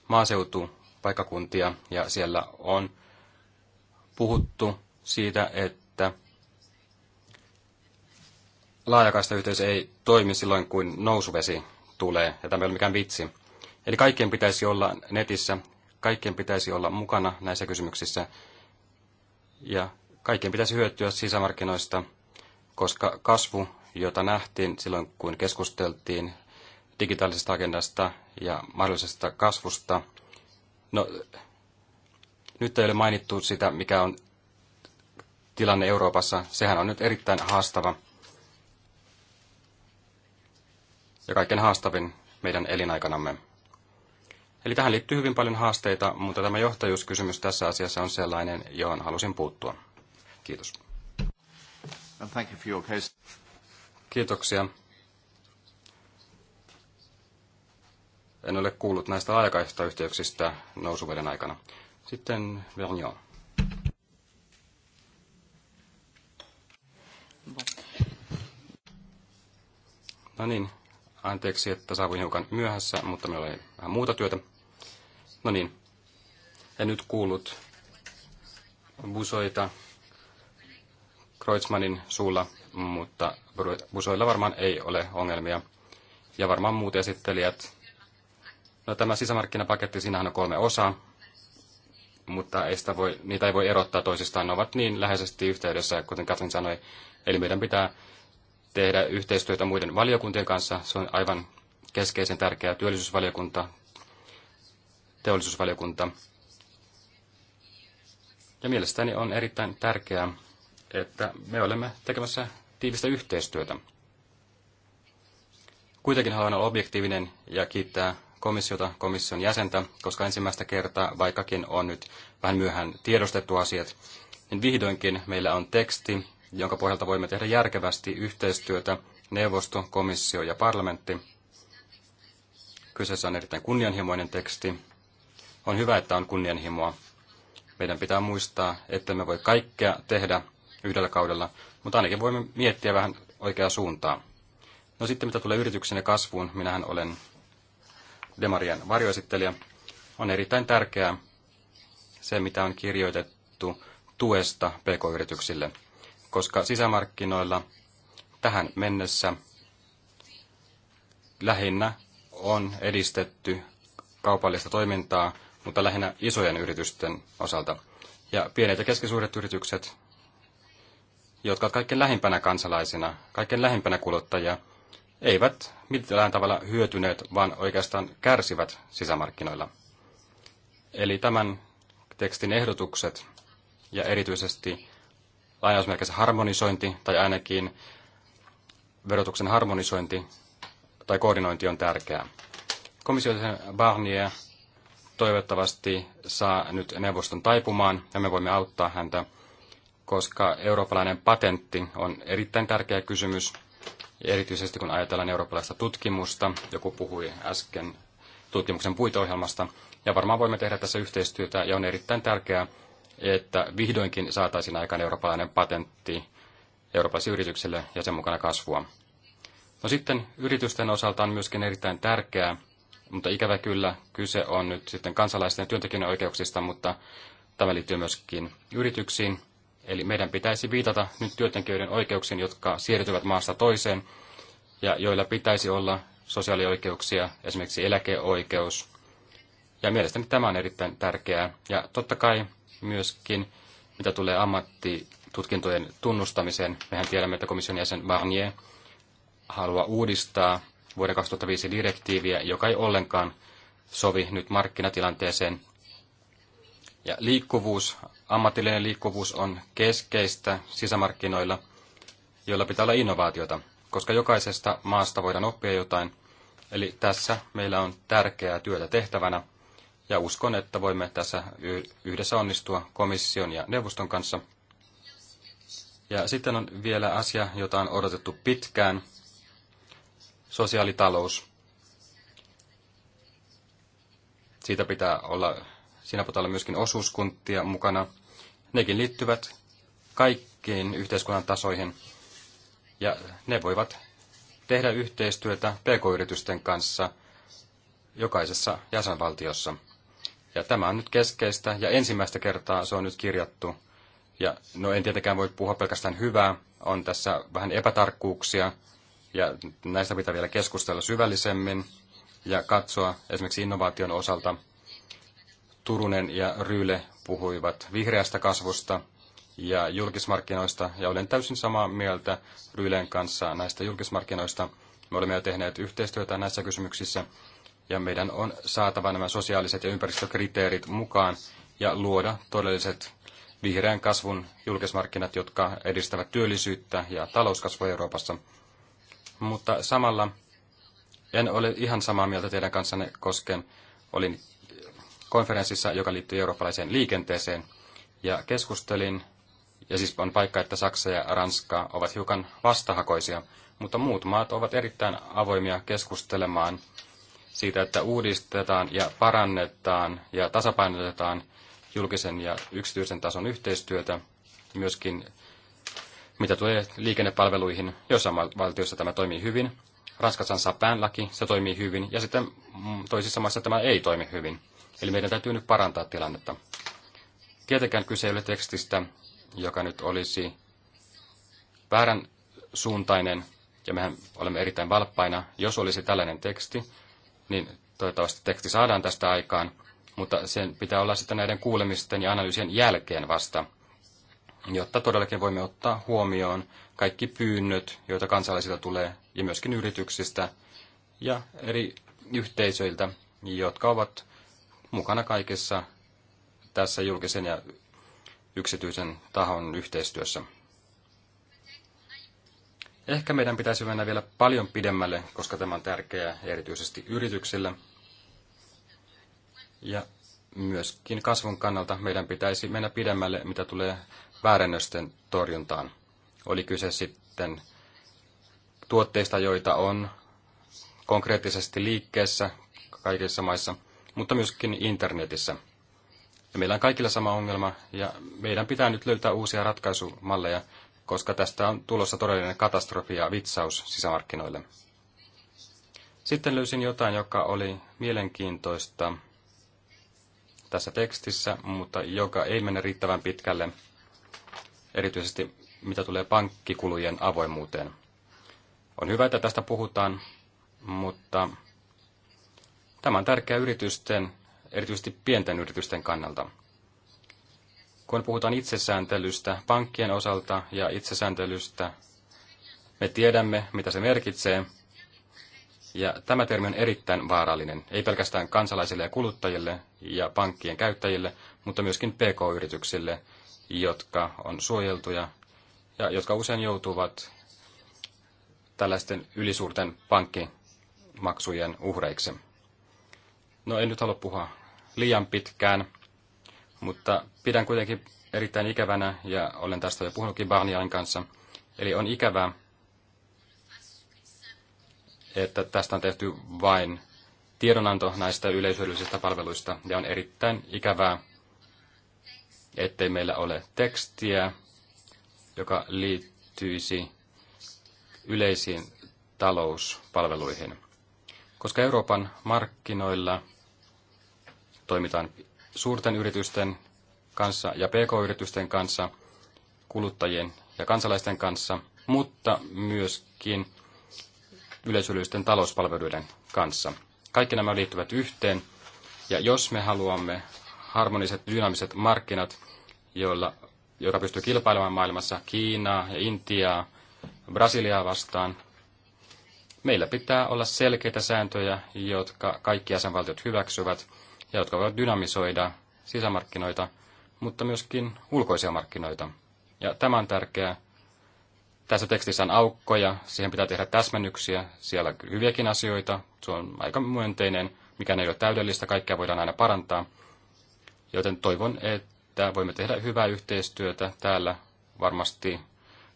maaseutupaikkakuntia ja siellä on puhuttu siitä, että laajakaistayhteys ei toimi silloin, kun nousuvesi tulee. Ja tämä ei ole mikään vitsi. Eli kaikkien pitäisi olla netissä, kaikkien pitäisi olla mukana näissä kysymyksissä ja kaikkien pitäisi hyötyä sisämarkkinoista, koska kasvu, jota nähtiin silloin, kun keskusteltiin digitaalisesta agendasta ja mahdollisesta kasvusta. No, nyt ei ole mainittu sitä, mikä on tilanne Euroopassa. Sehän on nyt erittäin haastava ja kaiken haastavin meidän elinaikanamme. Eli tähän liittyy hyvin paljon haasteita, mutta tämä johtajuuskysymys tässä asiassa on sellainen, johon halusin puuttua. Kiitos. Kiitoksia En ole kuullut näistä aikaisista yhteyksistä nousuveden aikana. Sitten Vernion. No niin, anteeksi, että saavuin hiukan myöhässä, mutta meillä oli vähän muuta työtä. No niin, en nyt kuullut busoita Kreutzmannin suulla, mutta busoilla varmaan ei ole ongelmia. Ja varmaan muut esittelijät No tämä sisämarkkinapaketti, siinähän on kolme osaa, mutta ei sitä voi, niitä ei voi erottaa toisistaan. Ne ovat niin läheisesti yhteydessä, kuten Katrin sanoi. Eli meidän pitää tehdä yhteistyötä muiden valiokuntien kanssa. Se on aivan keskeisen tärkeää. Työllisyysvaliokunta, teollisuusvaliokunta. Ja mielestäni on erittäin tärkeää, että me olemme tekemässä tiivistä yhteistyötä. Kuitenkin haluan olla objektiivinen ja kiittää komissiota, komission jäsentä, koska ensimmäistä kertaa, vaikkakin on nyt vähän myöhään tiedostettu asiat, niin vihdoinkin meillä on teksti, jonka pohjalta voimme tehdä järkevästi yhteistyötä neuvosto, komissio ja parlamentti. Kyseessä on erittäin kunnianhimoinen teksti. On hyvä, että on kunnianhimoa. Meidän pitää muistaa, että me voi kaikkea tehdä yhdellä kaudella, mutta ainakin voimme miettiä vähän oikeaa suuntaa. No sitten mitä tulee yrityksen ja kasvuun, minähän olen Demarien varjoesittelijä, on erittäin tärkeää se, mitä on kirjoitettu tuesta pk-yrityksille, koska sisämarkkinoilla tähän mennessä lähinnä on edistetty kaupallista toimintaa, mutta lähinnä isojen yritysten osalta. Ja pienet ja keskisuuret yritykset, jotka ovat kaikkein lähimpänä kansalaisina, kaikkein lähimpänä kuluttajia, eivät mitään tavalla hyötyneet, vaan oikeastaan kärsivät sisämarkkinoilla. Eli tämän tekstin ehdotukset ja erityisesti lainausmerkeissä harmonisointi tai ainakin verotuksen harmonisointi tai koordinointi on tärkeää. Komissio Barnier toivottavasti saa nyt neuvoston taipumaan ja me voimme auttaa häntä, koska eurooppalainen patentti on erittäin tärkeä kysymys – erityisesti kun ajatellaan eurooppalaista tutkimusta. Joku puhui äsken tutkimuksen puiteohjelmasta, ja varmaan voimme tehdä tässä yhteistyötä, ja on erittäin tärkeää, että vihdoinkin saataisiin aikaan eurooppalainen patentti eurooppalaisille yrityksille ja sen mukana kasvua. No sitten yritysten osalta on myöskin erittäin tärkeää, mutta ikävä kyllä kyse on nyt sitten kansalaisten ja työntekijöiden oikeuksista, mutta tämä liittyy myöskin yrityksiin. Eli meidän pitäisi viitata nyt työntekijöiden oikeuksiin, jotka siirtyvät maasta toiseen ja joilla pitäisi olla sosiaalioikeuksia, esimerkiksi eläkeoikeus. Ja mielestäni tämä on erittäin tärkeää. Ja totta kai myöskin, mitä tulee ammattitutkintojen tunnustamiseen, mehän tiedämme, että komission jäsen Barnier haluaa uudistaa vuoden 2005 direktiiviä, joka ei ollenkaan sovi nyt markkinatilanteeseen. Ja liikkuvuus, ammatillinen liikkuvuus on keskeistä sisämarkkinoilla, joilla pitää olla innovaatiota, koska jokaisesta maasta voidaan oppia jotain. Eli tässä meillä on tärkeää työtä tehtävänä, ja uskon, että voimme tässä yhdessä onnistua komission ja neuvoston kanssa. Ja sitten on vielä asia, jota on odotettu pitkään, sosiaalitalous. Siitä pitää olla Siinä pitää olla myöskin osuuskuntia mukana. Nekin liittyvät kaikkiin yhteiskunnan tasoihin ja ne voivat tehdä yhteistyötä pk-yritysten kanssa jokaisessa jäsenvaltiossa. Ja tämä on nyt keskeistä ja ensimmäistä kertaa se on nyt kirjattu. Ja no en tietenkään voi puhua pelkästään hyvää, on tässä vähän epätarkkuuksia ja näistä pitää vielä keskustella syvällisemmin ja katsoa esimerkiksi innovaation osalta, Turunen ja Ryle puhuivat vihreästä kasvusta ja julkismarkkinoista, ja olen täysin samaa mieltä Rylen kanssa näistä julkismarkkinoista. Me olemme jo tehneet yhteistyötä näissä kysymyksissä, ja meidän on saatava nämä sosiaaliset ja ympäristökriteerit mukaan ja luoda todelliset vihreän kasvun julkismarkkinat, jotka edistävät työllisyyttä ja talouskasvua Euroopassa. Mutta samalla en ole ihan samaa mieltä teidän kanssanne, kosken olin konferenssissa, joka liittyy eurooppalaiseen liikenteeseen, ja keskustelin, ja siis on paikka, että Saksa ja Ranska ovat hiukan vastahakoisia, mutta muut maat ovat erittäin avoimia keskustelemaan siitä, että uudistetaan ja parannetaan ja tasapainotetaan julkisen ja yksityisen tason yhteistyötä, myöskin mitä tulee liikennepalveluihin, jossa valtioissa tämä toimii hyvin. Ranskassa on Sapään laki, se toimii hyvin, ja sitten toisissa maissa tämä ei toimi hyvin. Eli meidän täytyy nyt parantaa tilannetta. Tietenkään kyse ei ole tekstistä, joka nyt olisi väärän suuntainen, ja mehän olemme erittäin valppaina. Jos olisi tällainen teksti, niin toivottavasti teksti saadaan tästä aikaan, mutta sen pitää olla sitten näiden kuulemisten ja analyysien jälkeen vasta, jotta todellakin voimme ottaa huomioon kaikki pyynnöt, joita kansalaisilta tulee, ja myöskin yrityksistä ja eri yhteisöiltä, jotka ovat mukana kaikessa tässä julkisen ja yksityisen tahon yhteistyössä. Ehkä meidän pitäisi mennä vielä paljon pidemmälle, koska tämä on tärkeää erityisesti yrityksille Ja myöskin kasvun kannalta meidän pitäisi mennä pidemmälle, mitä tulee väärennösten torjuntaan. Oli kyse sitten tuotteista, joita on konkreettisesti liikkeessä kaikissa maissa – mutta myöskin internetissä. Ja meillä on kaikilla sama ongelma, ja meidän pitää nyt löytää uusia ratkaisumalleja, koska tästä on tulossa todellinen katastrofi ja vitsaus sisämarkkinoille. Sitten löysin jotain, joka oli mielenkiintoista tässä tekstissä, mutta joka ei mene riittävän pitkälle, erityisesti mitä tulee pankkikulujen avoimuuteen. On hyvä, että tästä puhutaan, mutta Tämä on tärkeää yritysten, erityisesti pienten yritysten kannalta. Kun puhutaan itsesääntelystä pankkien osalta ja itsesääntelystä, me tiedämme, mitä se merkitsee. Ja tämä termi on erittäin vaarallinen, ei pelkästään kansalaisille ja kuluttajille ja pankkien käyttäjille, mutta myöskin pk-yrityksille, jotka on suojeltuja ja jotka usein joutuvat tällaisten ylisuurten pankkimaksujen uhreiksi. No en nyt halua puhua liian pitkään, mutta pidän kuitenkin erittäin ikävänä, ja olen tästä jo puhunutkin Barniain kanssa. Eli on ikävää, että tästä on tehty vain tiedonanto näistä yleisöllisistä palveluista, ja on erittäin ikävää, ettei meillä ole tekstiä, joka liittyisi yleisiin talouspalveluihin. Koska Euroopan markkinoilla – Toimitaan suurten yritysten kanssa ja pk-yritysten kanssa, kuluttajien ja kansalaisten kanssa, mutta myöskin yleisöllisten talouspalveluiden kanssa. Kaikki nämä liittyvät yhteen, ja jos me haluamme harmoniset dynaamiset markkinat, joilla, joka pystyy kilpailemaan maailmassa Kiinaa ja Intiaa, Brasiliaa vastaan, meillä pitää olla selkeitä sääntöjä, jotka kaikki jäsenvaltiot hyväksyvät – ja jotka voivat dynamisoida sisämarkkinoita, mutta myöskin ulkoisia markkinoita. Ja tämä on tärkeää. Tässä tekstissä on aukkoja, siihen pitää tehdä täsmennyksiä, siellä on hyviäkin asioita, se on aika myönteinen, mikä ei ole täydellistä, kaikkea voidaan aina parantaa. Joten toivon, että voimme tehdä hyvää yhteistyötä täällä. Varmasti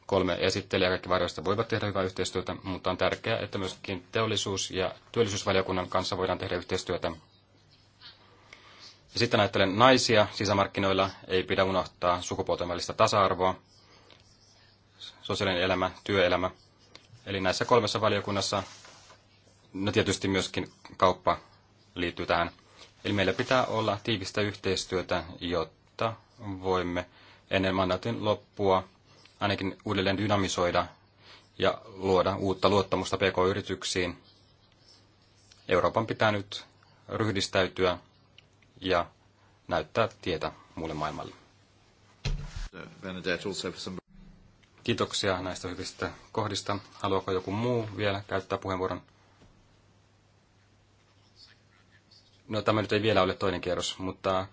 kolme esittelijää kaikki varjoista voivat tehdä hyvää yhteistyötä, mutta on tärkeää, että myöskin teollisuus- ja työllisyysvaliokunnan kanssa voidaan tehdä yhteistyötä, ja sitten ajattelen naisia sisämarkkinoilla, ei pidä unohtaa sukupuolten välistä tasa-arvoa, sosiaalinen elämä, työelämä. Eli näissä kolmessa valiokunnassa, no tietysti myöskin kauppa liittyy tähän. Eli meillä pitää olla tiivistä yhteistyötä, jotta voimme ennen mandaatin loppua ainakin uudelleen dynamisoida ja luoda uutta luottamusta pk-yrityksiin. Euroopan pitää nyt ryhdistäytyä ja näyttää tietä muulle maailmalle. Kiitoksia näistä hyvistä kohdista. Haluaako joku muu vielä käyttää puheenvuoron? No tämä nyt ei vielä ole toinen kierros, mutta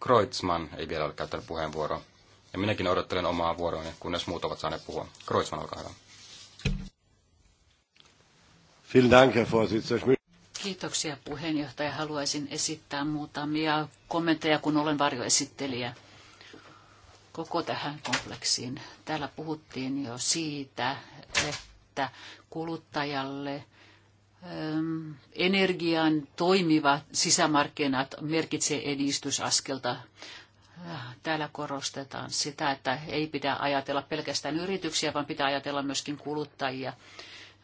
Kreutzmann ei vielä ole käyttänyt puheenvuoroa. Ja minäkin odottelen omaa vuoroani, kunnes muut ovat saaneet puhua. Kreutzmann, olkaa hyvä. Kiitoksia puheenjohtaja. Haluaisin esittää muutamia kommentteja, kun olen varjoesittelijä koko tähän kompleksiin. Täällä puhuttiin jo siitä, että kuluttajalle ähm, energian toimivat sisämarkkinat merkitsee edistysaskelta. Äh, täällä korostetaan sitä, että ei pidä ajatella pelkästään yrityksiä, vaan pitää ajatella myöskin kuluttajia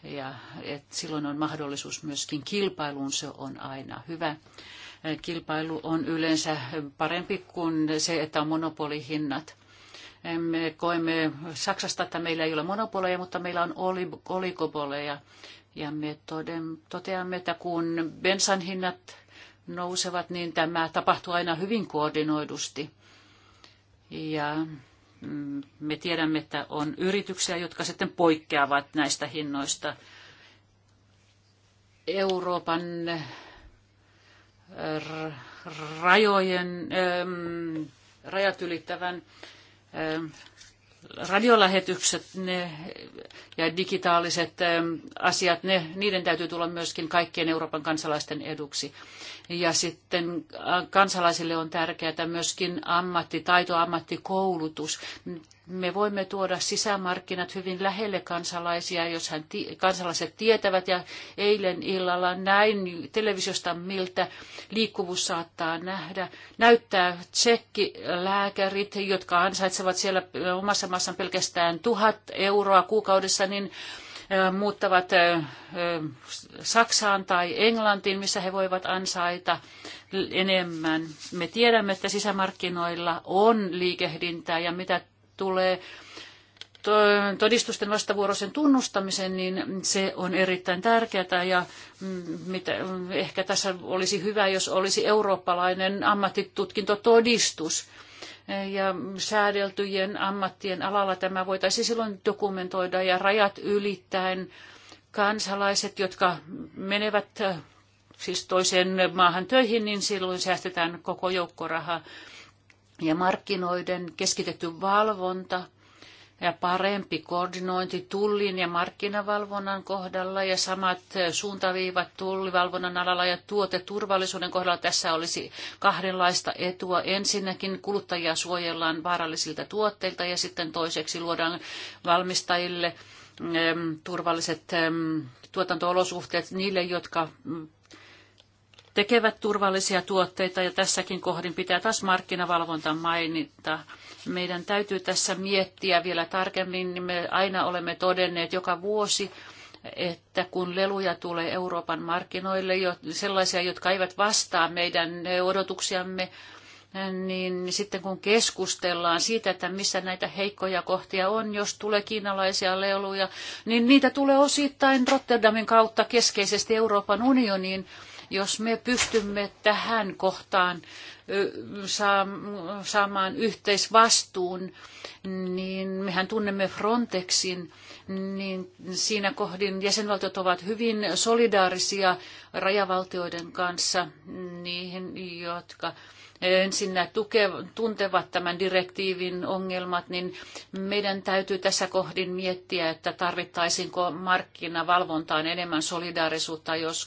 ja et silloin on mahdollisuus myöskin kilpailuun, se on aina hyvä. Kilpailu on yleensä parempi kuin se, että on monopolihinnat. Me koemme Saksasta, että meillä ei ole monopoleja, mutta meillä on oligopoleja. Ja me toteamme, että kun bensan hinnat nousevat, niin tämä tapahtuu aina hyvin koordinoidusti. Ja me tiedämme, että on yrityksiä, jotka sitten poikkeavat näistä hinnoista. Euroopan eh, rajojen, rajat ylittävän radiolähetykset ne, ja digitaaliset ähm, asiat, ne, niiden täytyy tulla myöskin kaikkien Euroopan kansalaisten eduksi. Ja sitten äh, kansalaisille on tärkeää myöskin ammattitaito, ammattikoulutus me voimme tuoda sisämarkkinat hyvin lähelle kansalaisia, jos hän kansalaiset tietävät. Ja eilen illalla näin televisiosta, miltä liikkuvuus saattaa nähdä. Näyttää tsekkilääkärit, jotka ansaitsevat siellä omassa maassaan pelkästään tuhat euroa kuukaudessa, niin muuttavat Saksaan tai Englantiin, missä he voivat ansaita enemmän. Me tiedämme, että sisämarkkinoilla on liikehdintää ja mitä tulee todistusten vastavuoroisen tunnustamisen, niin se on erittäin tärkeää ja mm, mitä, ehkä tässä olisi hyvä, jos olisi eurooppalainen ammattitutkintotodistus. Ja säädeltyjen ammattien alalla tämä voitaisiin silloin dokumentoida ja rajat ylittäen kansalaiset, jotka menevät äh, siis toiseen maahan töihin, niin silloin säästetään koko joukko rahaa ja markkinoiden keskitetty valvonta ja parempi koordinointi tullin ja markkinavalvonnan kohdalla ja samat suuntaviivat tullivalvonnan alalla ja tuoteturvallisuuden kohdalla tässä olisi kahdenlaista etua. Ensinnäkin kuluttajia suojellaan vaarallisilta tuotteilta ja sitten toiseksi luodaan valmistajille turvalliset tuotantoolosuhteet niille, jotka tekevät turvallisia tuotteita ja tässäkin kohdin pitää taas markkinavalvonta mainita. Meidän täytyy tässä miettiä vielä tarkemmin, niin me aina olemme todenneet joka vuosi, että kun leluja tulee Euroopan markkinoille, sellaisia, jotka eivät vastaa meidän odotuksiamme, niin sitten kun keskustellaan siitä, että missä näitä heikkoja kohtia on, jos tulee kiinalaisia leluja, niin niitä tulee osittain Rotterdamin kautta keskeisesti Euroopan unioniin. Jos me pystymme tähän kohtaan saamaan yhteisvastuun, niin mehän tunnemme Frontexin, niin siinä kohdin jäsenvaltiot ovat hyvin solidaarisia rajavaltioiden kanssa, niihin, jotka ensin nämä tuke, tuntevat tämän direktiivin ongelmat, niin meidän täytyy tässä kohdin miettiä, että tarvittaisinko markkinavalvontaan enemmän solidaarisuutta, jos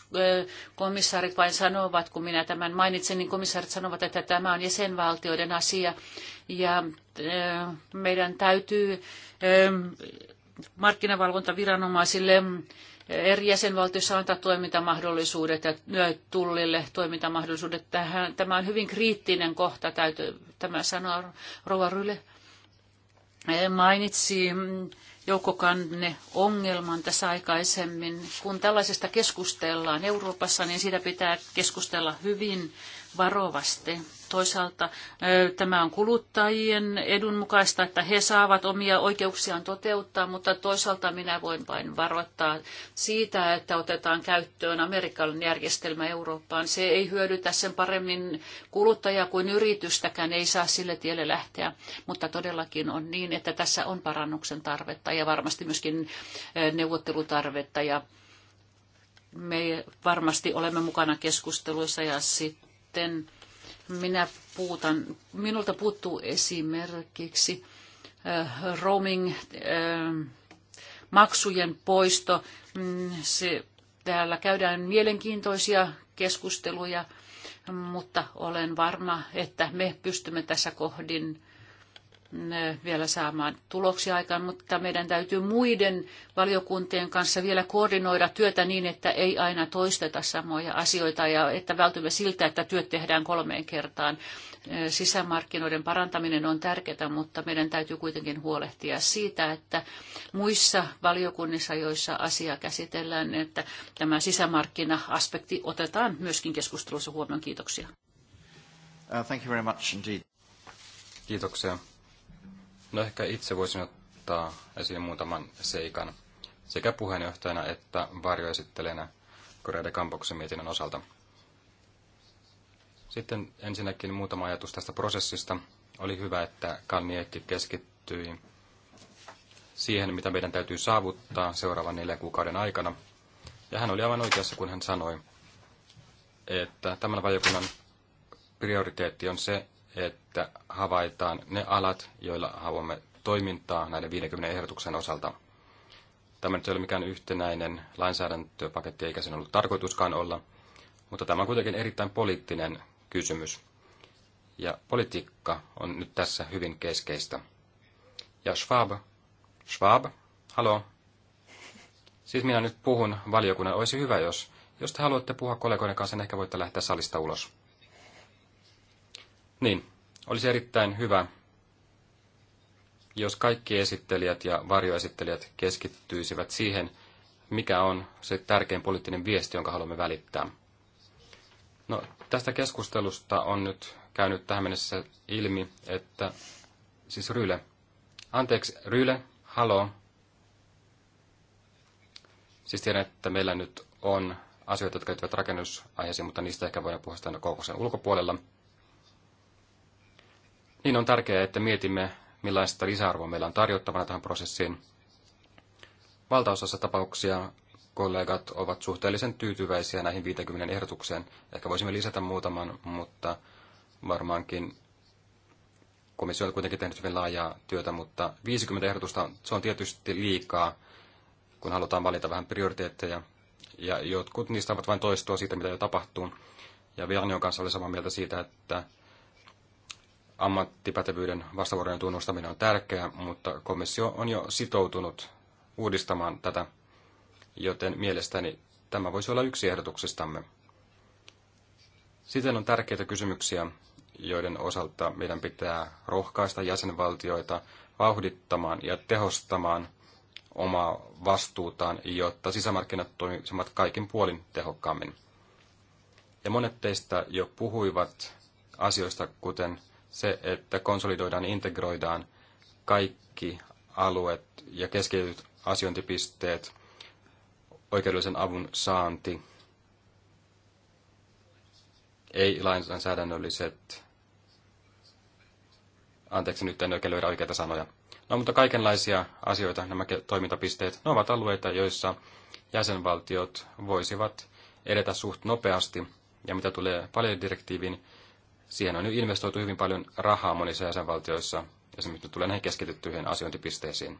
komissaarit vain sanovat, kun minä tämän mainitsen, niin komissaarit sanovat, että tämä on jäsenvaltioiden asia ja meidän täytyy markkinavalvontaviranomaisille eri jäsenvaltioissa antaa toimintamahdollisuudet ja tullille toimintamahdollisuudet. Tähän, tämä on hyvin kriittinen kohta, täytyy tämä sanoa Rova Ryle. E, mainitsi mm, joukkokanne ongelman tässä aikaisemmin. Kun tällaisesta keskustellaan Euroopassa, niin siitä pitää keskustella hyvin varovasti Toisaalta tämä on kuluttajien edun mukaista, että he saavat omia oikeuksiaan toteuttaa, mutta toisaalta minä voin vain varoittaa siitä, että otetaan käyttöön amerikkalainen järjestelmä Eurooppaan. Se ei hyödytä sen paremmin kuluttajaa kuin yritystäkään, ei saa sille tielle lähteä, mutta todellakin on niin, että tässä on parannuksen tarvetta ja varmasti myöskin neuvottelutarvetta ja me varmasti olemme mukana keskusteluissa ja sitten minä puutan, minulta puuttuu esimerkiksi äh, roaming äh, maksujen poisto. Mm, se, täällä käydään mielenkiintoisia keskusteluja, mutta olen varma, että me pystymme tässä kohdin vielä saamaan tuloksia aikaan, mutta meidän täytyy muiden valiokuntien kanssa vielä koordinoida työtä niin, että ei aina toisteta samoja asioita ja että vältymme siltä, että työt tehdään kolmeen kertaan. Sisämarkkinoiden parantaminen on tärkeää, mutta meidän täytyy kuitenkin huolehtia siitä, että muissa valiokunnissa, joissa asia käsitellään, että tämä sisämarkkina-aspekti otetaan myöskin keskustelussa huomioon. Kiitoksia. Uh, thank you very much indeed. Kiitoksia. No ehkä itse voisin ottaa esiin muutaman seikan sekä puheenjohtajana että varjoesittelijänä Koreiden kampoksen mietinnön osalta. Sitten ensinnäkin muutama ajatus tästä prosessista. Oli hyvä, että Kalnietti keskittyi siihen, mitä meidän täytyy saavuttaa seuraavan neljän kuukauden aikana. Ja hän oli aivan oikeassa, kun hän sanoi, että tämän valiokunnan prioriteetti on se, että havaitaan ne alat, joilla haluamme toimintaa näiden 50 ehdotuksen osalta. Tämä nyt ei ole mikään yhtenäinen lainsäädäntöpaketti, eikä sen ollut tarkoituskaan olla, mutta tämä on kuitenkin erittäin poliittinen kysymys. Ja politiikka on nyt tässä hyvin keskeistä. Ja Schwab, Schwab, haloo. Siis minä nyt puhun valiokunnan. Olisi hyvä, jos, jos te haluatte puhua kollegoiden kanssa, niin ehkä voitte lähteä salista ulos. Niin, olisi erittäin hyvä, jos kaikki esittelijät ja varjoesittelijät keskittyisivät siihen, mikä on se tärkein poliittinen viesti, jonka haluamme välittää. No, tästä keskustelusta on nyt käynyt tähän mennessä ilmi, että siis Ryle. Anteeksi, Ryle, halo. Siis tiedän, että meillä nyt on asioita, jotka liittyvät rakennusaiheisiin, mutta niistä ehkä voidaan puhua sitä ulkopuolella niin on tärkeää, että mietimme, millaista lisäarvoa meillä on tarjottavana tähän prosessiin. Valtaosassa tapauksia kollegat ovat suhteellisen tyytyväisiä näihin 50 ehdotukseen. Ehkä voisimme lisätä muutaman, mutta varmaankin komissio on kuitenkin tehnyt hyvin laajaa työtä, mutta 50 ehdotusta se on tietysti liikaa, kun halutaan valita vähän prioriteetteja. Ja jotkut niistä ovat vain toistua siitä, mitä jo tapahtuu. Ja Vianion kanssa oli samaa mieltä siitä, että ammattipätevyyden vastavuoroinen tunnustaminen on tärkeää, mutta komissio on jo sitoutunut uudistamaan tätä, joten mielestäni tämä voisi olla yksi ehdotuksistamme. Siten on tärkeitä kysymyksiä, joiden osalta meidän pitää rohkaista jäsenvaltioita vauhdittamaan ja tehostamaan omaa vastuutaan, jotta sisämarkkinat toimisivat kaikin puolin tehokkaammin. Ja monet teistä jo puhuivat asioista, kuten se, että konsolidoidaan, integroidaan kaikki alueet ja keskeytyt asiointipisteet, oikeudellisen avun saanti, ei-lainsäädännölliset, anteeksi nyt en oikein löydä oikeita sanoja, no mutta kaikenlaisia asioita, nämä toimintapisteet, ne ovat alueita, joissa jäsenvaltiot voisivat edetä suht nopeasti, ja mitä tulee paljon direktiiviin, Siihen on nyt investoitu hyvin paljon rahaa monissa jäsenvaltioissa, esimerkiksi nyt tulee näihin keskitettyihin asiointipisteisiin.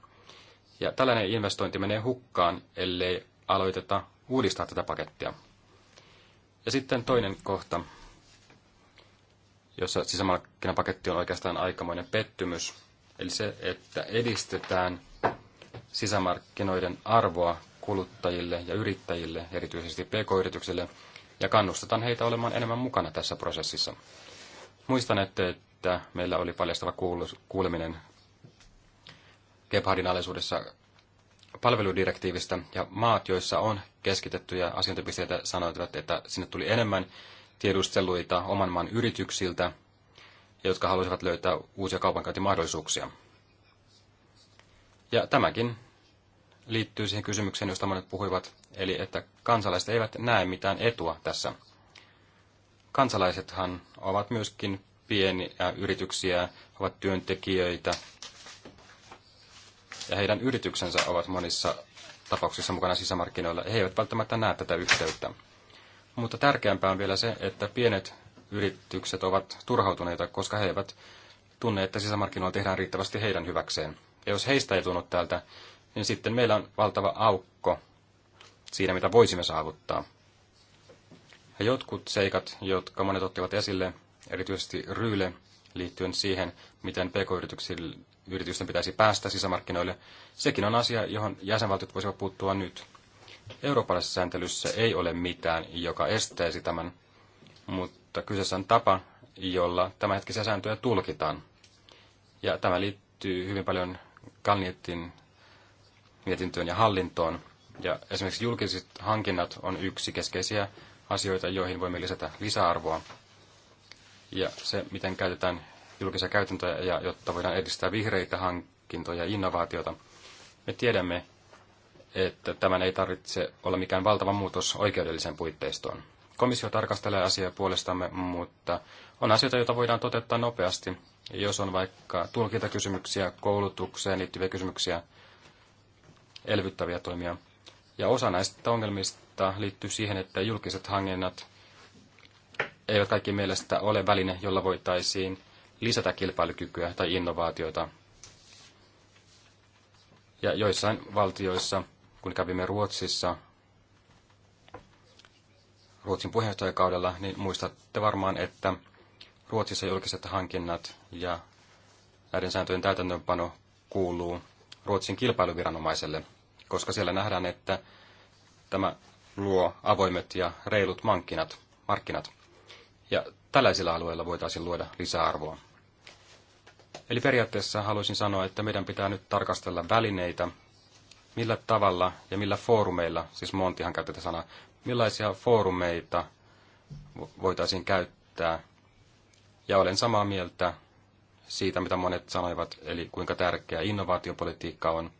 Ja tällainen investointi menee hukkaan, ellei aloiteta uudistaa tätä pakettia. Ja sitten toinen kohta, jossa sisämarkkinapaketti on oikeastaan aikamoinen pettymys, eli se, että edistetään sisämarkkinoiden arvoa kuluttajille ja yrittäjille, erityisesti pk-yrityksille, ja kannustetaan heitä olemaan enemmän mukana tässä prosessissa. Muistan, että meillä oli paljastava kuuleminen Gebhardin alaisuudessa palveludirektiivistä, ja maat, joissa on keskitettyjä asiointipisteitä, sanoivat, että sinne tuli enemmän tiedusteluita oman maan yrityksiltä, jotka halusivat löytää uusia kaupankäyntimahdollisuuksia. Ja tämäkin liittyy siihen kysymykseen, josta monet puhuivat, eli että kansalaiset eivät näe mitään etua tässä kansalaisethan ovat myöskin pieniä yrityksiä, ovat työntekijöitä ja heidän yrityksensä ovat monissa tapauksissa mukana sisämarkkinoilla. He eivät välttämättä näe tätä yhteyttä. Mutta tärkeämpää on vielä se, että pienet yritykset ovat turhautuneita, koska he eivät tunne, että sisämarkkinoilla tehdään riittävästi heidän hyväkseen. Ja jos heistä ei tunnu täältä, niin sitten meillä on valtava aukko siinä, mitä voisimme saavuttaa. Ja jotkut seikat, jotka monet ottivat esille, erityisesti Ryyle, liittyen siihen, miten pk-yritysten pitäisi päästä sisämarkkinoille, sekin on asia, johon jäsenvaltiot voisivat puuttua nyt. Eurooppalaisessa sääntelyssä ei ole mitään, joka estäisi tämän, mutta kyseessä on tapa, jolla tämänhetkisiä sääntöjä tulkitaan. Ja tämä liittyy hyvin paljon Kalnietin mietintöön ja hallintoon. Ja esimerkiksi julkiset hankinnat on yksi keskeisiä asioita, joihin voimme lisätä lisäarvoa. Ja se, miten käytetään julkisia käytäntöjä, ja jotta voidaan edistää vihreitä hankintoja ja innovaatiota. Me tiedämme, että tämän ei tarvitse olla mikään valtava muutos oikeudelliseen puitteistoon. Komissio tarkastelee asiaa puolestamme, mutta on asioita, joita voidaan toteuttaa nopeasti. Jos on vaikka tulkintakysymyksiä, koulutukseen liittyviä kysymyksiä, elvyttäviä toimia. Ja osa näistä ongelmista huolta liittyy siihen, että julkiset hankinnat eivät kaikki mielestä ole väline, jolla voitaisiin lisätä kilpailukykyä tai innovaatioita. Ja joissain valtioissa, kun kävimme Ruotsissa Ruotsin puheenjohtajakaudella, niin muistatte varmaan, että Ruotsissa julkiset hankinnat ja näiden sääntöjen täytäntöönpano kuuluu Ruotsin kilpailuviranomaiselle, koska siellä nähdään, että tämä luo avoimet ja reilut markkinat. markkinat. Ja tällaisilla alueilla voitaisiin luoda lisäarvoa. Eli periaatteessa haluaisin sanoa, että meidän pitää nyt tarkastella välineitä, millä tavalla ja millä foorumeilla, siis Montihan käytti sanaa, millaisia foorumeita voitaisiin käyttää. Ja olen samaa mieltä siitä, mitä monet sanoivat, eli kuinka tärkeä innovaatiopolitiikka on,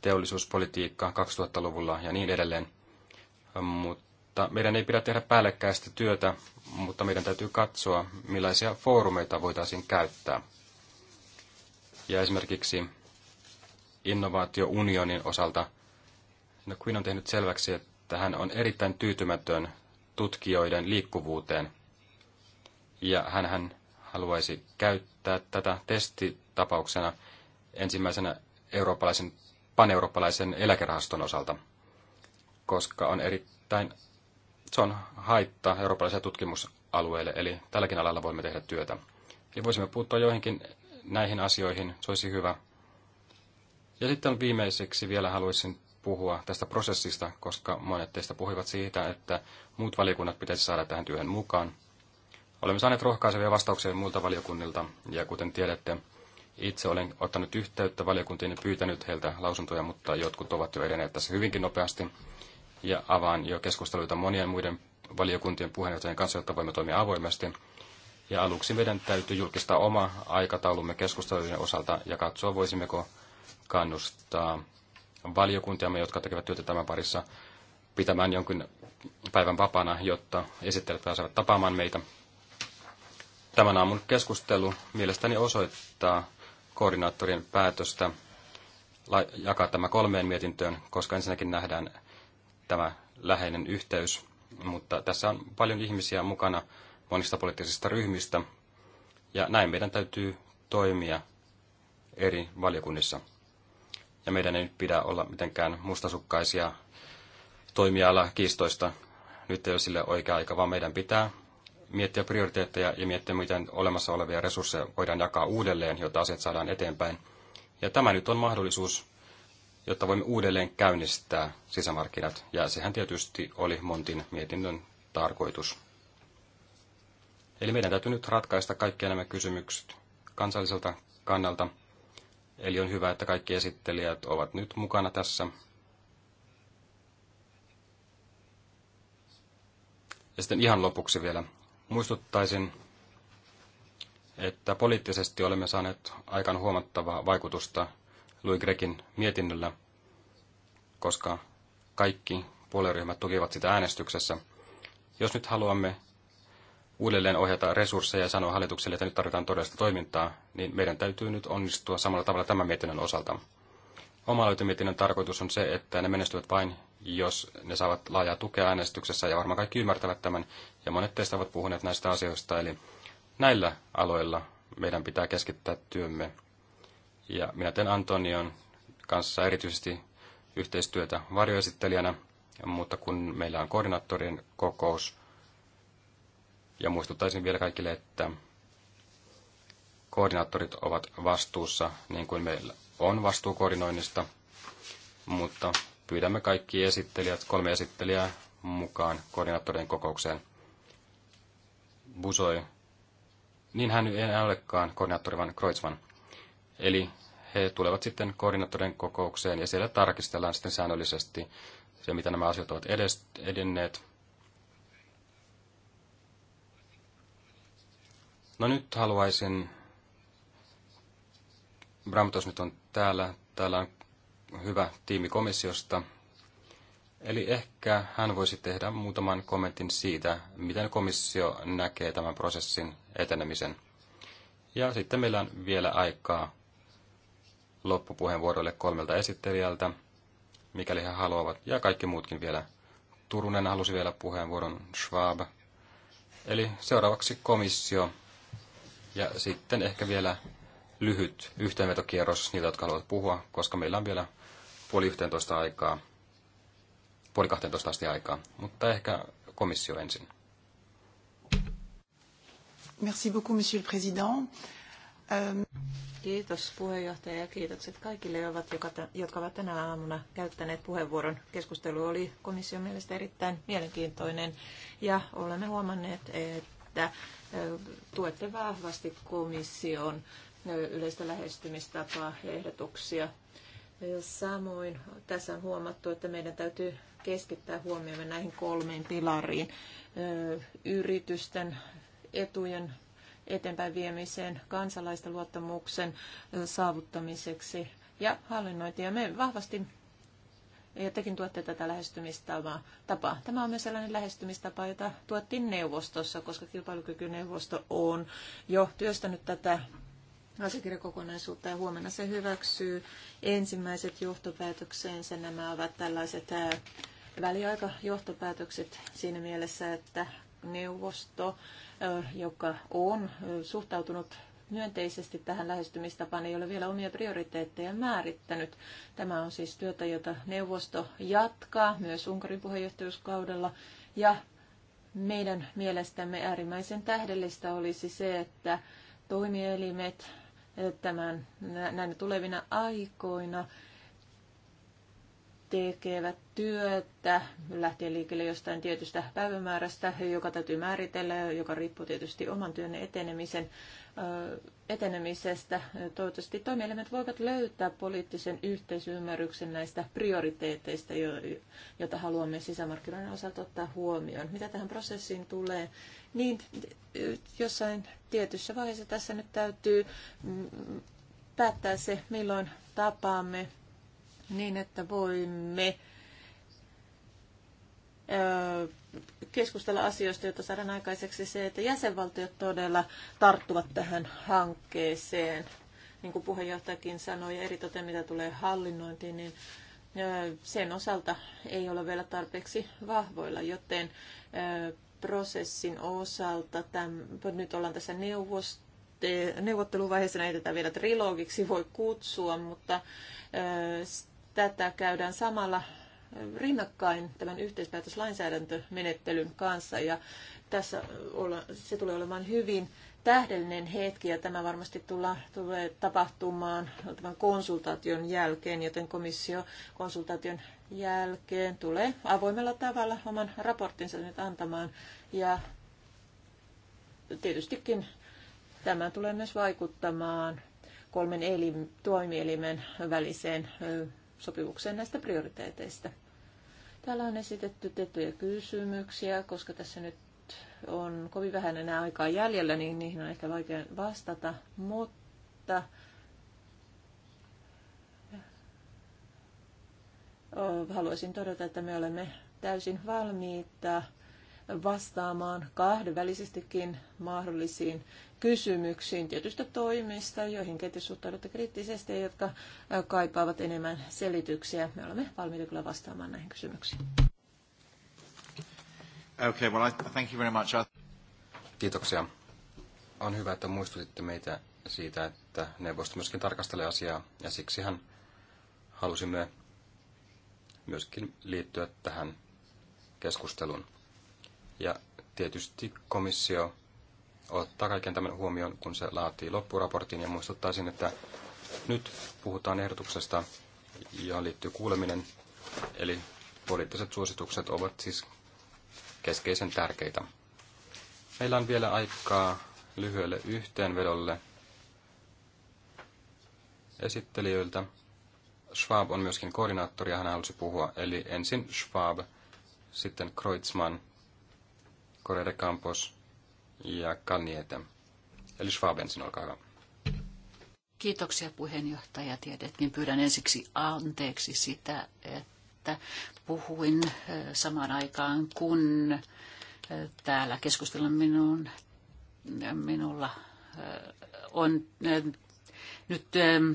teollisuuspolitiikka 2000-luvulla ja niin edelleen mutta meidän ei pidä tehdä päällekkäistä työtä, mutta meidän täytyy katsoa, millaisia foorumeita voitaisiin käyttää. Ja esimerkiksi innovaatiounionin osalta, no Queen on tehnyt selväksi, että hän on erittäin tyytymätön tutkijoiden liikkuvuuteen. Ja hän haluaisi käyttää tätä testitapauksena ensimmäisenä eurooppalaisen, paneurooppalaisen eläkerahaston osalta – koska on erittäin, se on haitta eurooppalaiselle tutkimusalueelle, eli tälläkin alalla voimme tehdä työtä. Eli voisimme puuttua joihinkin näihin asioihin, se olisi hyvä. Ja sitten viimeiseksi vielä haluaisin puhua tästä prosessista, koska monet teistä puhuivat siitä, että muut valiokunnat pitäisi saada tähän työhön mukaan. Olemme saaneet rohkaisevia vastauksia muilta valiokunnilta, ja kuten tiedätte, itse olen ottanut yhteyttä valiokuntiin ja pyytänyt heiltä lausuntoja, mutta jotkut ovat jo edenneet tässä hyvinkin nopeasti ja avaan jo keskusteluita monien muiden valiokuntien puheenjohtajien kanssa, jotta voimme toimia avoimesti. Ja aluksi meidän täytyy julkistaa oma aikataulumme keskustelujen osalta ja katsoa, voisimmeko kannustaa valiokuntiamme, jotka tekevät työtä tämän parissa, pitämään jonkin päivän vapaana, jotta esittelijät pääsevät tapaamaan meitä. Tämän aamun keskustelu mielestäni osoittaa koordinaattorien päätöstä jakaa tämä kolmeen mietintöön, koska ensinnäkin nähdään, tämä läheinen yhteys, mutta tässä on paljon ihmisiä mukana monista poliittisista ryhmistä, ja näin meidän täytyy toimia eri valiokunnissa. Ja meidän ei nyt pidä olla mitenkään mustasukkaisia kiistoista. Nyt ei ole sille oikea aika, vaan meidän pitää miettiä prioriteetteja ja miettiä, miten olemassa olevia resursseja voidaan jakaa uudelleen, jotta asiat saadaan eteenpäin. Ja tämä nyt on mahdollisuus jotta voimme uudelleen käynnistää sisämarkkinat, ja sehän tietysti oli Montin mietinnön tarkoitus. Eli meidän täytyy nyt ratkaista kaikki nämä kysymykset kansalliselta kannalta. Eli on hyvä, että kaikki esittelijät ovat nyt mukana tässä. Ja sitten ihan lopuksi vielä muistuttaisin, että poliittisesti olemme saaneet aikaan huomattavaa vaikutusta lui Grekin mietinnöllä, koska kaikki puolueryhmät tukivat sitä äänestyksessä. Jos nyt haluamme uudelleen ohjata resursseja ja sanoa hallitukselle, että nyt tarvitaan todellista toimintaa, niin meidän täytyy nyt onnistua samalla tavalla tämän mietinnön osalta. Oma mietinnön tarkoitus on se, että ne menestyvät vain, jos ne saavat laajaa tukea äänestyksessä, ja varmaan kaikki ymmärtävät tämän, ja monet teistä ovat puhuneet näistä asioista, eli näillä aloilla meidän pitää keskittää työmme ja minä teen Antonion kanssa erityisesti yhteistyötä varjoesittelijänä, mutta kun meillä on koordinaattorien kokous, ja muistuttaisin vielä kaikille, että koordinaattorit ovat vastuussa, niin kuin meillä on vastuu koordinoinnista, mutta pyydämme kaikki esittelijät, kolme esittelijää mukaan koordinaattorien kokoukseen. Busoi, niin hän ei olekaan koordinaattori, vaan Kreutzmann. Eli he tulevat sitten koordinaattorin kokoukseen ja siellä tarkistellaan sitten säännöllisesti se, mitä nämä asiat ovat edenneet. No nyt haluaisin, Bramtos nyt on täällä, täällä on hyvä tiimi komissiosta, eli ehkä hän voisi tehdä muutaman kommentin siitä, miten komissio näkee tämän prosessin etenemisen. Ja sitten meillä on vielä aikaa loppupuheenvuoroille kolmelta esittelijältä, mikäli he haluavat, ja kaikki muutkin vielä. Turunen halusi vielä puheenvuoron, Schwab. Eli seuraavaksi komissio, ja sitten ehkä vielä lyhyt yhteenvetokierros niiltä, jotka haluavat puhua, koska meillä on vielä puoli yhteentoista aikaa, puoli kahteentoista asti aikaa, mutta ehkä komissio ensin. Merci beaucoup, monsieur le président. Ähm, Kiitos puheenjohtaja ja kiitokset kaikille, jotka ovat tänä aamuna käyttäneet puheenvuoron. Keskustelu oli komission mielestä erittäin mielenkiintoinen ja olemme huomanneet, että tuette vahvasti komission yleistä lähestymistapaa ja ehdotuksia. Samoin tässä on huomattu, että meidän täytyy keskittää huomiomme näihin kolmeen pilariin. Yritysten etujen eteenpäin viemiseen, kansalaisten luottamuksen saavuttamiseksi ja Ja Me vahvasti ja tekin tuotte tätä lähestymistapaa. Tämä on myös sellainen lähestymistapa, jota tuottiin neuvostossa, koska kilpailukykyneuvosto on jo työstänyt tätä asiakirjakokonaisuutta ja huomenna se hyväksyy ensimmäiset johtopäätöksensä. Nämä ovat tällaiset väliaikajohtopäätökset siinä mielessä, että neuvosto, joka on suhtautunut myönteisesti tähän lähestymistapaan, ei ole vielä omia prioriteetteja määrittänyt. Tämä on siis työtä, jota neuvosto jatkaa myös Unkarin puheenjohtajuuskaudella. Ja meidän mielestämme äärimmäisen tähdellistä olisi se, että toimielimet tämän näinä tulevina aikoina tekevät työtä lähtien liikkeelle jostain tietystä päivämäärästä, joka täytyy määritellä, joka riippuu tietysti oman työn etenemisen, etenemisestä. Toivottavasti toimielimet voivat löytää poliittisen yhteisymmärryksen näistä prioriteeteista, joita haluamme sisämarkkinoiden osalta ottaa huomioon. Mitä tähän prosessiin tulee, niin jossain tietyssä vaiheessa tässä nyt täytyy mm, päättää se, milloin tapaamme niin, että voimme keskustella asioista, joita saadaan aikaiseksi se, että jäsenvaltiot todella tarttuvat tähän hankkeeseen. Niin kuin puheenjohtajakin sanoi, ja eritoten mitä tulee hallinnointiin, niin sen osalta ei ole vielä tarpeeksi vahvoilla, joten prosessin osalta, tämän, nyt ollaan tässä neuvost, neuvotteluvaiheessa, näitä vielä trilogiksi voi kutsua, mutta tätä käydään samalla rinnakkain tämän yhteispäätöslainsäädäntömenettelyn kanssa ja tässä olla, se tulee olemaan hyvin tähdellinen hetki ja tämä varmasti tulla, tulee tapahtumaan tämän konsultaation jälkeen, joten komissio konsultaation jälkeen tulee avoimella tavalla oman raporttinsa nyt antamaan ja tietystikin tämä tulee myös vaikuttamaan kolmen elim, toimielimen väliseen sopivukseen näistä prioriteeteista. Täällä on esitetty tiettyjä kysymyksiä, koska tässä nyt on kovin vähän enää aikaa jäljellä, niin niihin on ehkä vaikea vastata, mutta haluaisin todeta, että me olemme täysin valmiita vastaamaan kahdenvälisestikin mahdollisiin kysymyksiin tietystä toimista, joihin kenties suhtaudutte kriittisesti ja jotka kaipaavat enemmän selityksiä. Me olemme valmiita kyllä vastaamaan näihin kysymyksiin. Okay, well, I, thank you very much. Kiitoksia. On hyvä, että muistutitte meitä siitä, että neuvosto myöskin tarkastelee asiaa, ja siksihän halusimme myöskin liittyä tähän keskusteluun. Ja tietysti komissio ottaa kaiken tämän huomioon, kun se laatii loppuraportin. Ja muistuttaisin, että nyt puhutaan ehdotuksesta, johon liittyy kuuleminen. Eli poliittiset suositukset ovat siis keskeisen tärkeitä. Meillä on vielä aikaa lyhyelle yhteenvedolle esittelijöiltä. Schwab on myöskin koordinaattori ja hän halusi puhua. Eli ensin Schwab, sitten Kreutzmann Correa de Campos ja Kanniete. Eli Schwabensin, olkaa hyvä. Kiitoksia puheenjohtaja. Tiedetkin pyydän ensiksi anteeksi sitä, että puhuin samaan aikaan, kun täällä keskustella minun, minulla on nyt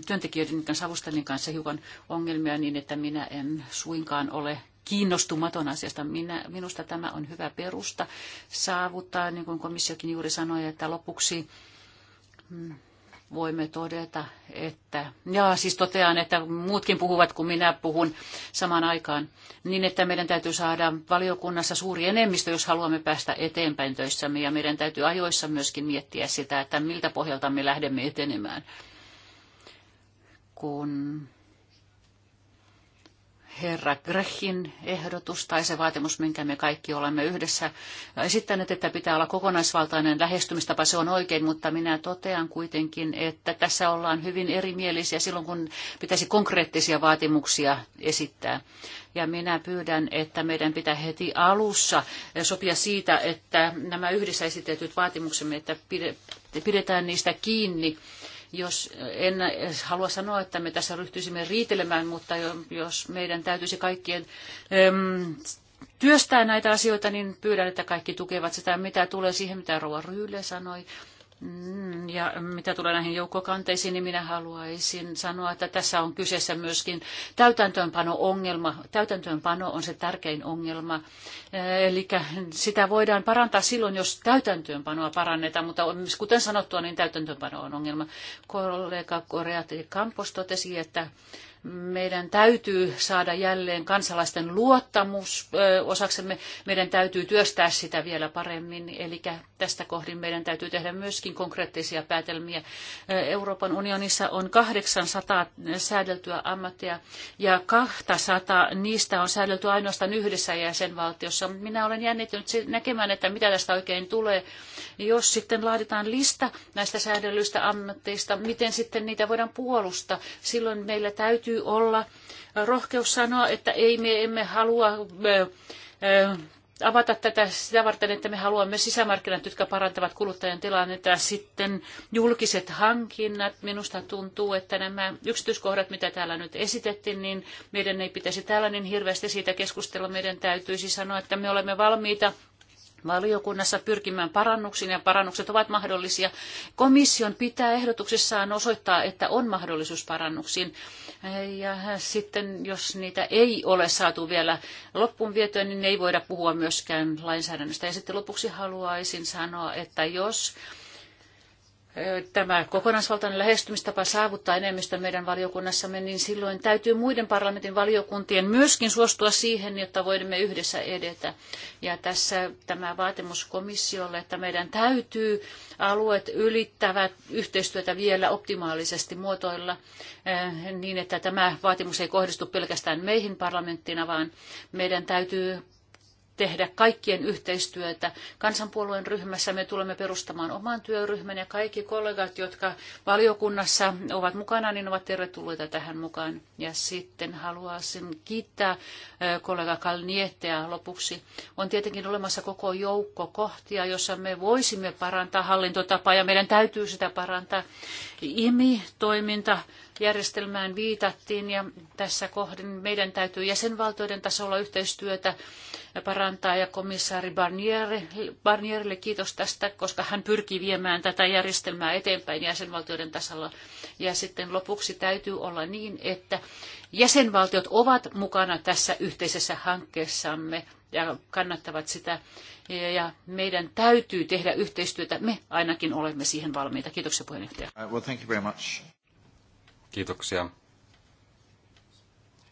työntekijöiden kanssa avustajien kanssa hiukan ongelmia niin, että minä en suinkaan ole kiinnostumaton asiasta. Minä, minusta tämä on hyvä perusta saavuttaa, niin kuin komissiokin juuri sanoi, että lopuksi mm, voimme todeta, että, ja siis totean, että muutkin puhuvat kuin minä puhun samaan aikaan, niin että meidän täytyy saada valiokunnassa suuri enemmistö, jos haluamme päästä eteenpäin töissämme, ja meidän täytyy ajoissa myöskin miettiä sitä, että miltä pohjalta me lähdemme etenemään, kun herra Grechin ehdotus tai se vaatimus, minkä me kaikki olemme yhdessä esittäneet, että pitää olla kokonaisvaltainen lähestymistapa, se on oikein, mutta minä totean kuitenkin, että tässä ollaan hyvin erimielisiä silloin, kun pitäisi konkreettisia vaatimuksia esittää. Ja minä pyydän, että meidän pitää heti alussa sopia siitä, että nämä yhdessä esitetyt vaatimuksemme, että pidetään niistä kiinni jos en halua sanoa, että me tässä ryhtyisimme riitelemään, mutta jos meidän täytyisi kaikkien äm, työstää näitä asioita, niin pyydän, että kaikki tukevat sitä, mitä tulee siihen, mitä Rova Ryyle sanoi. Mm, ja mitä tulee näihin joukkokanteisiin, niin minä haluaisin sanoa, että tässä on kyseessä myöskin täytäntöönpano-ongelma. Täytäntöönpano on se tärkein ongelma. Eh, eli sitä voidaan parantaa silloin, jos täytäntöönpanoa parannetaan, mutta kuten sanottua, niin täytäntöönpano on ongelma. Kollega Korea Kampos totesi, että meidän täytyy saada jälleen kansalaisten luottamus osaksemme. Meidän täytyy työstää sitä vielä paremmin. Eli tästä kohdin meidän täytyy tehdä myöskin konkreettisia päätelmiä. Euroopan unionissa on 800 säädeltyä ammattia ja 200 niistä on säädelty ainoastaan yhdessä jäsenvaltiossa. Minä olen jännittynyt näkemään, että mitä tästä oikein tulee. Jos sitten laaditaan lista näistä säädellyistä ammatteista, miten sitten niitä voidaan puolustaa? Silloin meillä täytyy täytyy olla rohkeus sanoa, että ei me emme halua avata tätä sitä varten, että me haluamme sisämarkkinat, jotka parantavat kuluttajan tilannetta. Sitten julkiset hankinnat. Minusta tuntuu, että nämä yksityiskohdat, mitä täällä nyt esitettiin, niin meidän ei pitäisi täällä niin hirveästi siitä keskustella. Meidän täytyisi sanoa, että me olemme valmiita valiokunnassa pyrkimään parannuksiin ja parannukset ovat mahdollisia. Komission pitää ehdotuksessaan osoittaa, että on mahdollisuus parannuksiin. Ja sitten jos niitä ei ole saatu vielä loppuun vietyä, niin ei voida puhua myöskään lainsäädännöstä. Ja sitten lopuksi haluaisin sanoa, että jos tämä kokonaisvaltainen lähestymistapa saavuttaa enemmistön meidän valiokunnassamme, niin silloin täytyy muiden parlamentin valiokuntien myöskin suostua siihen, jotta voimme yhdessä edetä. Ja tässä tämä vaatimus komissiolle, että meidän täytyy alueet ylittävät yhteistyötä vielä optimaalisesti muotoilla niin, että tämä vaatimus ei kohdistu pelkästään meihin parlamenttina, vaan meidän täytyy tehdä kaikkien yhteistyötä. Kansanpuolueen ryhmässä me tulemme perustamaan oman työryhmän ja kaikki kollegat, jotka valiokunnassa ovat mukana, niin ovat tervetulleita tähän mukaan. Ja sitten haluaisin kiittää kollega Kalnietteä lopuksi. On tietenkin olemassa koko joukko kohtia, jossa me voisimme parantaa hallintotapaa ja meidän täytyy sitä parantaa. IMI-toiminta järjestelmään viitattiin ja tässä kohden meidän täytyy jäsenvaltioiden tasolla yhteistyötä parantaa ja komissaari Barnierille, Barnierille kiitos tästä, koska hän pyrkii viemään tätä järjestelmää eteenpäin jäsenvaltioiden tasolla. Ja sitten lopuksi täytyy olla niin, että jäsenvaltiot ovat mukana tässä yhteisessä hankkeessamme ja kannattavat sitä. Ja meidän täytyy tehdä yhteistyötä. Me ainakin olemme siihen valmiita. Kiitoksia puheenjohtaja. Uh, well, thank you very much. Kiitoksia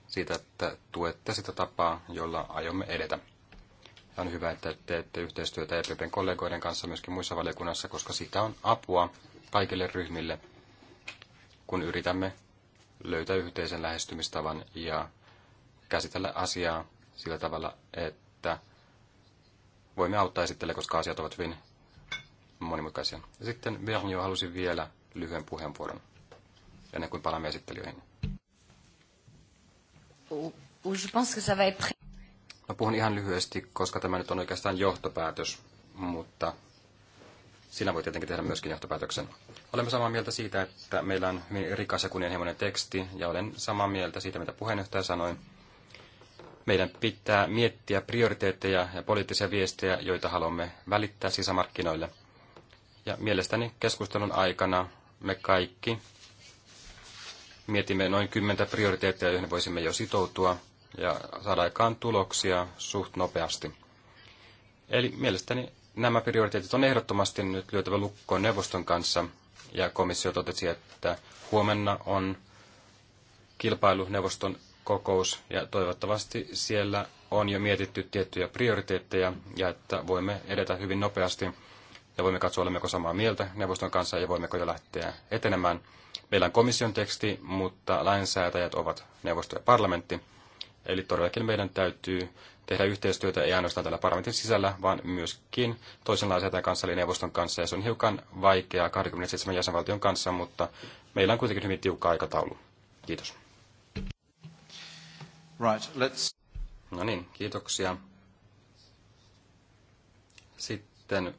siitä, että tuette sitä tapaa, jolla aiomme edetä. Ja on hyvä, että teette yhteistyötä EPPn kollegoiden kanssa myöskin muissa valiokunnassa, koska sitä on apua kaikille ryhmille, kun yritämme löytää yhteisen lähestymistavan ja käsitellä asiaa sillä tavalla, että voimme auttaa esittelemään, koska asiat ovat hyvin monimutkaisia. sitten Bernio halusi vielä lyhyen puheenvuoron ennen kuin palaamme esittelyihin. No puhun ihan lyhyesti, koska tämä nyt on oikeastaan johtopäätös, mutta sinä voit tietenkin tehdä myöskin johtopäätöksen. Olemme samaa mieltä siitä, että meillä on hyvin rikas ja kunnianhimoinen teksti, ja olen samaa mieltä siitä, mitä puheenjohtaja sanoi. Meidän pitää miettiä prioriteetteja ja poliittisia viestejä, joita haluamme välittää sisämarkkinoille. Ja mielestäni keskustelun aikana me kaikki mietimme noin kymmentä prioriteettia, joihin voisimme jo sitoutua ja saada aikaan tuloksia suht nopeasti. Eli mielestäni nämä prioriteetit on ehdottomasti nyt lyötävä lukkoon neuvoston kanssa, ja komissio totesi, että huomenna on kilpailuneuvoston kokous, ja toivottavasti siellä on jo mietitty tiettyjä prioriteetteja, ja että voimme edetä hyvin nopeasti, ja voimme katsoa, olemmeko samaa mieltä neuvoston kanssa ja voimmeko jo lähteä etenemään. Meillä on komission teksti, mutta lainsäätäjät ovat neuvosto ja parlamentti. Eli todellakin meidän täytyy tehdä yhteistyötä ei ainoastaan tällä parlamentin sisällä, vaan myöskin toisen lainsäätäjän kanssa, eli neuvoston kanssa. Ja se on hiukan vaikeaa 27 jäsenvaltion kanssa, mutta meillä on kuitenkin hyvin tiukka aikataulu. Kiitos. Right, let's... No niin, kiitoksia. Sitten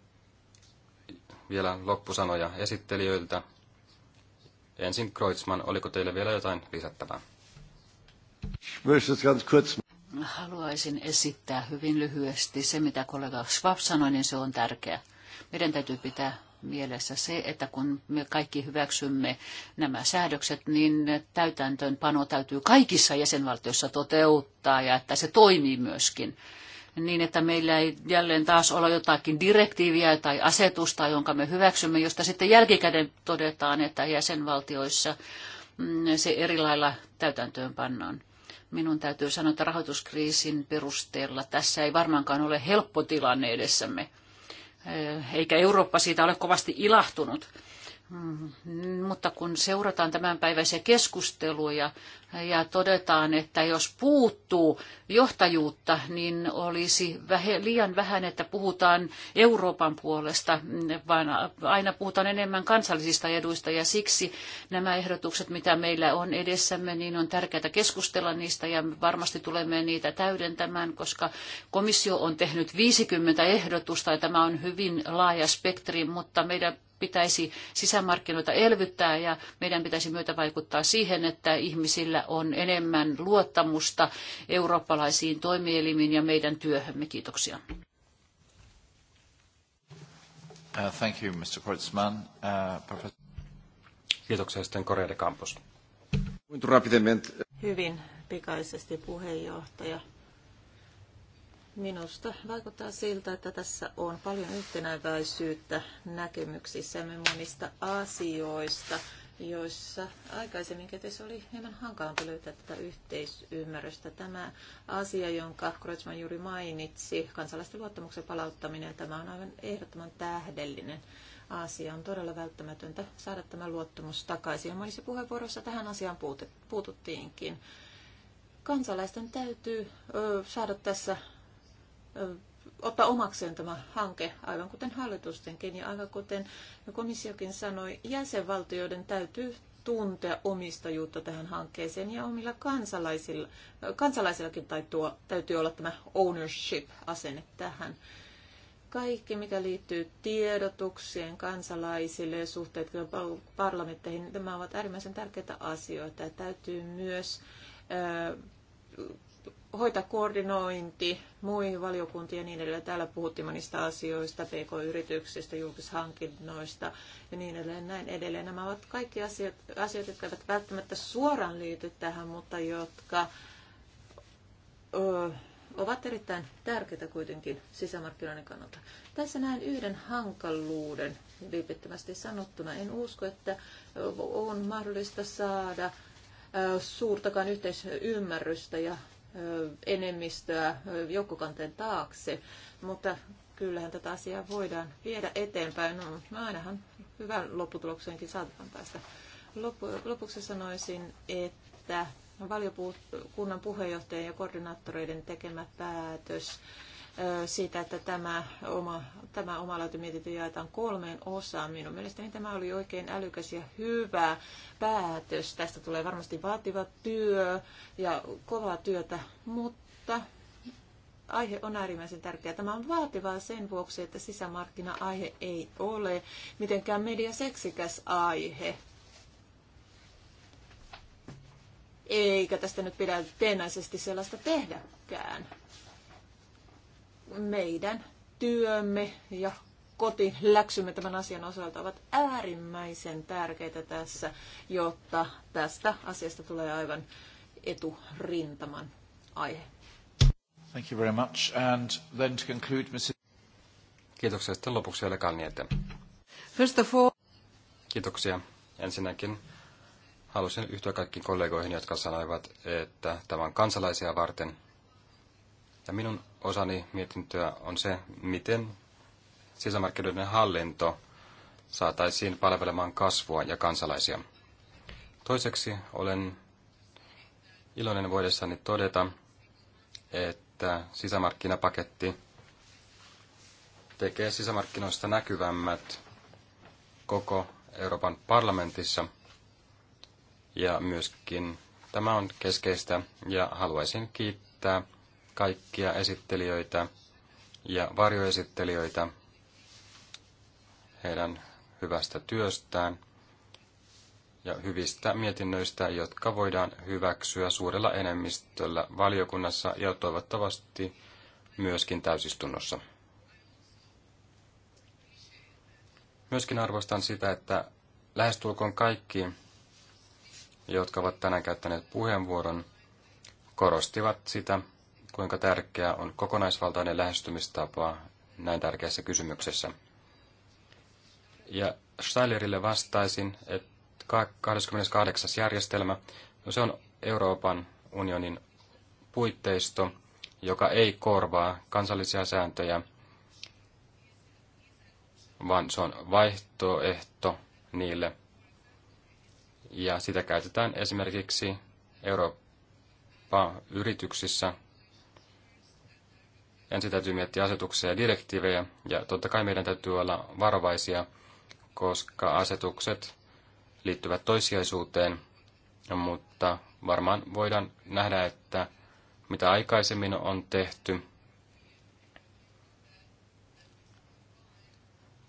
vielä loppusanoja esittelijöiltä. Ensin Kreutzmann, oliko teille vielä jotain lisättävää? Haluaisin esittää hyvin lyhyesti se, mitä kollega Schwab sanoi, niin se on tärkeä. Meidän täytyy pitää mielessä se, että kun me kaikki hyväksymme nämä säädökset, niin täytäntöönpano täytyy kaikissa jäsenvaltioissa toteuttaa ja että se toimii myöskin niin, että meillä ei jälleen taas ole jotakin direktiiviä tai asetusta, jonka me hyväksymme, josta sitten jälkikäden todetaan, että jäsenvaltioissa mm, se eri lailla täytäntöön pannaan. Minun täytyy sanoa, että rahoituskriisin perusteella tässä ei varmaankaan ole helppo tilanne edessämme, eikä Eurooppa siitä ole kovasti ilahtunut. Mm, mutta kun seurataan tämänpäiväisiä keskusteluja ja todetaan, että jos puuttuu johtajuutta, niin olisi liian vähän, että puhutaan Euroopan puolesta, vaan aina puhutaan enemmän kansallisista eduista ja siksi nämä ehdotukset, mitä meillä on edessämme, niin on tärkeää keskustella niistä ja varmasti tulemme niitä täydentämään, koska komissio on tehnyt 50 ehdotusta ja tämä on hyvin laaja spektri, mutta meidän pitäisi sisämarkkinoita elvyttää ja meidän pitäisi myötä vaikuttaa siihen, että ihmisillä on enemmän luottamusta eurooppalaisiin toimielimiin ja meidän työhömme. Kiitoksia. Uh, thank you, Mr. Kreutzmann. Uh, professor... Kiitoksia sitten Korea de Campos. Hyvin pikaisesti puheenjohtaja. Minusta vaikuttaa siltä, että tässä on paljon yhtenäväisyyttä näkemyksissämme monista asioista, joissa aikaisemmin kenties oli hieman hankalampi löytää tätä yhteisymmärrystä. Tämä asia, jonka Kreutzmann juuri mainitsi, kansalaisten luottamuksen palauttaminen, tämä on aivan ehdottoman tähdellinen asia. On todella välttämätöntä saada tämä luottamus takaisin. Ja monissa puheenvuoroissa tähän asiaan puututtiinkin. Kansalaisten täytyy ö, saada tässä ottaa omakseen tämä hanke, aivan kuten hallitustenkin ja aivan kuten komissiokin sanoi, jäsenvaltioiden täytyy tuntea omistajuutta tähän hankkeeseen ja omilla kansalaisilla, kansalaisillakin tuo, täytyy olla tämä ownership-asenne tähän. Kaikki, mikä liittyy tiedotukseen kansalaisille ja suhteet parlamentteihin, nämä ovat äärimmäisen tärkeitä asioita. Täytyy myös hoitaa koordinointi muihin valiokuntiin ja niin edelleen. Täällä puhuttiin monista asioista, pk-yrityksistä, julkishankinnoista ja niin edelleen, näin edelleen. Nämä ovat kaikki asiat, asiat, jotka eivät välttämättä suoraan liity tähän, mutta jotka ö, ovat erittäin tärkeitä kuitenkin sisämarkkinoiden kannalta. Tässä näen yhden hankaluuden vilpittömästi sanottuna. En usko, että on mahdollista saada suurtakaan yhteisymmärrystä ja enemmistöä joukkokanteen taakse, mutta kyllähän tätä asiaa voidaan viedä eteenpäin. No, ainahan hyvän lopputuloksenkin saatetaan päästä. lopuksi sanoisin, että valiokunnan puheenjohtajan ja koordinaattoreiden tekemä päätös siitä, että tämä oma, tämä oma mietintö jaetaan kolmeen osaan. Minun mielestäni tämä oli oikein älykäs ja hyvä päätös. Tästä tulee varmasti vaativa työ ja kovaa työtä, mutta aihe on äärimmäisen tärkeä. Tämä on vaativaa sen vuoksi, että sisämarkkina-aihe ei ole mitenkään mediaseksikäs aihe. Eikä tästä nyt pidä teennäisesti sellaista tehdäkään meidän työmme ja kotiläksymme tämän asian osalta ovat äärimmäisen tärkeitä tässä, jotta tästä asiasta tulee aivan eturintaman aihe. Thank you very much. And then to conclude, Mrs. Kiitoksia sitten lopuksi vielä Kalniete. First of all... Kiitoksia. Ensinnäkin halusin yhtyä kaikkiin kollegoihin, jotka sanoivat, että tämä on kansalaisia varten että minun osani mietintöä on se, miten sisämarkkinoiden hallinto saataisiin palvelemaan kasvua ja kansalaisia. Toiseksi olen iloinen voidessani todeta, että sisämarkkinapaketti tekee sisämarkkinoista näkyvämmät koko Euroopan parlamentissa. Ja myöskin tämä on keskeistä ja haluaisin kiittää kaikkia esittelijöitä ja varjoesittelijöitä heidän hyvästä työstään ja hyvistä mietinnöistä, jotka voidaan hyväksyä suurella enemmistöllä valiokunnassa ja toivottavasti myöskin täysistunnossa. Myöskin arvostan sitä, että lähestulkoon kaikki, jotka ovat tänään käyttäneet puheenvuoron, korostivat sitä, kuinka tärkeää on kokonaisvaltainen lähestymistapa näin tärkeässä kysymyksessä. Ja Steilerille vastaisin, että 28. järjestelmä, no se on Euroopan unionin puitteisto, joka ei korvaa kansallisia sääntöjä, vaan se on vaihtoehto niille. Ja sitä käytetään esimerkiksi Euroopan yrityksissä ensin täytyy miettiä asetuksia ja direktiivejä, ja totta kai meidän täytyy olla varovaisia, koska asetukset liittyvät toissijaisuuteen, mutta varmaan voidaan nähdä, että mitä aikaisemmin on tehty,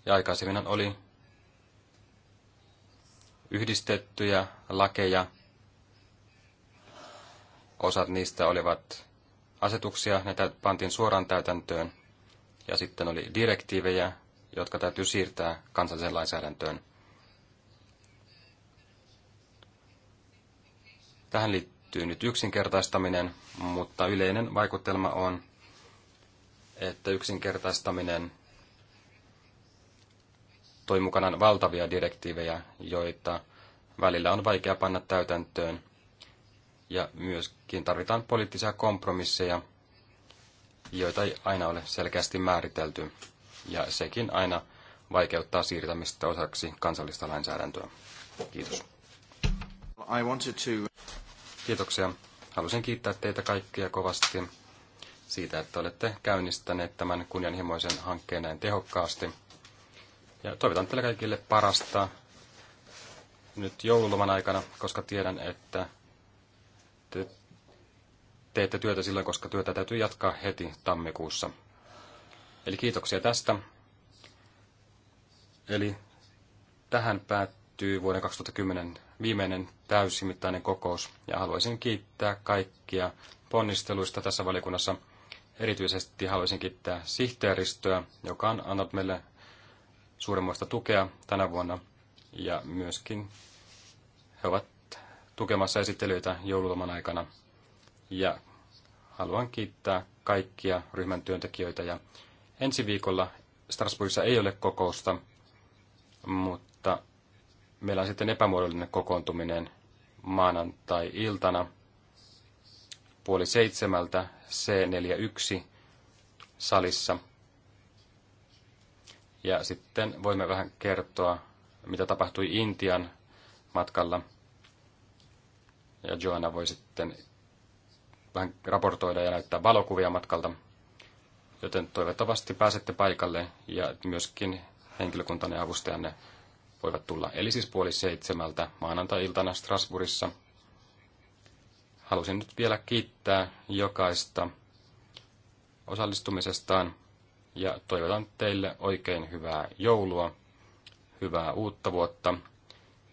ja aikaisemmin oli yhdistettyjä lakeja, osat niistä olivat asetuksia, ne pantiin suoraan täytäntöön, ja sitten oli direktiivejä, jotka täytyy siirtää kansalliseen lainsäädäntöön. Tähän liittyy nyt yksinkertaistaminen, mutta yleinen vaikutelma on, että yksinkertaistaminen toi mukanaan valtavia direktiivejä, joita välillä on vaikea panna täytäntöön, ja myöskin tarvitaan poliittisia kompromisseja, joita ei aina ole selkeästi määritelty, ja sekin aina vaikeuttaa siirtämistä osaksi kansallista lainsäädäntöä. Kiitos. I wanted to... Kiitoksia. Haluaisin kiittää teitä kaikkia kovasti siitä, että olette käynnistäneet tämän kunnianhimoisen hankkeen näin tehokkaasti. Ja toivotan teille kaikille parasta nyt joululoman aikana, koska tiedän, että teette työtä silloin, koska työtä täytyy jatkaa heti tammikuussa. Eli kiitoksia tästä. Eli tähän päättyy vuoden 2010 viimeinen täysimittainen kokous ja haluaisin kiittää kaikkia ponnisteluista tässä valikunnassa. Erityisesti haluaisin kiittää sihteeristöä, joka on antanut meille suuremmoista tukea tänä vuonna ja myöskin he ovat tukemassa esittelyitä joululoman aikana ja haluan kiittää kaikkia ryhmän työntekijöitä ja ensi viikolla Strasbourgissa ei ole kokousta, mutta meillä on sitten epämuodollinen kokoontuminen maanantai-iltana puoli seitsemältä C41 salissa. Ja sitten voimme vähän kertoa, mitä tapahtui Intian matkalla. Ja Joanna voi sitten vähän raportoida ja näyttää valokuvia matkalta. Joten toivottavasti pääsette paikalle ja myöskin henkilökuntanne avustajanne voivat tulla. Eli siis puoli seitsemältä maanantai-iltana Strasbourgissa. Halusin nyt vielä kiittää jokaista osallistumisestaan ja toivotan teille oikein hyvää joulua, hyvää uutta vuotta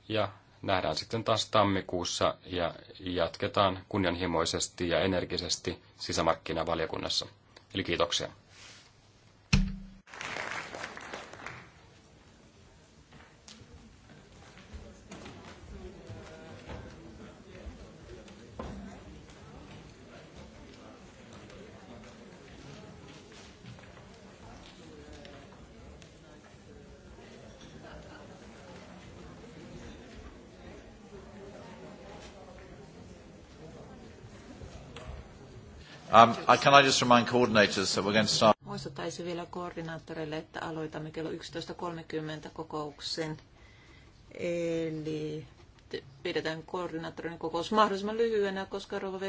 ja nähdään sitten taas tammikuussa ja jatketaan kunnianhimoisesti ja energisesti sisämarkkinavaliokunnassa. Eli kiitoksia. Um, I, can I just remind coordinators that we're going to start... Muistuttaisin vielä koordinaattoreille, että aloitamme kello 11.30 kokouksen. Eli pidetään koordinaattorin kokous mahdollisimman lyhyenä, koska Rova